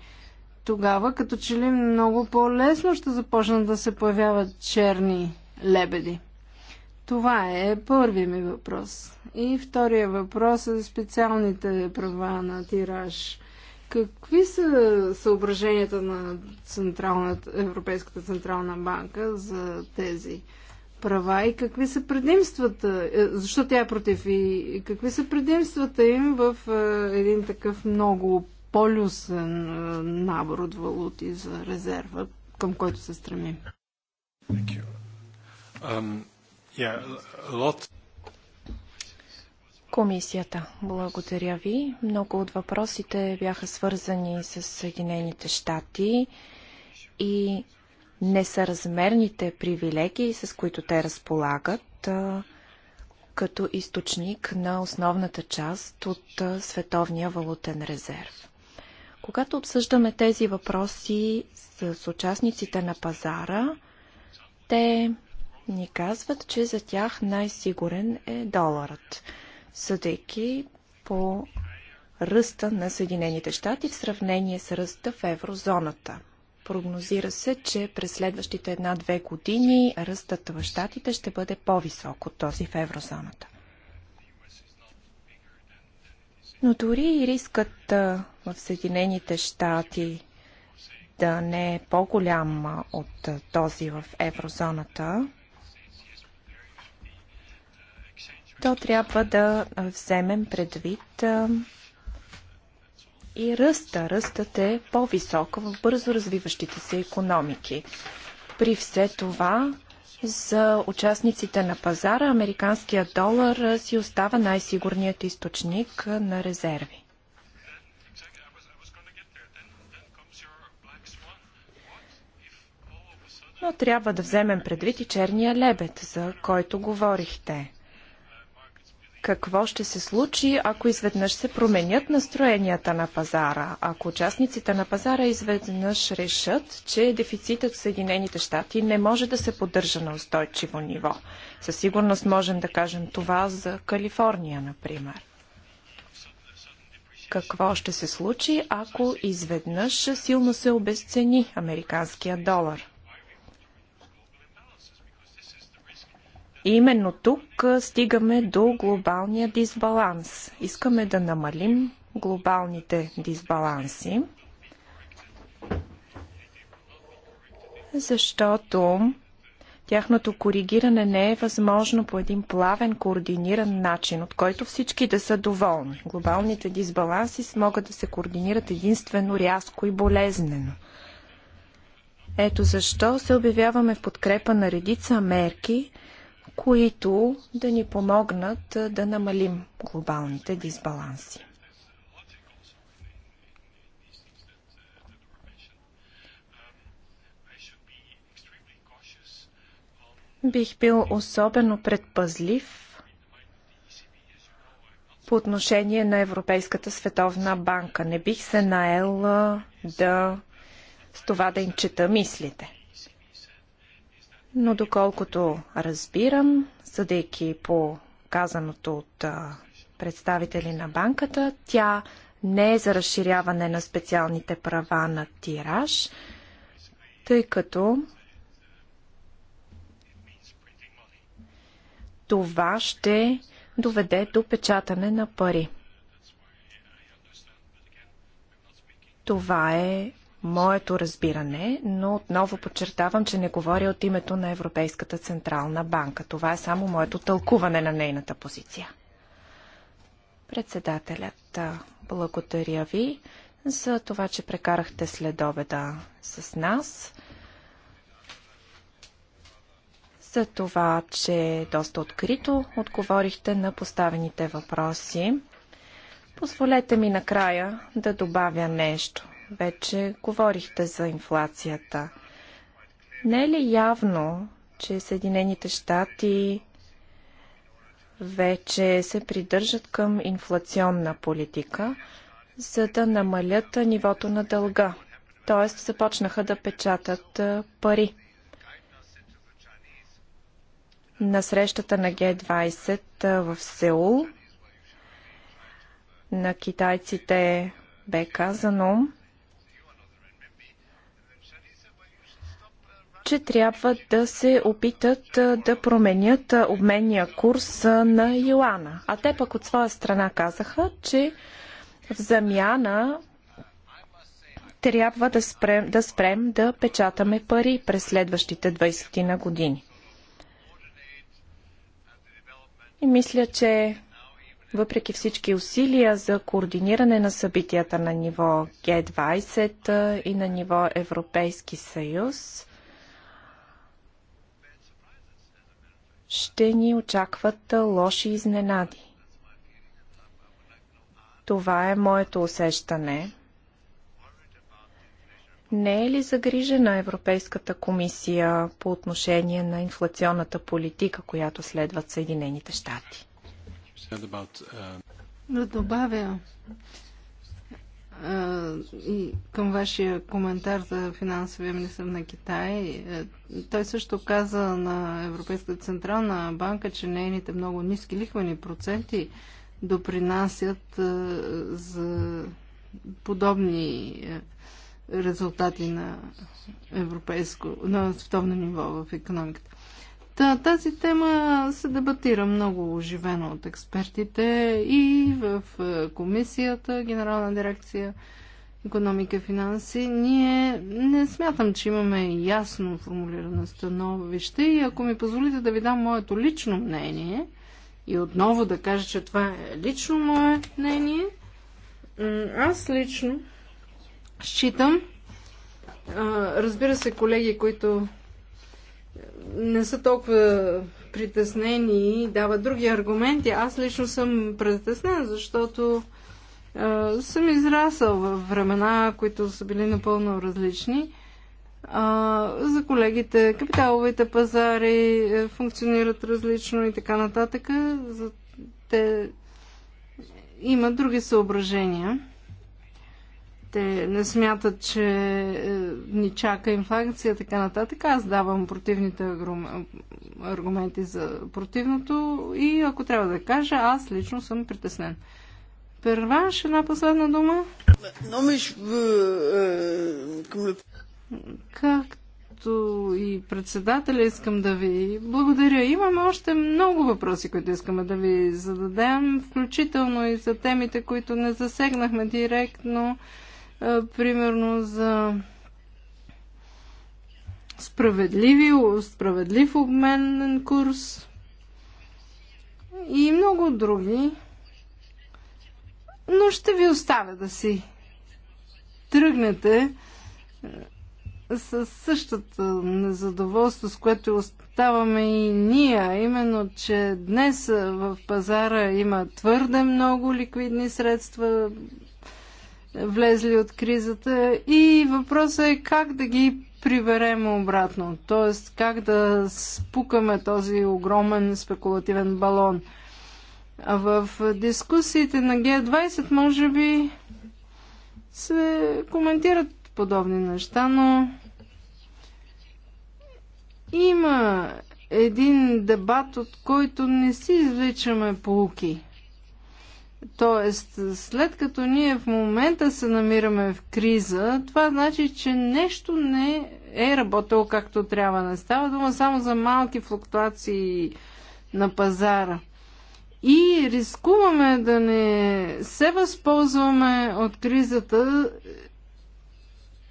Тогава, като че ли много по-лесно ще започнат да се появяват черни лебеди. Това е първият ми въпрос. И втория въпрос е за специалните права на тираж. Какви са съображенията на Централната, Европейската Централна банка за тези права и какви са предимствата? Е, защо тя е против и какви са предимствата им в е, един такъв много полюсен е, набор от валути за резерва, към който се стремим? Um, yeah, комисията. Благодаря ви. Много от въпросите бяха свързани с Съединените щати и несъразмерните привилегии, с които те разполагат като източник на основната част от световния валутен резерв. Когато обсъждаме тези въпроси с участниците на пазара, те ни казват, че за тях най-сигурен е доларът съдейки по ръста на Съединените щати в сравнение с ръста в еврозоната. Прогнозира се, че през следващите една-две години ръстът в щатите ще бъде по-висок от този в еврозоната. Но дори и рискът в Съединените щати да не е по-голям от този в еврозоната, то трябва да вземем предвид и ръста. Ръстът е по-висок в бързо развиващите се економики. При все това, за участниците на пазара, американския долар си остава най-сигурният източник на резерви. Но трябва да вземем предвид и черния лебед, за който говорихте какво ще се случи, ако изведнъж се променят настроенията на пазара? Ако участниците на пазара изведнъж решат, че дефицитът в Съединените щати не може да се поддържа на устойчиво ниво. Със сигурност можем да кажем това за Калифорния, например. Какво ще се случи, ако изведнъж силно се обесцени американския долар? И именно тук стигаме до глобалния дисбаланс. Искаме да намалим глобалните дисбаланси, защото тяхното коригиране не е възможно по един плавен, координиран начин, от който всички да са доволни. Глобалните дисбаланси могат да се координират единствено рязко и болезнено. Ето защо се обявяваме в подкрепа на редица мерки – които да ни помогнат да намалим глобалните дисбаланси. Бих бил особено предпазлив по отношение на Европейската световна банка. Не бих се наел да с това да им чета мислите но доколкото разбирам, съдейки по казаното от представители на банката, тя не е за разширяване на специалните права на тираж, тъй като това ще доведе до печатане на пари. Това е моето разбиране, но отново подчертавам, че не говоря от името на Европейската Централна банка. Това е само моето тълкуване на нейната позиция. Председателят, благодаря ви за това, че прекарахте след обеда с нас. За това, че доста открито отговорихте на поставените въпроси. Позволете ми накрая да добавя нещо. Вече говорихте за инфлацията. Не е ли явно, че Съединените щати вече се придържат към инфлационна политика, за да намалят нивото на дълга? т.е. започнаха да печатат пари. На срещата на Г-20 в Сеул на китайците бе казано, че трябва да се опитат да променят обменния курс на Йоана. А те пък от своя страна казаха, че в замяна трябва да спрем, да спрем да печатаме пари през следващите 20 на години. И мисля, че въпреки всички усилия за координиране на събитията на ниво Г20 и на ниво Европейски съюз, ще ни очакват лоши изненади. Това е моето усещане. Не е ли загрижена Европейската комисия по отношение на инфлационната политика, която следват Съединените щати? Uh, да добавя и към вашия коментар за финансовия министр на Китай. Е, той също каза на Европейската централна банка, че нейните много ниски лихвени проценти допринасят е, за подобни е, резултати на европейско, на световно ниво в економиката. Та, тази тема се дебатира много оживено от експертите и в е, комисията, генерална дирекция економика и финанси. Ние не смятам, че имаме ясно формулирано становище и ако ми позволите да ви дам моето лично мнение и отново да кажа, че това е лично мое мнение, аз лично считам, разбира се, колеги, които не са толкова притеснени и дават други аргументи. Аз лично съм притеснен, защото е, съм израсъл в времена, които са били напълно различни. А, за колегите капиталовите пазари е, функционират различно и така нататък. За те имат други съображения те не смятат, че е, ни чака инфлакция, така нататък. Аз давам противните аргументи за противното и ако трябва да кажа, аз лично съм притеснен. Перванш, една последна дума? Е, Както и председателя искам да ви благодаря. Имаме още много въпроси, които искаме да ви зададем, включително и за темите, които не засегнахме директно примерно за справедливи, справедлив обменен курс и много други. Но ще ви оставя да си тръгнете с същата незадоволство, с което оставаме и ние, именно, че днес в пазара има твърде много ликвидни средства, влезли от кризата и въпросът е как да ги приберем обратно, т.е. как да спукаме този огромен спекулативен балон. А в дискусиите на Г20 може би се коментират подобни неща, но има един дебат, от който не си извличаме полуки. Тоест, след като ние в момента се намираме в криза, това значи, че нещо не е работило както трябва. Не става дума само за малки флуктуации на пазара. И рискуваме да не се възползваме от кризата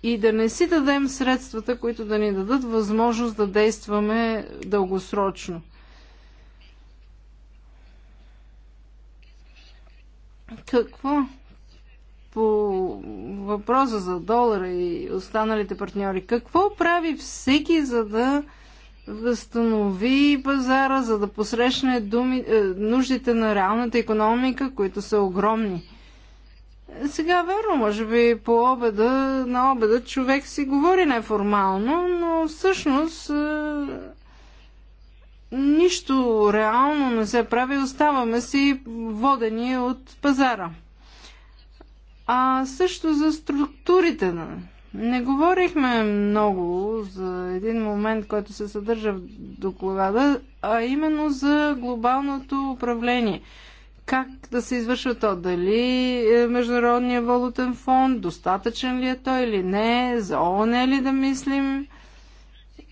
и да не си дадем средствата, които да ни дадат възможност да действаме дългосрочно. Какво по въпроса за долара и останалите партньори? Какво прави всеки, за да възстанови пазара, за да посрещне думи, е, нуждите на реалната економика, които са огромни? Сега, верно, може би по обеда, на обеда човек си говори неформално, но всъщност е, нищо реално не се прави, оставаме си водени от пазара. А също за структурите. Не говорихме много за един момент, който се съдържа в доклада, а именно за глобалното управление. Как да се извършва то? Дали е Международния валутен фонд, достатъчен ли е той или не, за ООН е ли да мислим?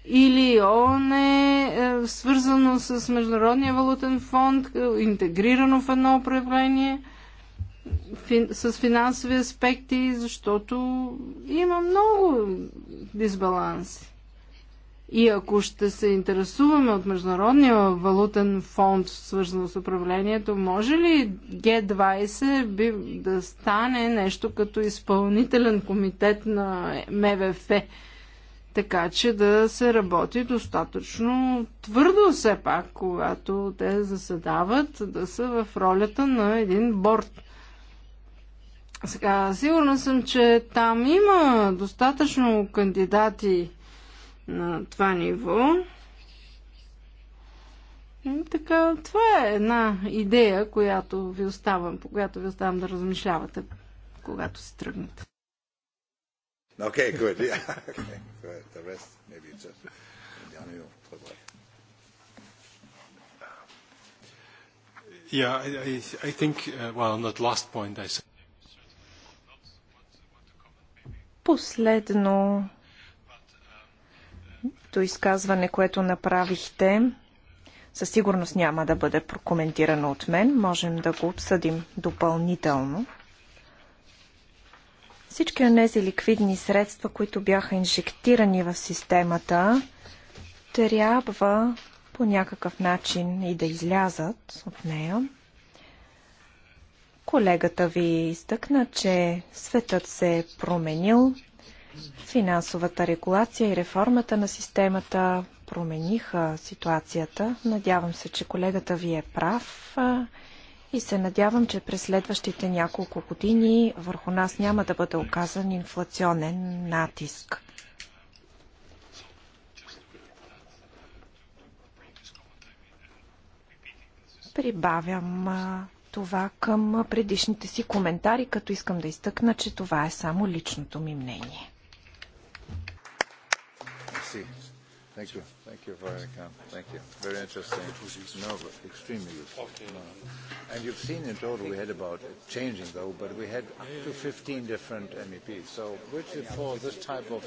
или ООН е, е свързано с Международния валутен фонд, е, интегрирано в едно управление фин, с финансови аспекти, защото има много дисбаланси. И ако ще се интересуваме от Международния валутен фонд, свързано с управлението, може ли Г20 би да стане нещо като изпълнителен комитет на МВФ? така че да се работи достатъчно твърдо все пак, когато те заседават, да са в ролята на един борт. Сега, сигурна съм, че там има достатъчно кандидати на това ниво. Така, това е една идея, която ви оставам, по която ви оставам да размишлявате, когато се тръгнете. Okay, good. Yeah. Okay. Good. The rest, maybe it's just Yeah, I, I, I think, uh, well, on that last point, I said. Последно до изказване, което направихте, със сигурност няма да бъде прокоментирано от мен. Можем да го обсъдим допълнително. Всички от тези ликвидни средства, които бяха инжектирани в системата, трябва по някакъв начин и да излязат от нея. Колегата ви изтъкна, че светът се е променил, финансовата регулация и реформата на системата промениха ситуацията. Надявам се, че колегата ви е прав и се надявам, че през следващите няколко години върху нас няма да бъде оказан инфлационен натиск. Прибавям това към предишните си коментари, като искам да изтъкна, че това е само личното ми мнение. Thank you. Thank you, Veronica. Thank you. Very interesting. It was No, extremely useful. No. And you've seen in total we had about, changing though, but we had up to 15 different MEPs. So which is for this type of